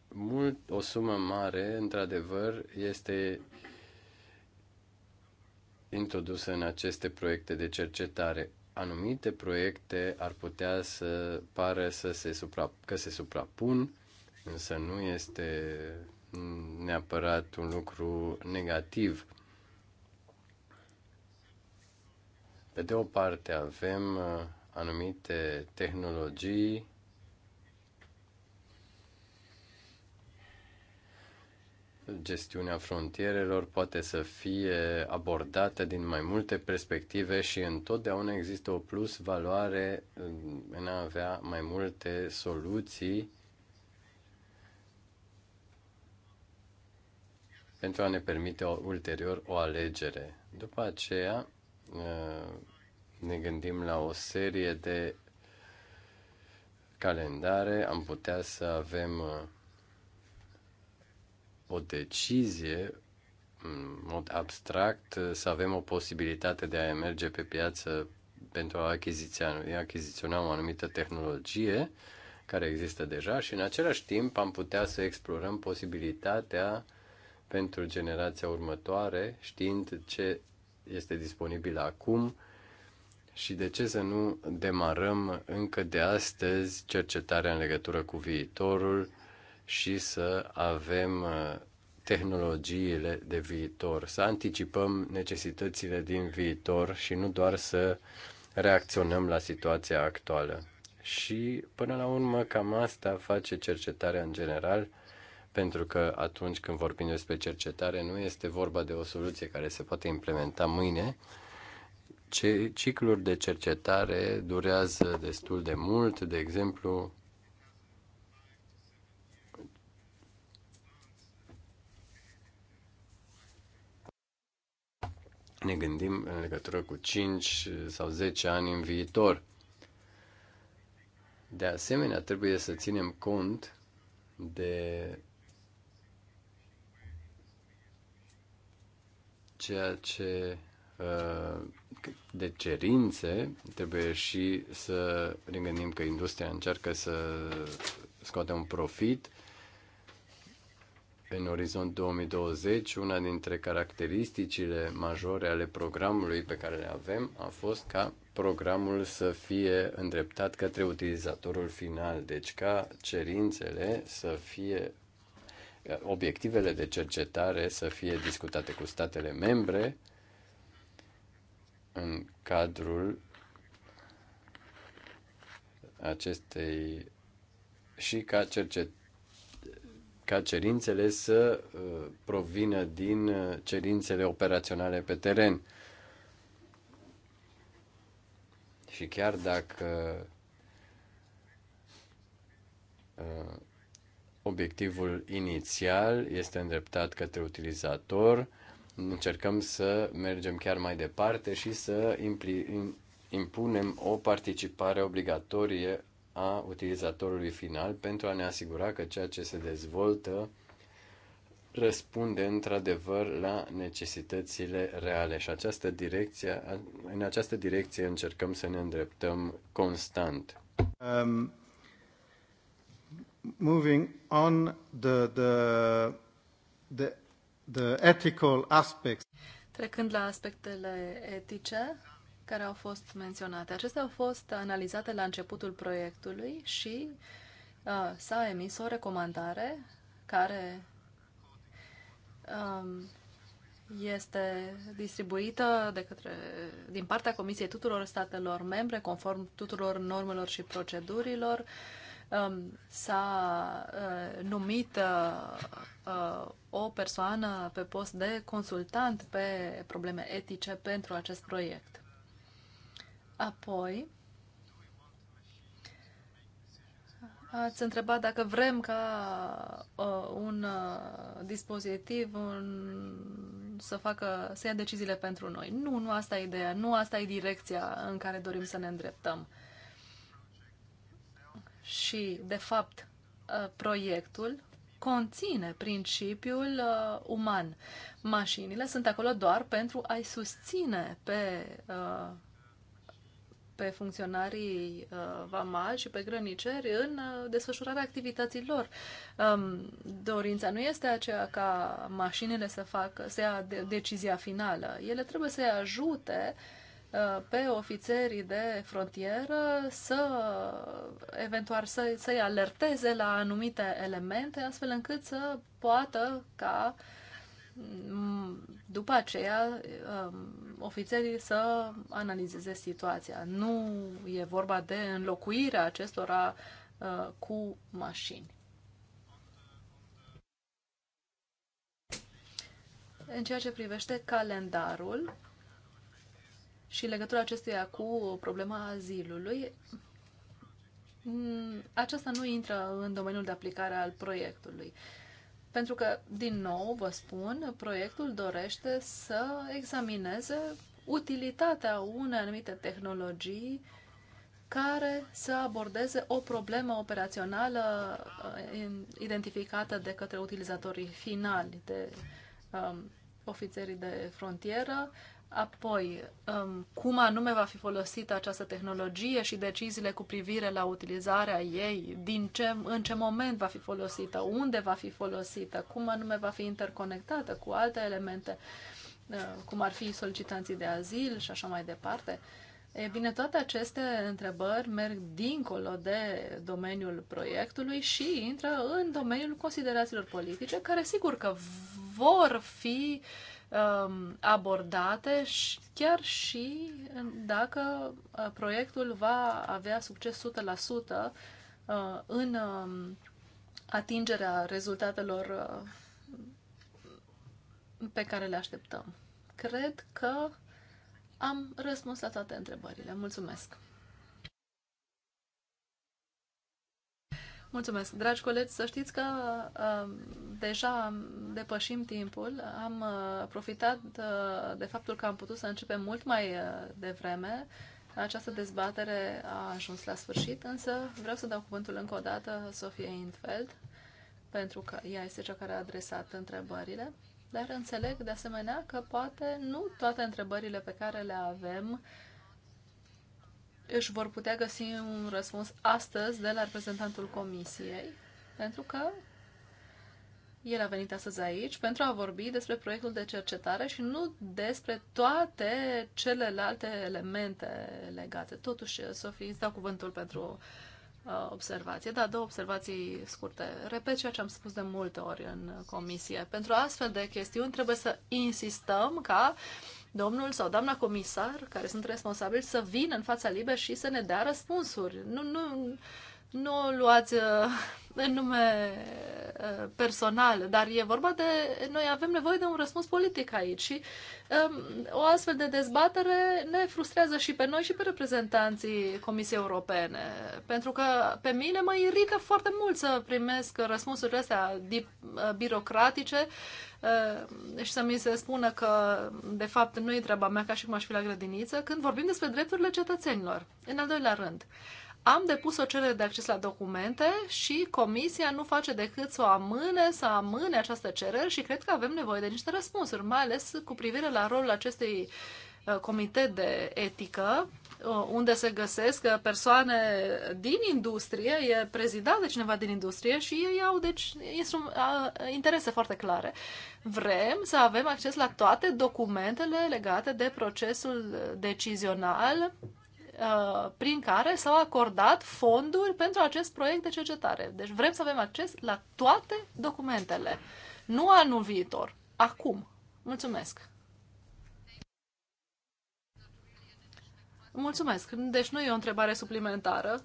mult, o sumă mare, într-adevăr, este introduse în aceste proiecte de cercetare. Anumite proiecte ar putea să pară să se supra, că se suprapun, însă nu este neapărat un lucru negativ. Pe de o parte avem uh, anumite tehnologii gestiunea frontierelor poate să fie abordată din mai multe perspective și întotdeauna există o plus valoare în a avea mai multe soluții pentru a ne permite ulterior o alegere. După aceea uh, ne gândim la o serie de calendare, am putea să avem uh, o decizie în mod abstract să avem o posibilitate de a merge pe piață pentru a achiziționa o anumită tehnologie care există deja și în același timp am putea să explorăm posibilitatea pentru generația următoare, știind ce este disponibil acum și de ce să nu demarăm încă de astăzi cercetarea în legătură cu viitorul, și să avem uh, tehnologiile de viitor, să anticipăm necesitățile din viitor și nu doar să reacționăm la situația actuală. Și până la urmă cam asta face cercetarea în general, pentru că atunci când vorbim despre cercetare nu este vorba de o soluție care se poate implementa mâine, ce cicluri de cercetare durează destul de mult, de exemplu, ne gândim în legătură cu 5 sau 10 ani în viitor. De asemenea, trebuie să ținem cont de ceea ce uh, de cerințe, trebuie și să ne gândim că industria încearcă să scoate un profit în orizont 2020, una dintre caracteristicile majore ale programului pe care le avem a fost ca programul să fie îndreptat către utilizatorul final, deci ca cerințele să fie obiectivele de cercetare să fie discutate cu statele membre în cadrul acestei și ca cercet, ca cerințele să uh, provină din uh, cerințele operaționale pe teren. Și chiar dacă uh, obiectivul inițial este îndreptat către utilizator, încercăm să mergem chiar mai departe și să impunem o participare obligatorie a utilizatorului final pentru a ne asigura că ceea ce se dezvoltă răspunde într-adevăr la necesitățile reale și această direcție, în această direcție încercăm să ne îndreptăm constant. Um, moving on the, the, the, the ethical aspects. Trecând la aspectele etice, care au fost menționate. Acestea au fost analizate la începutul proiectului și uh, s-a emis o recomandare care um, este distribuită de către, din partea Comisiei tuturor statelor membre, conform tuturor normelor și procedurilor. Um, s-a uh, numit uh, uh o persoană pe post de consultant pe probleme etice pentru acest proiect. Apoi, Ați întrebat dacă vrem ca uh, un uh, dispozitiv un, să facă, să ia deciziile pentru noi. Nu, nu asta e ideea, nu asta e direcția în care dorim să ne îndreptăm. Și, de fapt, uh, proiectul conține principiul uh, uman. Mașinile sunt acolo doar pentru a-i susține pe uh, pe funcționarii uh, vamali și pe grăniceri în uh, desfășurarea activităților. Um, dorința nu este aceea ca mașinile să facă, să ia de- decizia finală. Ele trebuie să-i ajute uh, pe ofițerii de frontieră să eventual să, să-i alerteze la anumite elemente astfel încât să poată ca mm, după aceea um, ofițerii să analizeze situația. Nu e vorba de înlocuirea acestora uh, cu mașini. În ceea ce privește calendarul și legătura acestuia cu problema azilului, mm, aceasta nu intră în domeniul de aplicare al proiectului. Uh, pentru că, din nou, vă spun, proiectul dorește să examineze utilitatea unei anumite tehnologii care să abordeze o problemă operațională uh, identificată de către utilizatorii finali, de um, ofițerii de frontieră, Apoi, um, cum anume va fi folosită această tehnologie și deciziile cu privire la utilizarea ei, din ce, în ce moment va fi folosită, unde va fi folosită, cum anume va fi interconectată cu alte elemente, uh, cum ar fi solicitanții de azil și așa mai departe. E bine, toate aceste întrebări merg dincolo de domeniul proiectului și intră în domeniul considerațiilor politice, care sigur că vor fi uh, Um, abordate și chiar și dacă uh, proiectul va avea succes 100% uh, în um, atingerea rezultatelor uh, pe care le așteptăm. Cred că am răspuns la toate întrebările. Mulțumesc! Mulțumesc. Dragi colegi, să știți că uh, deja depășim timpul. Am uh, profitat uh, de faptul că am putut să începem mult mai uh, devreme. Această dezbatere a ajuns la sfârșit, însă vreau să dau cuvântul încă o dată Sofie Intfeld, pentru că ea este cea care a adresat întrebările. Dar înțeleg de asemenea că poate nu toate întrebările pe care le avem uh, își vor putea găsi un răspuns astăzi de la reprezentantul comisiei, pentru că el a venit astăzi aici pentru a vorbi despre proiectul de cercetare și nu despre toate celelalte elemente legate. Totuși, Sofie, îți dau cuvântul pentru uh, observație. Da, două observații scurte. Repet ceea ce am spus de multe ori în comisie. Pentru astfel de chestiuni trebuie să insistăm ca uh, domnul sau doamna comisar, care sunt responsabili, să vină în fața liber și să ne dea răspunsuri. Nu, nu, nu l-o luați uh, în nume uh, personal, dar e vorba de. Noi avem nevoie de un răspuns politic aici și um, o astfel de dezbatere ne frustrează și pe noi și pe reprezentanții Comisiei Europene. Pentru că pe mine mă irită foarte mult să primesc răspunsurile astea uh, birocratice uh, și să mi se spună că, de fapt, nu e treaba mea ca și cum aș fi la grădiniță, când vorbim despre drepturile cetățenilor, în al doilea rând. Uh, am depus o cerere de acces la documente și comisia nu face decât să o amâne, să amâne această cerere și cred că avem nevoie de niște răspunsuri, mai ales cu privire la rolul acestei uh, comitet de etică, uh, unde se găsesc uh, persoane din industrie, e prezidat de cineva din industrie și ei au deci interese foarte clare. Vrem să avem acces la toate documentele legate de procesul decizional Uh, prin care s-au acordat fonduri pentru acest proiect de cercetare. Deci vrem să avem acces la toate documentele. Nu anul viitor, acum. Mulțumesc! Mulțumesc! Deci nu e o întrebare suplimentară,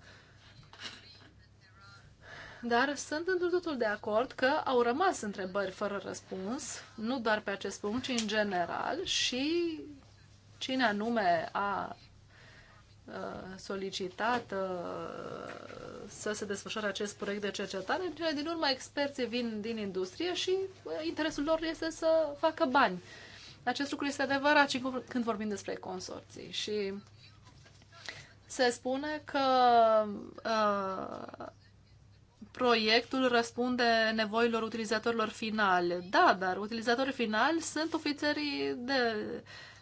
dar sunt într totul de acord că au rămas întrebări fără răspuns, nu doar pe acest punct, ci în general și cine anume a solicitat uh, să se desfășoare acest proiect de cercetare. În cele din urmă, experții vin din industrie și uh, interesul lor este să facă bani. Acest lucru este adevărat și când vorbim despre consorții. Și se spune că uh, proiectul răspunde nevoilor utilizatorilor finale. Da, dar utilizatorii finali sunt ofițerii de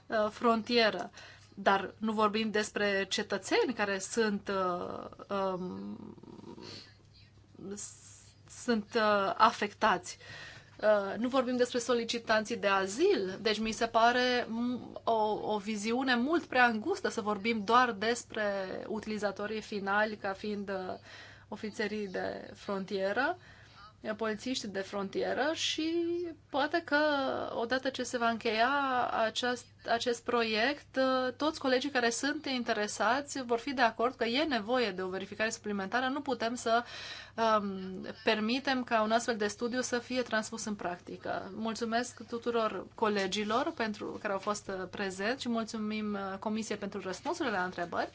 uh, frontieră. Dar nu vorbim despre cetățeni care sunt, uh, um, sunt uh, afectați. Uh, nu vorbim despre solicitanții de azil, deci mi se pare o, o viziune mult prea îngustă să vorbim doar despre utilizatorii finali ca fiind uh, ofițerii de frontieră. Uh, polițiști de frontieră și poate că odată ce se va încheia acest, acest proiect, toți colegii care sunt interesați vor fi de acord că e nevoie de o verificare suplimentară. Nu putem să um, permitem ca un astfel de studiu să fie transpus în practică. Mulțumesc tuturor colegilor pentru care au fost prezenți și mulțumim uh, Comisiei pentru răspunsurile la întrebări.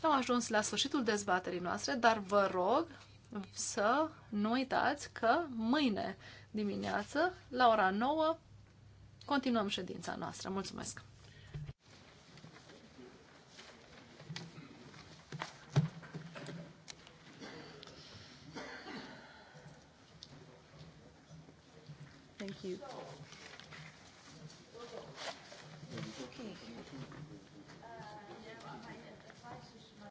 Am ajuns la sfârșitul dezbaterii noastre, dar vă rog să nu uitați că mâine dimineață, la ora 9, continuăm ședința noastră. Mulțumesc! Thank you.